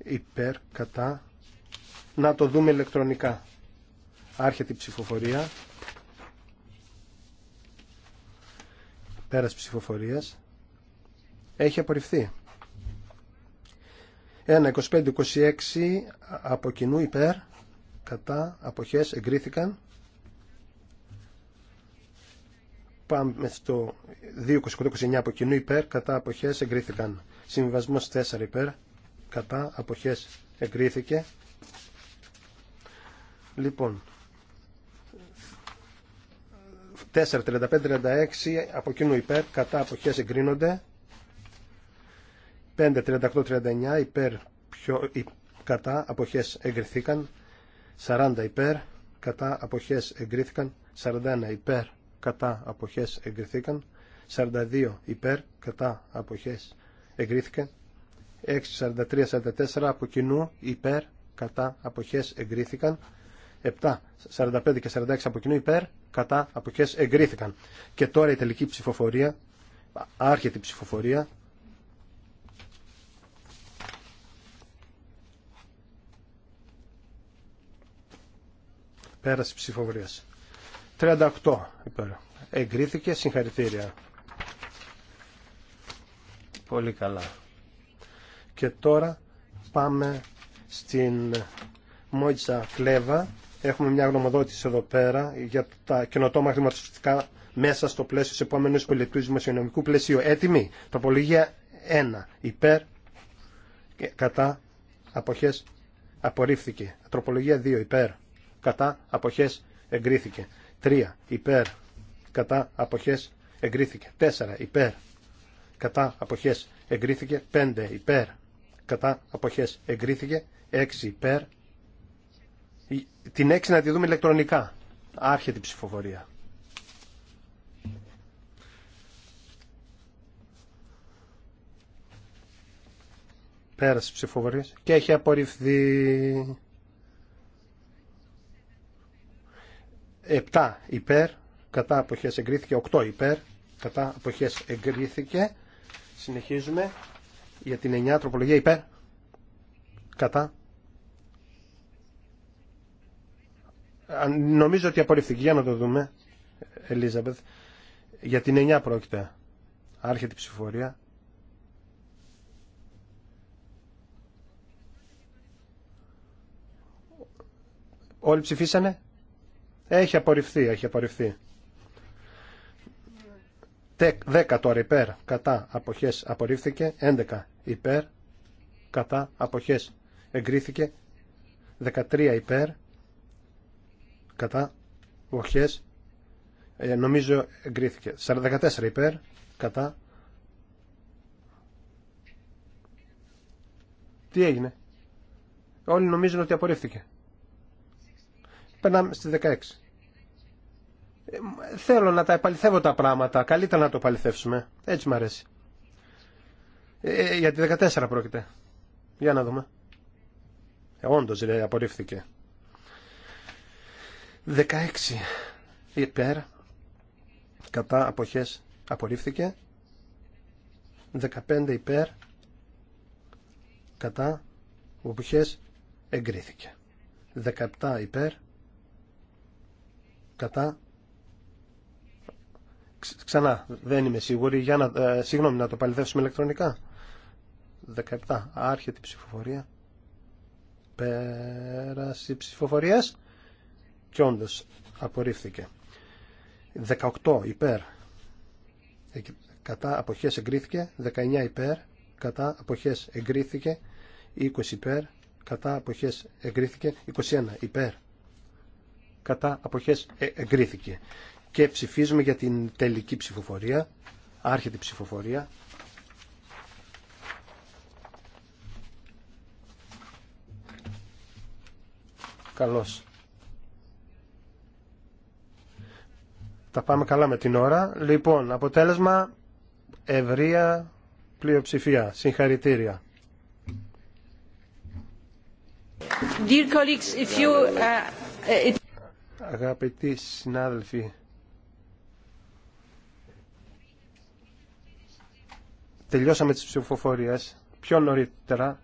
υπέρ, κατά. Να το δούμε ηλεκτρονικά. Άρχεται η ψηφοφορία. Πέρας ψηφοφορίας. Έχει απορριφθεί. 1, 25, 26 από κοινού υπέρ, κατά, αποχές, εγκρίθηκαν. Πάμε στο 2.28.29 από κοινού υπέρ, κατά αποχές εγκρίθηκαν. Συμβασμός 4 υπέρ, κατά αποχές εγκρίθηκε. Λοιπόν, 4.35.36 από κοινού υπέρ, κατά αποχές εγκρίνονται. 5.38.39 υπέρ, πιο, κατά αποχές εγκριθήκαν. 40 υπέρ, κατά αποχές εγκρίθηκαν. 41 υπέρ, κατά αποχές εγκριθήκαν 42 υπέρ κατά αποχές εγκρίθηκαν 6-43-44 από κοινού υπέρ κατά αποχές εγκρίθηκαν 7, 45 και 46 από κοινού υπέρ, κατά, αποχές εγκρίθηκαν. Και τώρα η τελική ψηφοφορία, άρχεται η ψηφοφορία. Πέραση ψηφοφορία. 38 υπέρ. Εγκρίθηκε. Συγχαρητήρια. Πολύ καλά. Και τώρα πάμε στην Μόιτσα Κλέβα. Έχουμε μια γνωμοδότηση εδώ πέρα για τα καινοτόμα χρηματοσυστικά μέσα στο πλαίσιο τη επόμενη πολιτικού δημοσιονομικού πλαισίου. Έτοιμη. Τροπολογία 1. Υπέρ. Κατά. Αποχές. Απορρίφθηκε. Τροπολογία 2. Υπέρ. Κατά. Αποχές. Εγκρίθηκε. 3 υπέρ κατά αποχές εγκρίθηκε. 4 υπέρ κατά αποχές εγκρίθηκε. 5 υπέρ κατά αποχές εγκρίθηκε. 6 υπέρ. Την έξι να τη δούμε ηλεκτρονικά. Άρχεται η ψηφοφορία. Πέρασε ψηφοφορία και έχει απορριφθεί. 7 υπέρ, κατά αποχές εγκρίθηκε, 8 υπέρ, κατά αποχές εγκρίθηκε. Συνεχίζουμε για την 9 τροπολογία υπέρ, κατά. Νομίζω ότι απορριφθήκε, για να το δούμε, Ελίζαμπεθ. Για την 9 πρόκειται. Άρχεται η ψηφορία. Όλοι ψηφίσανε. Έχει απορριφθεί, έχει απορριφθεί. 10 τώρα υπέρ, κατά, αποχές, απορρίφθηκε. 11 υπέρ, κατά, αποχές, εγκρίθηκε. 13 υπέρ, κατά, αποχές, ε, νομίζω εγκρίθηκε. 14 υπέρ, κατά. Τι έγινε. Όλοι νομίζουν ότι απορρίφθηκε. Περνάμε στις 16. Θέλω να τα επαληθεύω τα πράγματα. Καλύτερα να το επαληθεύσουμε. Έτσι μου αρέσει. Ε, ε, για τη 14 πρόκειται. Για να δούμε. Ε, όντως, λέει, απορρίφθηκε. 16 υπέρ κατά αποχές απορρίφθηκε 15 υπέρ κατά αποχές εγκρίθηκε 17 υπέρ Κατά. Ξανά, δεν είμαι σίγουρη. Για να, ε, συγγνώμη, να το παλιδεύσουμε ηλεκτρονικά. 17. Άρχεται η ψηφοφορία. Πέραση ψηφοφορία. Και όντω απορρίφθηκε. 18 υπέρ. Κατά αποχές εγκρίθηκε. 19 υπέρ. Κατά αποχές εγκρίθηκε. 20 υπέρ. Κατά αποχές εγκρίθηκε. 21 υπέρ κατά αποχές ε, εγκρίθηκε. Και ψηφίζουμε για την τελική ψηφοφορία, άρχεται η ψηφοφορία. Καλώς. Τα πάμε καλά με την ώρα. Λοιπόν, αποτέλεσμα ευρεία πλειοψηφία. Συγχαρητήρια. Dear colleagues, if you, uh, uh, Αγαπητοί συνάδελφοι, τελειώσαμε τις ψηφοφορίες πιο νωρίτερα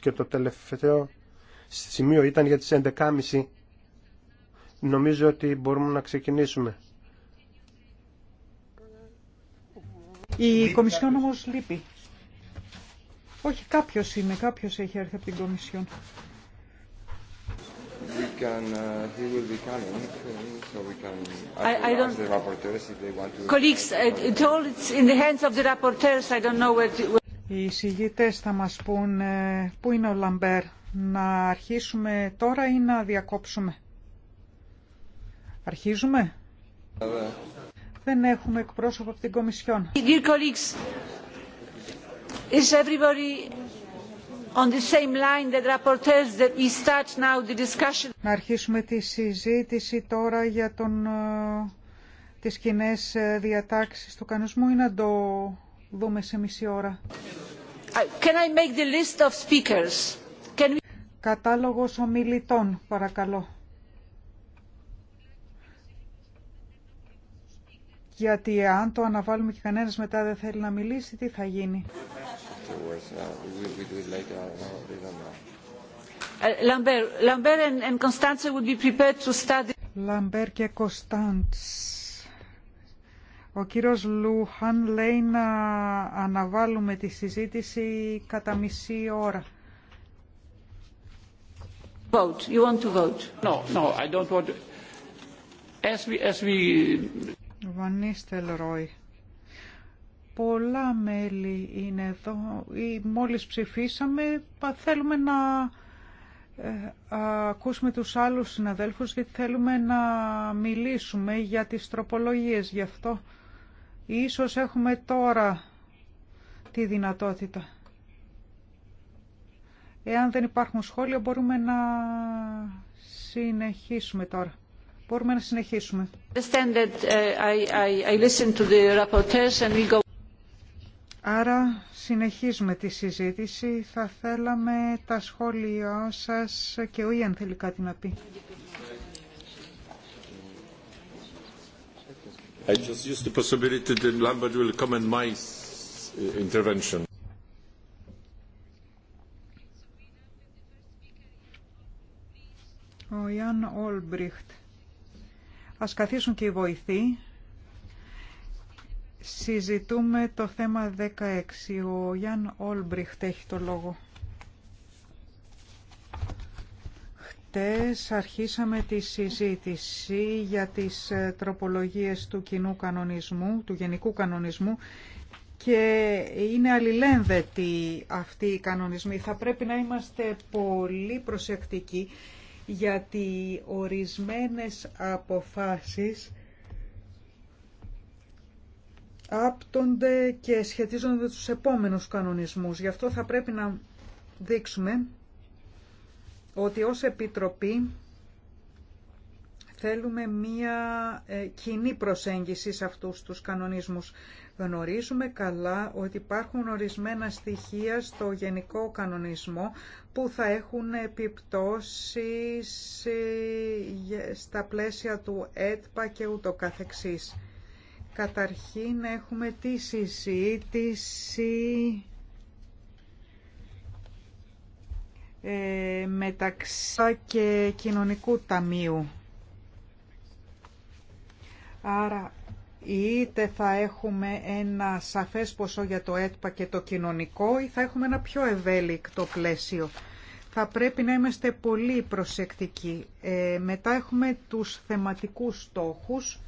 και το τελευταίο σημείο ήταν για τις 11.30. Νομίζω ότι μπορούμε να ξεκινήσουμε. Η Κομισιόν όμως λείπει. Όχι, κάποιος είναι, κάποιος έχει έρθει από την Κομισιόν we can, uh, he will be coming, so we can I, I don't, ask the rapporteurs if they want to... Colleagues, it all it's in the hands of the rapporteurs, I don't know where... To... Οι εισηγητές θα μας πούν ε, πού είναι ο Λαμπέρ, να αρχίσουμε τώρα ή να διακόψουμε. Αρχίζουμε. Yeah. Δεν έχουμε εκπρόσωπο από την Κομισιόν. Dear colleagues, is everybody να αρχίσουμε τη συζήτηση τώρα για τον, ε, τις κοινέ ε, διατάξεις του κανονισμού ή να το δούμε σε μισή ώρα. Uh, can Κατάλογος ομιλητών, παρακαλώ. Γιατί αν το αναβάλουμε και κανένας μετά δεν θέλει να μιλήσει, τι θα γίνει afterwards. Λαμπέρ uh, και Κωνσταντς. Ο κύριος Λούχαν λέει να αναβάλουμε τη συζήτηση κατά μισή ώρα. Βανίστελ Ρόι πολλά μέλη είναι εδώ. Ή μόλις ψηφίσαμε, θέλουμε να ε, ακούσουμε τους άλλους συναδέλφους γιατί θέλουμε να μιλήσουμε για τις τροπολογίες. Γι' αυτό ίσως έχουμε τώρα τη δυνατότητα. Εάν δεν υπάρχουν σχόλια μπορούμε να συνεχίσουμε τώρα. Μπορούμε να συνεχίσουμε. Άρα συνεχίζουμε τη συζήτηση. Θα θέλαμε τα σχόλια σας και ο Ιαν θέλει κάτι να πει. I just used the possibility that Lambert will comment my uh, intervention. Ο Ιαν Όλμπριχτ. Ας καθίσουν και οι βοηθοί. Συζητούμε το θέμα 16. Ο Γιάν Όλμπριχτ έχει το λόγο. Χτες αρχίσαμε τη συζήτηση για τις ε, τροπολογίες του κοινού κανονισμού, του γενικού κανονισμού και είναι αλληλένδετοι αυτοί οι κανονισμοί. Θα πρέπει να είμαστε πολύ προσεκτικοί γιατί ορισμένες αποφάσεις άπτονται και σχετίζονται με τους επόμενους κανονισμούς. Γι' αυτό θα πρέπει να δείξουμε ότι ως Επιτροπή θέλουμε μία ε, κοινή προσέγγιση σε αυτούς τους κανονισμούς. Γνωρίζουμε καλά ότι υπάρχουν ορισμένα στοιχεία στο γενικό κανονισμό που θα έχουν επιπτώσεις ε, στα πλαίσια του ΕΤΠΑ και ούτω καθεξής. Καταρχήν έχουμε τη συζήτηση ε, μεταξύ και κοινωνικού ταμείου. Άρα είτε θα έχουμε ένα σαφές ποσό για το έτπα και το κοινωνικό ή θα έχουμε ένα πιο ευέλικτο πλαίσιο. Θα πρέπει να είμαστε πολύ προσεκτικοί. Ε, μετά έχουμε τους θεματικούς στόχους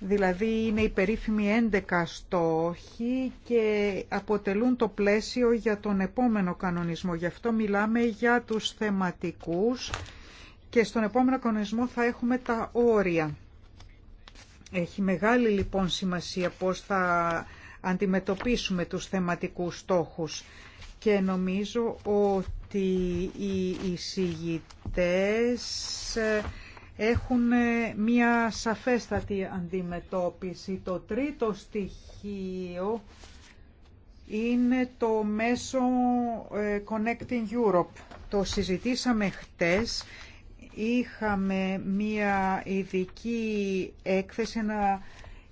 Δηλαδή είναι οι περίφημοι 11 στόχοι και αποτελούν το πλαίσιο για τον επόμενο κανονισμό. Γι' αυτό μιλάμε για τους θεματικούς και στον επόμενο κανονισμό θα έχουμε τα όρια. Έχει μεγάλη λοιπόν σημασία πώς θα αντιμετωπίσουμε τους θεματικούς στόχους και νομίζω ότι οι εισηγητές ε, έχουν ε, μία σαφέστατη αντιμετώπιση. Το τρίτο στοιχείο είναι το μέσο ε, Connecting Europe. Το συζητήσαμε χτες. Είχαμε μία ειδική έκθεση, ένα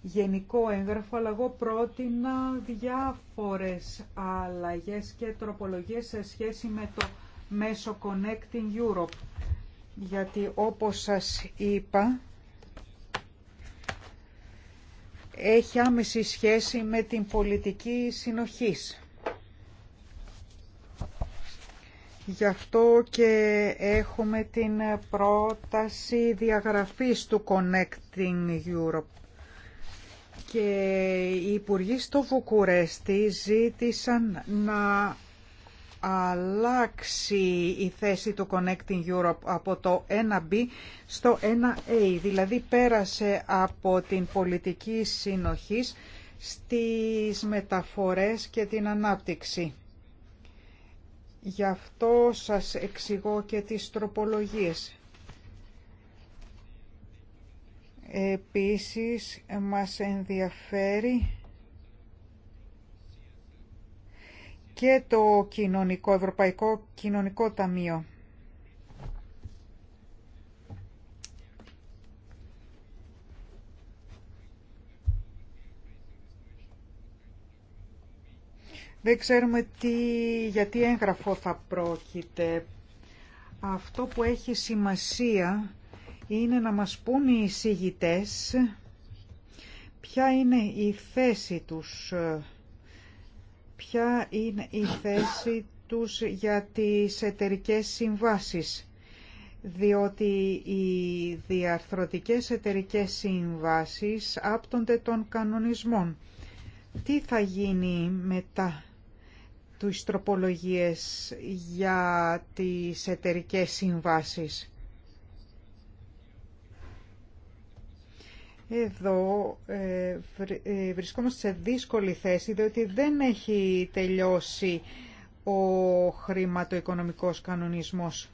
γενικό έγγραφο, αλλά εγώ πρότεινα διάφορες αλλαγές και τροπολογίες σε σχέση με το μέσο Connecting Europe γιατί όπως σας είπα έχει άμεση σχέση με την πολιτική συνοχής. Γι' αυτό και έχουμε την πρόταση διαγραφής του Connecting Europe. Και οι υπουργοί στο Βουκουρέστι ζήτησαν να αλλάξει η θέση του Connecting Europe από το 1B στο 1A, δηλαδή πέρασε από την πολιτική συνοχής στις μεταφορές και την ανάπτυξη. Γι' αυτό σας εξηγώ και τις τροπολογίες. Επίσης, μας ενδιαφέρει και το κοινωνικό, Ευρωπαϊκό Κοινωνικό Ταμείο. Δεν ξέρουμε τι, γιατί έγγραφο θα πρόκειται. Αυτό που έχει σημασία είναι να μας πούν οι εισηγητές ποια είναι η θέση τους ε, ποια είναι η θέση τους για τις εταιρικές συμβάσεις διότι οι διαρθρωτικές εταιρικές συμβάσεις άπτονται των κανονισμών. Τι θα γίνει μετά τις τροπολογίες για τις εταιρικές συμβάσεις. Εδώ ε, ε, βρισκόμαστε σε δύσκολη θέση, διότι δεν έχει τελειώσει ο χρηματοοικονομικός κανονισμός.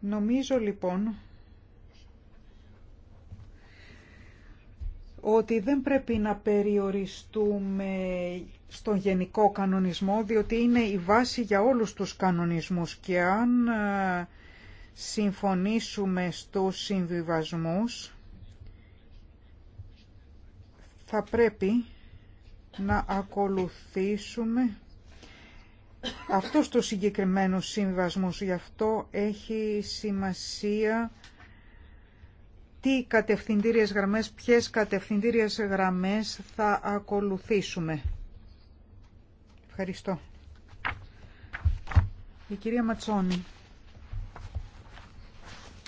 Νομίζω λοιπόν ότι δεν πρέπει να περιοριστούμε στον γενικό κανονισμό, διότι είναι η βάση για όλους τους κανονισμούς και αν ε, συμφωνήσουμε στους συμβιβασμούς, θα πρέπει να ακολουθήσουμε αυτός τους συγκεκριμένους συμβιβασμός. Γι' αυτό έχει σημασία τι κατευθυντήριες γραμμές, ποιες κατευθυντήριες γραμμές θα ακολουθήσουμε. Ευχαριστώ. Η κυρία Ματσόνη.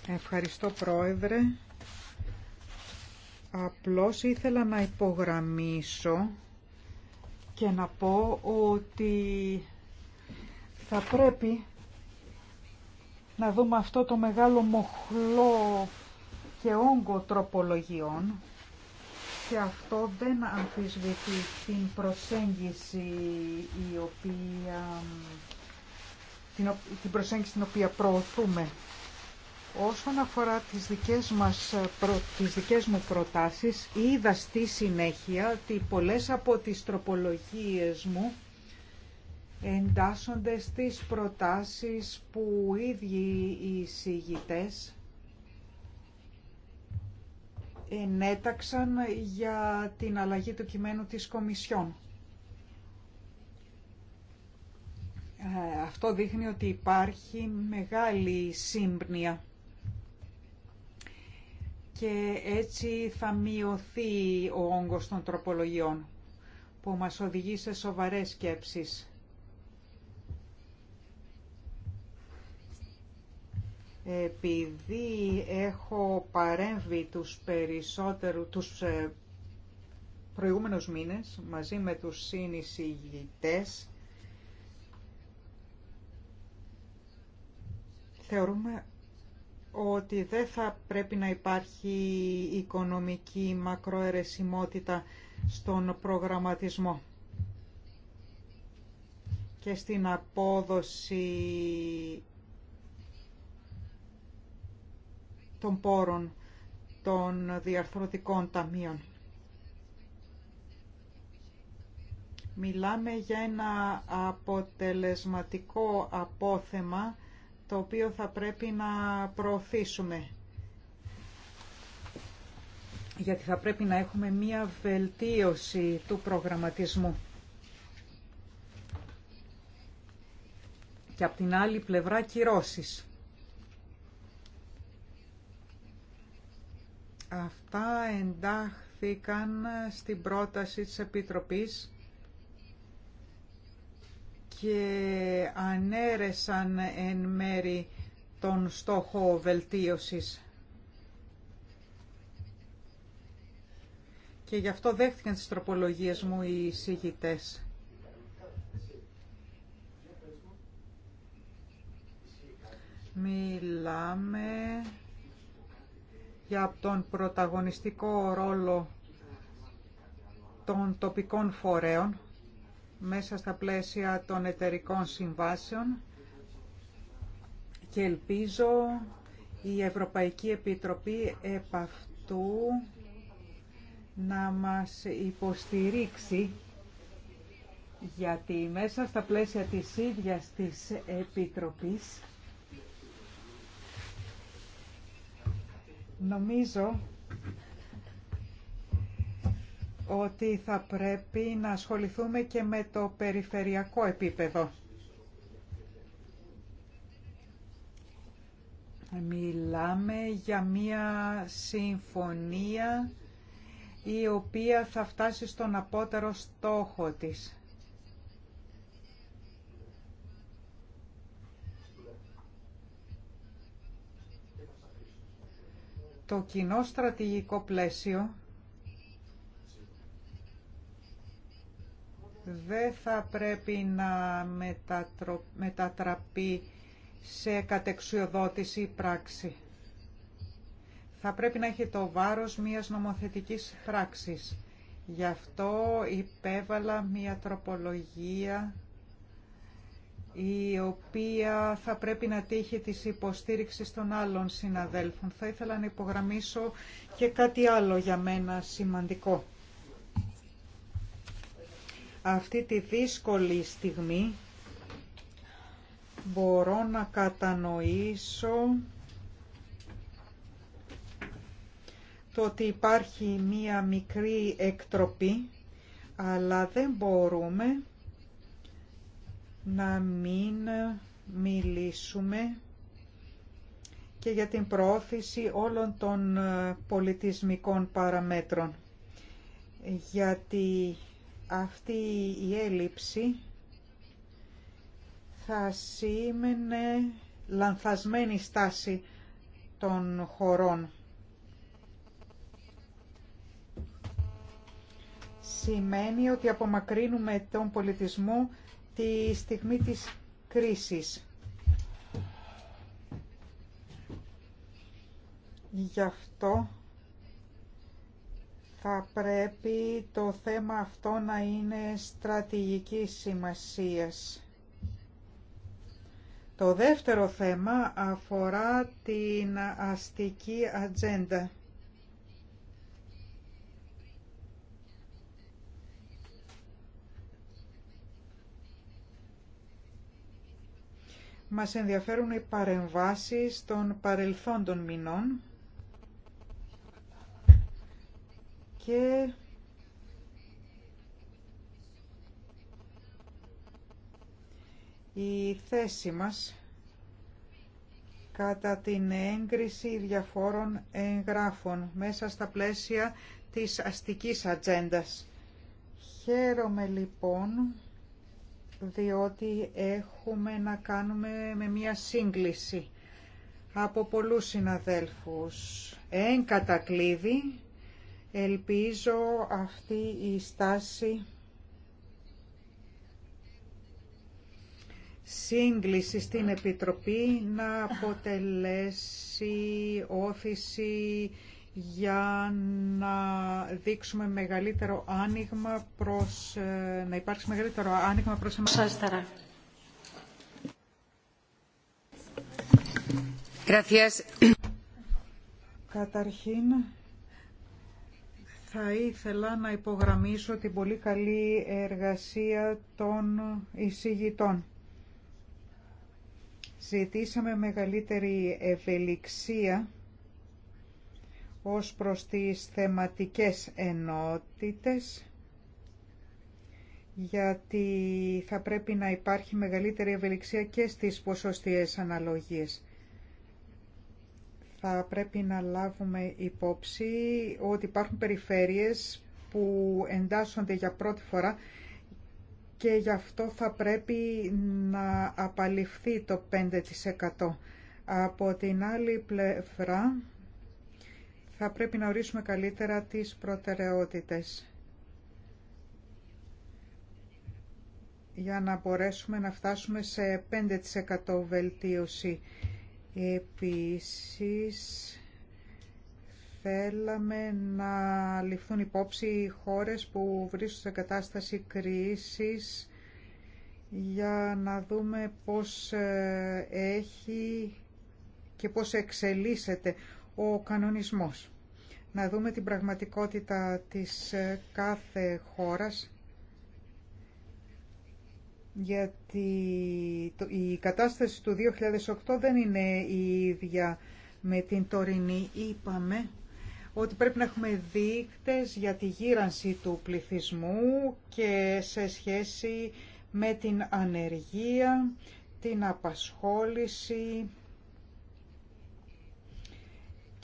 Ευχαριστώ πρόεδρε. Απλώς ήθελα να υπογραμμίσω και να πω ότι θα πρέπει να δούμε αυτό το μεγάλο μοχλό και όγκο τροπολογιών και αυτό δεν αμφισβητεί την προσέγγιση η οποία, την, προσέγγιση την οποία προωθούμε. Όσον αφορά τις δικές, μας, τις δικές μου προτάσεις, είδα στη συνέχεια ότι πολλές από τις τροπολογίες μου εντάσσονται στις προτάσεις που οι ίδιοι οι συγητές ενέταξαν για την αλλαγή του κειμένου της Κομισιόν. Ε, αυτό δείχνει ότι υπάρχει μεγάλη σύμπνοια και έτσι θα μειωθεί ο όγκος των τροπολογιών που μας οδηγεί σε σοβαρές σκέψεις. Επειδή έχω παρέμβει τους περισσότερους, τους ε, προηγούμενους μήνες μαζί με τους συνεισηγητές, θεωρούμε ότι δεν θα πρέπει να υπάρχει οικονομική μακροαιρεσιμότητα στον προγραμματισμό και στην απόδοση των πόρων των διαρθρωτικών ταμείων. Μιλάμε για ένα αποτελεσματικό απόθεμα το οποίο θα πρέπει να προωθήσουμε. Γιατί θα πρέπει να έχουμε μία βελτίωση του προγραμματισμού. Και από την άλλη πλευρά κυρώσεις. Αυτά εντάχθηκαν στην πρόταση της Επιτροπής και ανέρεσαν εν μέρη τον στόχο βελτίωσης. Και γι' αυτό δέχτηκαν τις τροπολογίες μου οι εισηγητές. Μιλάμε για τον πρωταγωνιστικό ρόλο των τοπικών φορέων μέσα στα πλαίσια των εταιρικών συμβάσεων και ελπίζω η Ευρωπαϊκή Επιτροπή επ' αυτού να μας υποστηρίξει γιατί μέσα στα πλαίσια της ίδιας της Επιτροπής Νομίζω ότι θα πρέπει να ασχοληθούμε και με το περιφερειακό επίπεδο. Μιλάμε για μία συμφωνία η οποία θα φτάσει στον απότερο στόχο της. το κοινό στρατηγικό πλαίσιο δεν θα πρέπει να μετατραπεί σε κατεξιοδότηση πράξη. Θα πρέπει να έχει το βάρος μιας νομοθετικής πράξης. Γι' αυτό υπέβαλα μια τροπολογία η οποία θα πρέπει να τύχει της υποστήριξης των άλλων συναδέλφων. Θα ήθελα να υπογραμμίσω και κάτι άλλο για μένα σημαντικό. Αυτή τη δύσκολη στιγμή μπορώ να κατανοήσω το ότι υπάρχει μία μικρή εκτροπή, αλλά δεν μπορούμε να μην μιλήσουμε και για την προώθηση όλων των ε, πολιτισμικών παραμέτρων. Γιατί αυτή η έλλειψη θα σήμαινε λανθασμένη στάση των χωρών. Σημαίνει ότι απομακρύνουμε τον πολιτισμό τη στιγμή της κρίσης. Γι' αυτό θα πρέπει το θέμα αυτό να είναι στρατηγική σημασίας. Το δεύτερο θέμα αφορά την αστική ατζέντα. Μας ενδιαφέρουν οι παρεμβάσεις των παρελθόντων μηνών και η θέση μας κατά την έγκριση διαφόρων εγγράφων μέσα στα πλαίσια της αστικής ατζέντα. Χαίρομαι λοιπόν διότι έχουμε να κάνουμε με μία σύγκληση από πολλούς συναδέλφους. Εν κατακλείδη, ελπίζω αυτή η στάση σύγκληση στην Επιτροπή να αποτελέσει όθηση για να δείξουμε μεγαλύτερο άνοιγμα προς, ε, να υπάρξει μεγαλύτερο άνοιγμα προς εμάς. Καταρχήν, θα ήθελα να υπογραμμίσω την πολύ καλή εργασία των εισηγητών. Ζητήσαμε μεγαλύτερη ευελιξία ως προς τις θεματικές ενότητες γιατί θα πρέπει να υπάρχει μεγαλύτερη ευελιξία και στις ποσοστιαίες αναλογίες. Θα πρέπει να λάβουμε υπόψη ότι υπάρχουν περιφέρειες που εντάσσονται για πρώτη φορά και γι' αυτό θα πρέπει να απαλληφθεί το 5%. Από την άλλη πλευρά θα πρέπει να ορίσουμε καλύτερα τις προτεραιότητες για να μπορέσουμε να φτάσουμε σε 5% βελτίωση. Επίσης, θέλαμε να ληφθούν υπόψη οι χώρες που βρίσκονται σε κατάσταση κρίσης για να δούμε πώς ε, έχει και πώς εξελίσσεται ο κανονισμός. Να δούμε την πραγματικότητα της ε, κάθε χώρας, γιατί η κατάσταση του 2008 δεν είναι η ίδια με την τωρινή. Είπαμε ότι πρέπει να έχουμε δείκτες για τη γύρανση του πληθυσμού και σε σχέση με την ανεργία, την απασχόληση,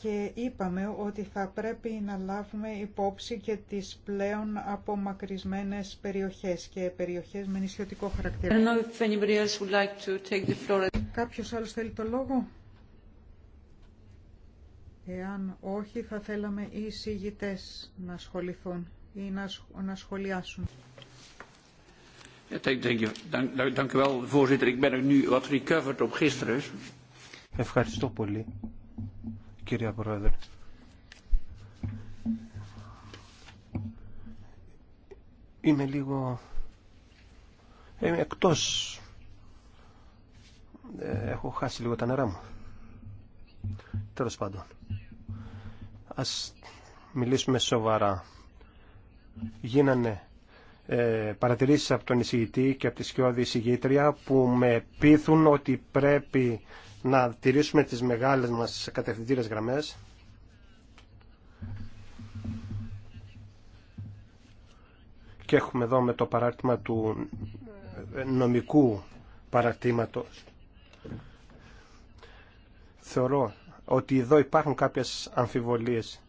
και είπαμε ότι θα πρέπει να λάβουμε υπόψη και τις πλέον απομακρυσμένες περιοχές και περιοχές με νησιωτικό χαρακτήρα. Like Κάποιος άλλος θέλει το λόγο? Εάν όχι, θα θέλαμε οι εισηγητές να ασχοληθούν ή να, να σχολιάσουν. Ευχαριστώ πολύ κυρία Πρόεδρε. Είμαι λίγο είμαι εκτός. Ε, έχω χάσει λίγο τα νερά μου. Τέλος πάντων. Ας μιλήσουμε σοβαρά. Γίνανε ε, παρατηρήσεις από τον εισηγητή και από τη σκιώδη εισηγήτρια που με πείθουν ότι πρέπει να τηρήσουμε τις μεγάλες μας κατευθυντήρες γραμμές και έχουμε εδώ με το παράρτημα του νομικού παρατήματος θεωρώ ότι εδώ υπάρχουν κάποιες αμφιβολίες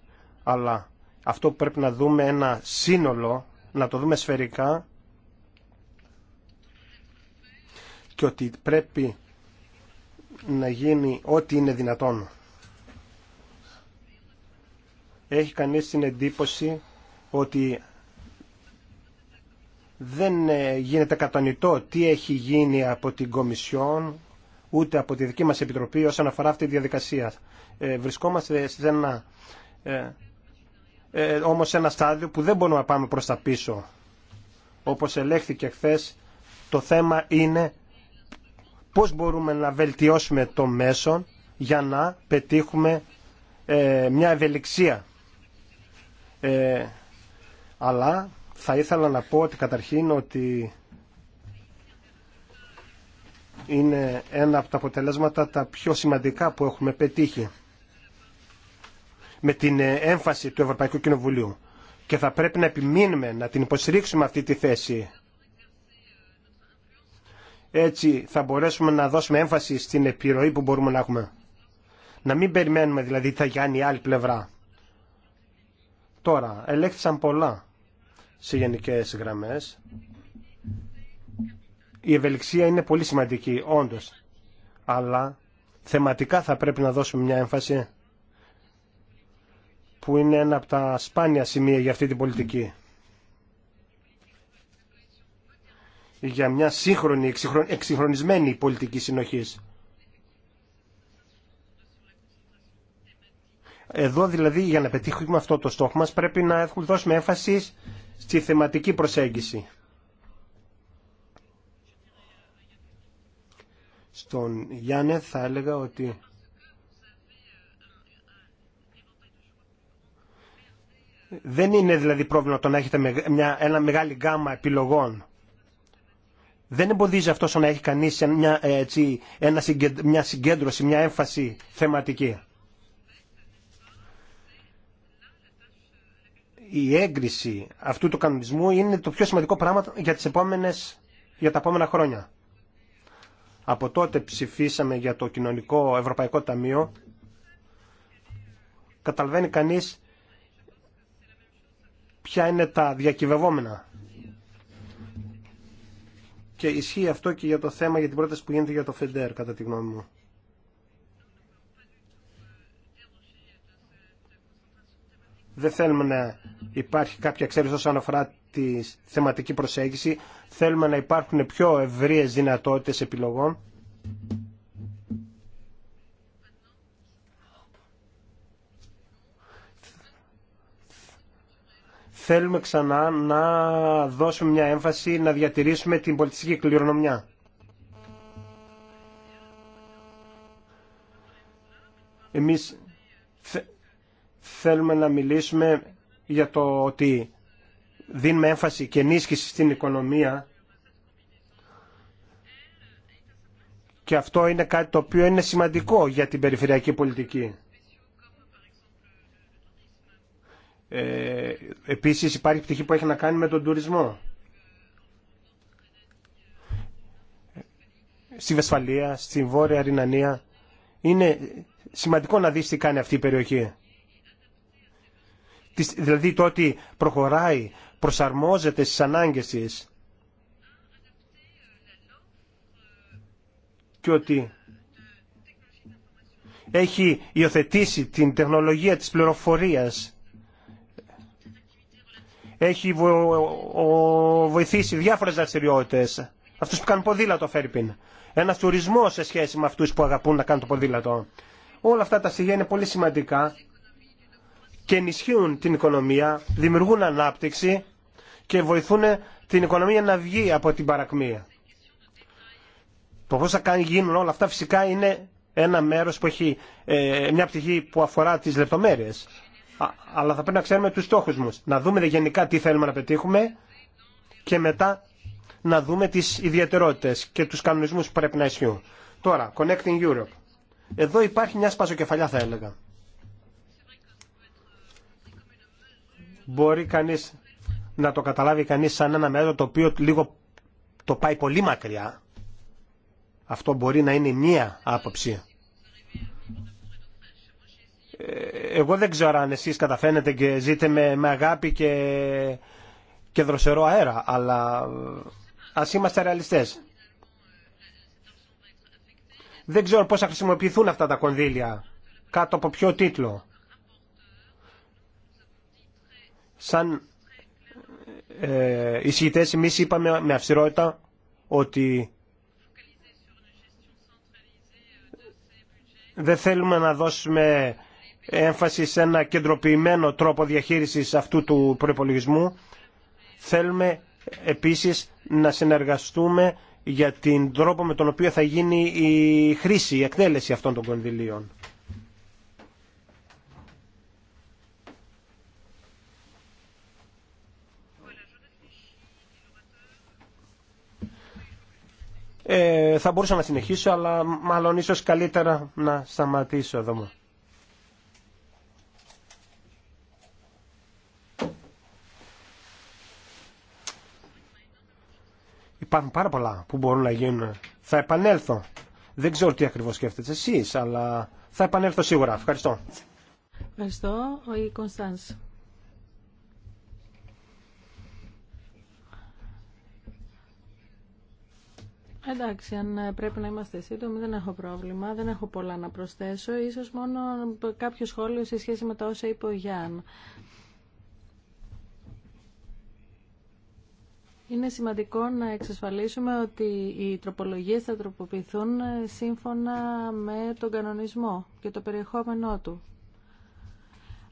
αλλά αυτό που πρέπει να δούμε ένα σύνολο να το δούμε σφαιρικά και ότι πρέπει να γίνει ό,τι είναι δυνατόν. Έχει κανείς την εντύπωση ότι δεν ε, γίνεται κατανοητό τι έχει γίνει από την Κομισιόν ούτε από τη δική μας Επιτροπή όσον αφορά αυτή τη διαδικασία. Ε, βρισκόμαστε σε ένα, ε, ε, όμως σε ένα στάδιο που δεν μπορούμε να πάμε προς τα πίσω. Όπως ελέγχθηκε χθε, το θέμα είναι πώς μπορούμε να βελτιώσουμε το μέσο για να πετύχουμε ε, μια ευελιξία. Ε, αλλά θα ήθελα να πω ότι καταρχήν ότι είναι ένα από τα αποτελέσματα τα πιο σημαντικά που έχουμε πετύχει με την ε, έμφαση του Ευρωπαϊκού Κοινοβουλίου και θα πρέπει να επιμείνουμε να την υποστηρίξουμε αυτή τη θέση έτσι θα μπορέσουμε να δώσουμε έμφαση στην επιρροή που μπορούμε να έχουμε. Να μην περιμένουμε δηλαδή θα γιάνει η άλλη πλευρά. Τώρα, ελέγχθησαν πολλά σε γενικές γραμμές. Η ευελιξία είναι πολύ σημαντική, όντως. Αλλά θεματικά θα πρέπει να δώσουμε μια έμφαση που είναι ένα από τα σπάνια σημεία για αυτή την πολιτική. για μια σύγχρονη, εξυγχρονισμένη πολιτική συνοχή. Εδώ δηλαδή για να πετύχουμε αυτό το στόχο μας πρέπει να έχουμε δώσουμε έμφαση στη θεματική προσέγγιση. Στον Γιάννε θα έλεγα ότι δεν είναι δηλαδή πρόβλημα το να έχετε μια, ένα μεγάλη γκάμα επιλογών δεν εμποδίζει αυτό να έχει κανείς μια, ε, έτσι, ένα, μια συγκέντρωση, μια έμφαση θεματική. Η έγκριση αυτού του κανονισμού είναι το πιο σημαντικό πράγμα για, τις επόμενες, για τα επόμενα χρόνια. Από τότε ψηφίσαμε για το Κοινωνικό Ευρωπαϊκό Ταμείο. Καταλαβαίνει κανείς ποια είναι τα διακυβευόμενα και ισχύει αυτό και για το θέμα, για την πρόταση που γίνεται για το ΦΕΝΤΕΡ, κατά τη γνώμη μου. Δεν θέλουμε να υπάρχει κάποια εξαίρεση όσον αφορά τη θεματική προσέγγιση. Θέλουμε να υπάρχουν πιο ευρείες δυνατότητες επιλογών. θέλουμε ξανά να δώσουμε μια έμφαση να διατηρήσουμε την πολιτιστική κληρονομιά. Εμείς θέλουμε να μιλήσουμε για το ότι δίνουμε έμφαση και ενίσχυση στην οικονομία και αυτό είναι κάτι το οποίο είναι σημαντικό για την περιφερειακή πολιτική. Ε, επίσης υπάρχει πτυχή που έχει να κάνει με τον τουρισμό. Στη Βεσφαλία, στη Βόρεια Ρινανία. Είναι σημαντικό να δεις τι κάνει αυτή η περιοχή. Δηλαδή το ότι προχωράει, προσαρμόζεται στις ανάγκες της. Και ότι έχει υιοθετήσει την τεχνολογία της πληροφορίας έχει βοηθήσει διάφορε δραστηριότητε. Αυτούς που κάνουν ποδήλατο, Φέρπιν. Ένα τουρισμός σε σχέση με αυτούς που αγαπούν να κάνουν το ποδήλατο. Όλα αυτά τα στοιχεία είναι πολύ σημαντικά και ενισχύουν την οικονομία, δημιουργούν ανάπτυξη και βοηθούν την οικονομία να βγει από την παρακμία. Το πώ θα γίνουν όλα αυτά φυσικά είναι ένα μέρος που έχει ε, μια πτυχή που αφορά τι λεπτομέρειε αλλά θα πρέπει να ξέρουμε τους στόχους μας. Να δούμε γενικά τι θέλουμε να πετύχουμε και μετά να δούμε τις ιδιαιτερότητες και τους κανονισμούς που πρέπει να ισχύουν. Τώρα, Connecting Europe. Εδώ υπάρχει μια σπασοκεφαλιά θα έλεγα. Μπορεί κανείς να το καταλάβει κανείς σαν ένα μέτρο το οποίο λίγο το πάει πολύ μακριά. Αυτό μπορεί να είναι μία άποψη εγώ δεν ξέρω αν εσείς καταφαίνετε και ζείτε με, με αγάπη και, και δροσερό αέρα, αλλά ας είμαστε ρεαλιστές. Δεν ξέρω πώς θα χρησιμοποιηθούν αυτά τα κονδύλια, κάτω από ποιο τίτλο. Σαν ε, εισηγητές εμείς είπαμε με αυστηρότητα ότι δεν θέλουμε να δώσουμε έμφαση σε ένα κεντροποιημένο τρόπο διαχείρισης αυτού του προϋπολογισμού. Θέλουμε επίσης να συνεργαστούμε για την τρόπο με τον οποίο θα γίνει η χρήση, η εκτέλεση αυτών των κονδυλίων. Ε, θα μπορούσα να συνεχίσω, αλλά μάλλον ίσως καλύτερα να σταματήσω εδώ. υπάρχουν πάρα πολλά που μπορούν να γίνουν. Θα επανέλθω. Δεν ξέρω τι ακριβώς σκέφτεστε εσείς, αλλά θα επανέλθω σίγουρα. Ευχαριστώ. Ευχαριστώ. Ο Κωνσταντς. Εντάξει, αν ε, πρέπει να είμαστε σύντομοι, δεν έχω πρόβλημα, δεν έχω πολλά να προσθέσω. Ίσως μόνο κάποιο σχόλιο σε σχέση με τα όσα είπε ο Γιάνν. Είναι σημαντικό να εξασφαλίσουμε ότι οι τροπολογίες θα τροποποιηθούν ε, σύμφωνα με τον κανονισμό και το περιεχόμενό του.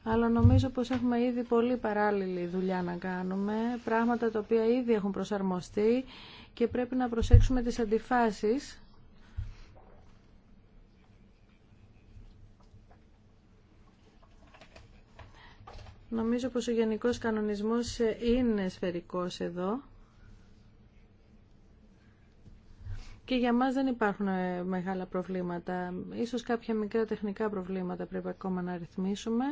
Αλλά νομίζω πως έχουμε ήδη πολύ παράλληλη δουλειά να κάνουμε, πράγματα τα οποία ήδη έχουν προσαρμοστεί και πρέπει να προσέξουμε τις αντιφάσεις Νομίζω πως ο γενικός κανονισμός ε, είναι σφαιρικός εδώ. και για μας δεν υπάρχουν ε, μεγάλα προβλήματα. Ίσως κάποια μικρά τεχνικά προβλήματα πρέπει ακόμα να ρυθμίσουμε.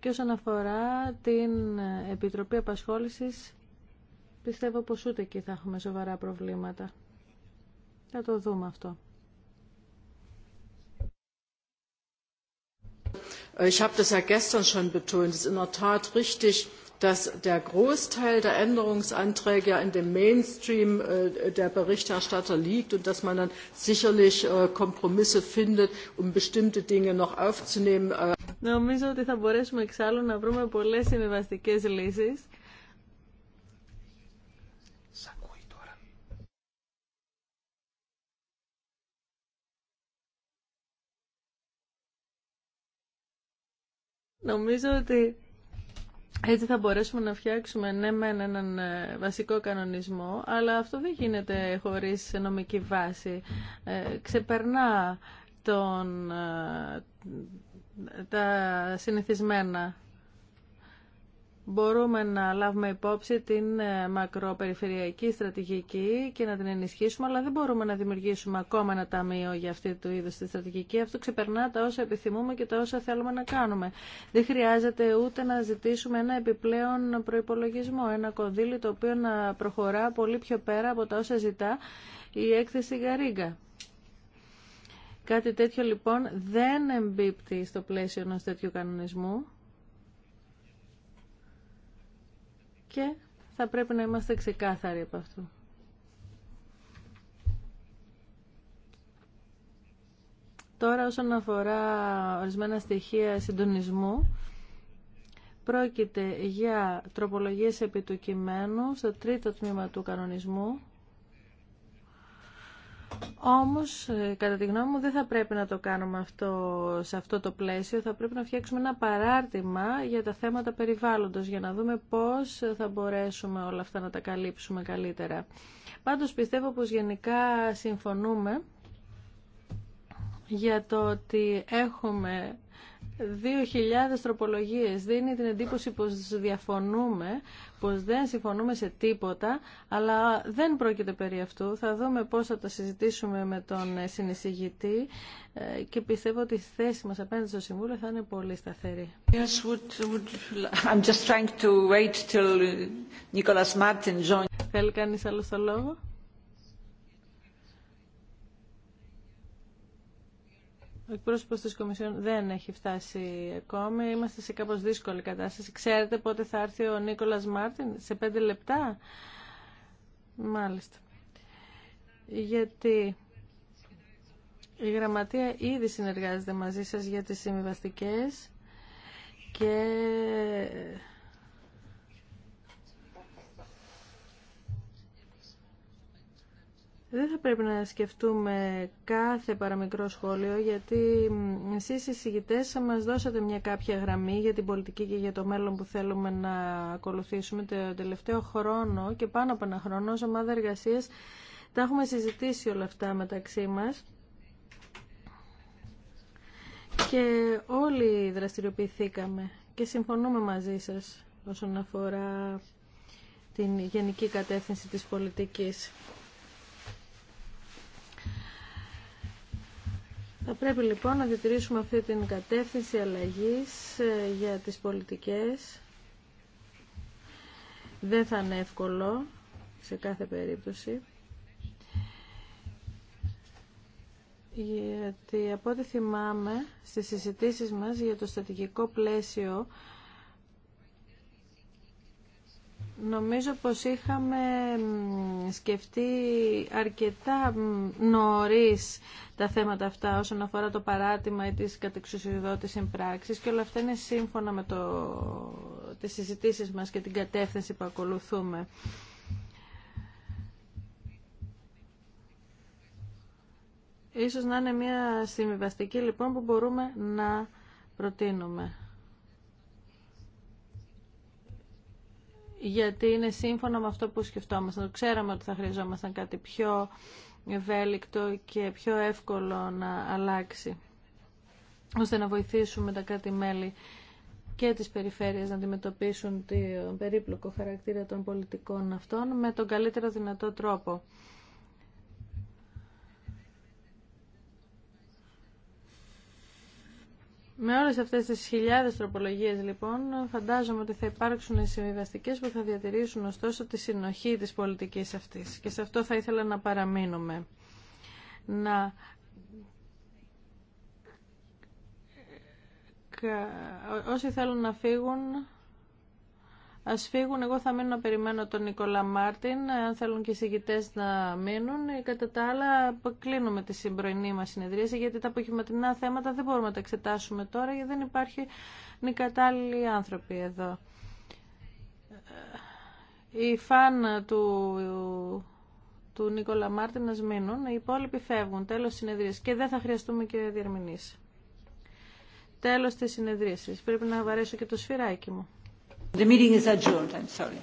Και όσον αφορά την ε, Επιτροπή Απασχόλησης, πιστεύω πως ούτε εκεί θα έχουμε σοβαρά προβλήματα. Θα το δούμε αυτό. Äh, ich habe das ja gestern schon betont. in richtig, dass der Großteil der Änderungsanträge ja in dem Mainstream der Berichterstatter liegt und dass man dann sicherlich Kompromisse findet, um bestimmte Dinge noch aufzunehmen. Νομίζω ότι θα μπορέσουμε εξάλλου να βρούμε πολλές λύσεις. Νομίζω ότι έτσι θα μπορέσουμε να φτιάξουμε ναι μεν έναν ε, βασικό κανονισμό, αλλά αυτό δεν γίνεται χωρίς νομική βάση. Ε, ξεπερνά τον, ε, τα συνηθισμένα μπορούμε να λάβουμε υπόψη την ε, μακροπεριφερειακή στρατηγική και να την ενισχύσουμε, αλλά δεν μπορούμε να δημιουργήσουμε ακόμα ένα ταμείο για αυτή του είδους τη στρατηγική. Αυτό ξεπερνά τα όσα επιθυμούμε και τα όσα θέλουμε να κάνουμε. Δεν χρειάζεται ούτε να ζητήσουμε ένα επιπλέον προϋπολογισμό, ένα κονδύλι το οποίο να προχωρά πολύ πιο πέρα από τα όσα ζητά η έκθεση Γαρίγκα. Κάτι τέτοιο λοιπόν δεν εμπίπτει στο πλαίσιο ενός τέτοιου κανονισμού. και θα πρέπει να είμαστε ξεκάθαροι από αυτό. Τώρα όσον αφορά ορισμένα στοιχεία συντονισμού, πρόκειται για τροπολογίες επί του κειμένου στο τρίτο τμήμα του κανονισμού όμως, ε, κατά τη γνώμη μου, δεν θα πρέπει να το κάνουμε αυτό σε αυτό το πλαίσιο. Θα πρέπει να φτιάξουμε ένα παράρτημα για τα θέματα περιβάλλοντος, για να δούμε πώς θα μπορέσουμε όλα αυτά να τα καλύψουμε καλύτερα. Πάντως, πιστεύω πως γενικά συμφωνούμε για το ότι έχουμε 2.000 τροπολογίες. Δίνει την εντύπωση πως διαφωνούμε, πως δεν συμφωνούμε σε τίποτα, αλλά δεν πρόκειται περί αυτού. Θα δούμε πώς θα το συζητήσουμε με τον συνεισηγητή ε, και πιστεύω ότι η θέση μας απέναντι στο Συμβούλιο θα είναι πολύ σταθερή. I'm just trying to wait till Martin Θέλει κανείς άλλο το λόγο. Ο εκπρόσωπο τη Κομισιόν δεν έχει φτάσει ακόμη. Είμαστε σε κάπω δύσκολη κατάσταση. Ξέρετε πότε θα έρθει ο Νίκολα Μάρτιν, σε πέντε λεπτά. Μάλιστα. Γιατί η Γραμματεία ήδη συνεργάζεται μαζί σας για τις συμβιβαστικές και Δεν θα πρέπει να σκεφτούμε κάθε παραμικρό σχόλιο, γιατί εσείς οι συγητές θα μας δώσατε μια κάποια γραμμή για την πολιτική και για το μέλλον που θέλουμε να ακολουθήσουμε. Το τελευταίο χρόνο και πάνω από ένα χρόνο ως ομάδα εργασίας τα έχουμε συζητήσει όλα αυτά μεταξύ μας. Και όλοι δραστηριοποιηθήκαμε και συμφωνούμε μαζί σας όσον αφορά την γενική κατεύθυνση της πολιτικής. Θα πρέπει λοιπόν να διατηρήσουμε αυτή την κατεύθυνση αλλαγής ε, για τις πολιτικές. Δεν θα είναι εύκολο σε κάθε περίπτωση. Γιατί από ό,τι θυμάμαι στις συζητήσεις μας για το στατικικό πλαίσιο Νομίζω πως είχαμε σκεφτεί αρκετά νωρίς τα θέματα αυτά όσον αφορά το παράτημα ή τις κατεξουσιοδότης και όλα αυτά είναι σύμφωνα με το, τις συζητήσεις μας και την κατεύθυνση που ακολουθούμε. Ίσως να είναι μια συμβιβαστική λοιπόν που μπορούμε να προτείνουμε. γιατί είναι σύμφωνα με αυτό που σκεφτόμασταν. Ξέραμε ότι θα χρειαζόμασταν κάτι πιο ευέλικτο και πιο εύκολο να αλλάξει, ώστε να βοηθήσουμε τα κάτι μελη και τις περιφέρειες να αντιμετωπίσουν τον περίπλοκο χαρακτήρα των πολιτικών αυτών με τον καλύτερο δυνατό τρόπο. Με όλε αυτές τις χιλιάδες τροπολογίες λοιπόν φαντάζομαι ότι θα υπάρξουν συμβιβαστικέ που θα διατηρήσουν ωστόσο τη συνοχή τη πολιτική αυτή. και σε αυτό θα ήθελα να παραμείνουμε. Να όσοι θέλουν να φύγουν Α φύγουν. Εγώ θα μείνω να περιμένω τον Νικόλα Μάρτιν, αν θέλουν και οι συγκητές να μείνουν. Ε, κατά τα άλλα, κλείνουμε τη συμπροηνή μα συνεδρίαση, γιατί τα αποχηματινά θέματα δεν μπορούμε να τα εξετάσουμε τώρα, γιατί δεν υπάρχει οι κατάλληλοι άνθρωποι εδώ. Ε, οι φαν του του Νίκολα Μάρτιν να μείνουν, οι υπόλοιποι φεύγουν, τέλος συνεδρίαση. και δεν θα χρειαστούμε και διερμηνήσει. Τέλος τη συνεδρίαση. Πρέπει να βαρέσω και το σφυράκι μου. The meeting is adjourned. I'm sorry.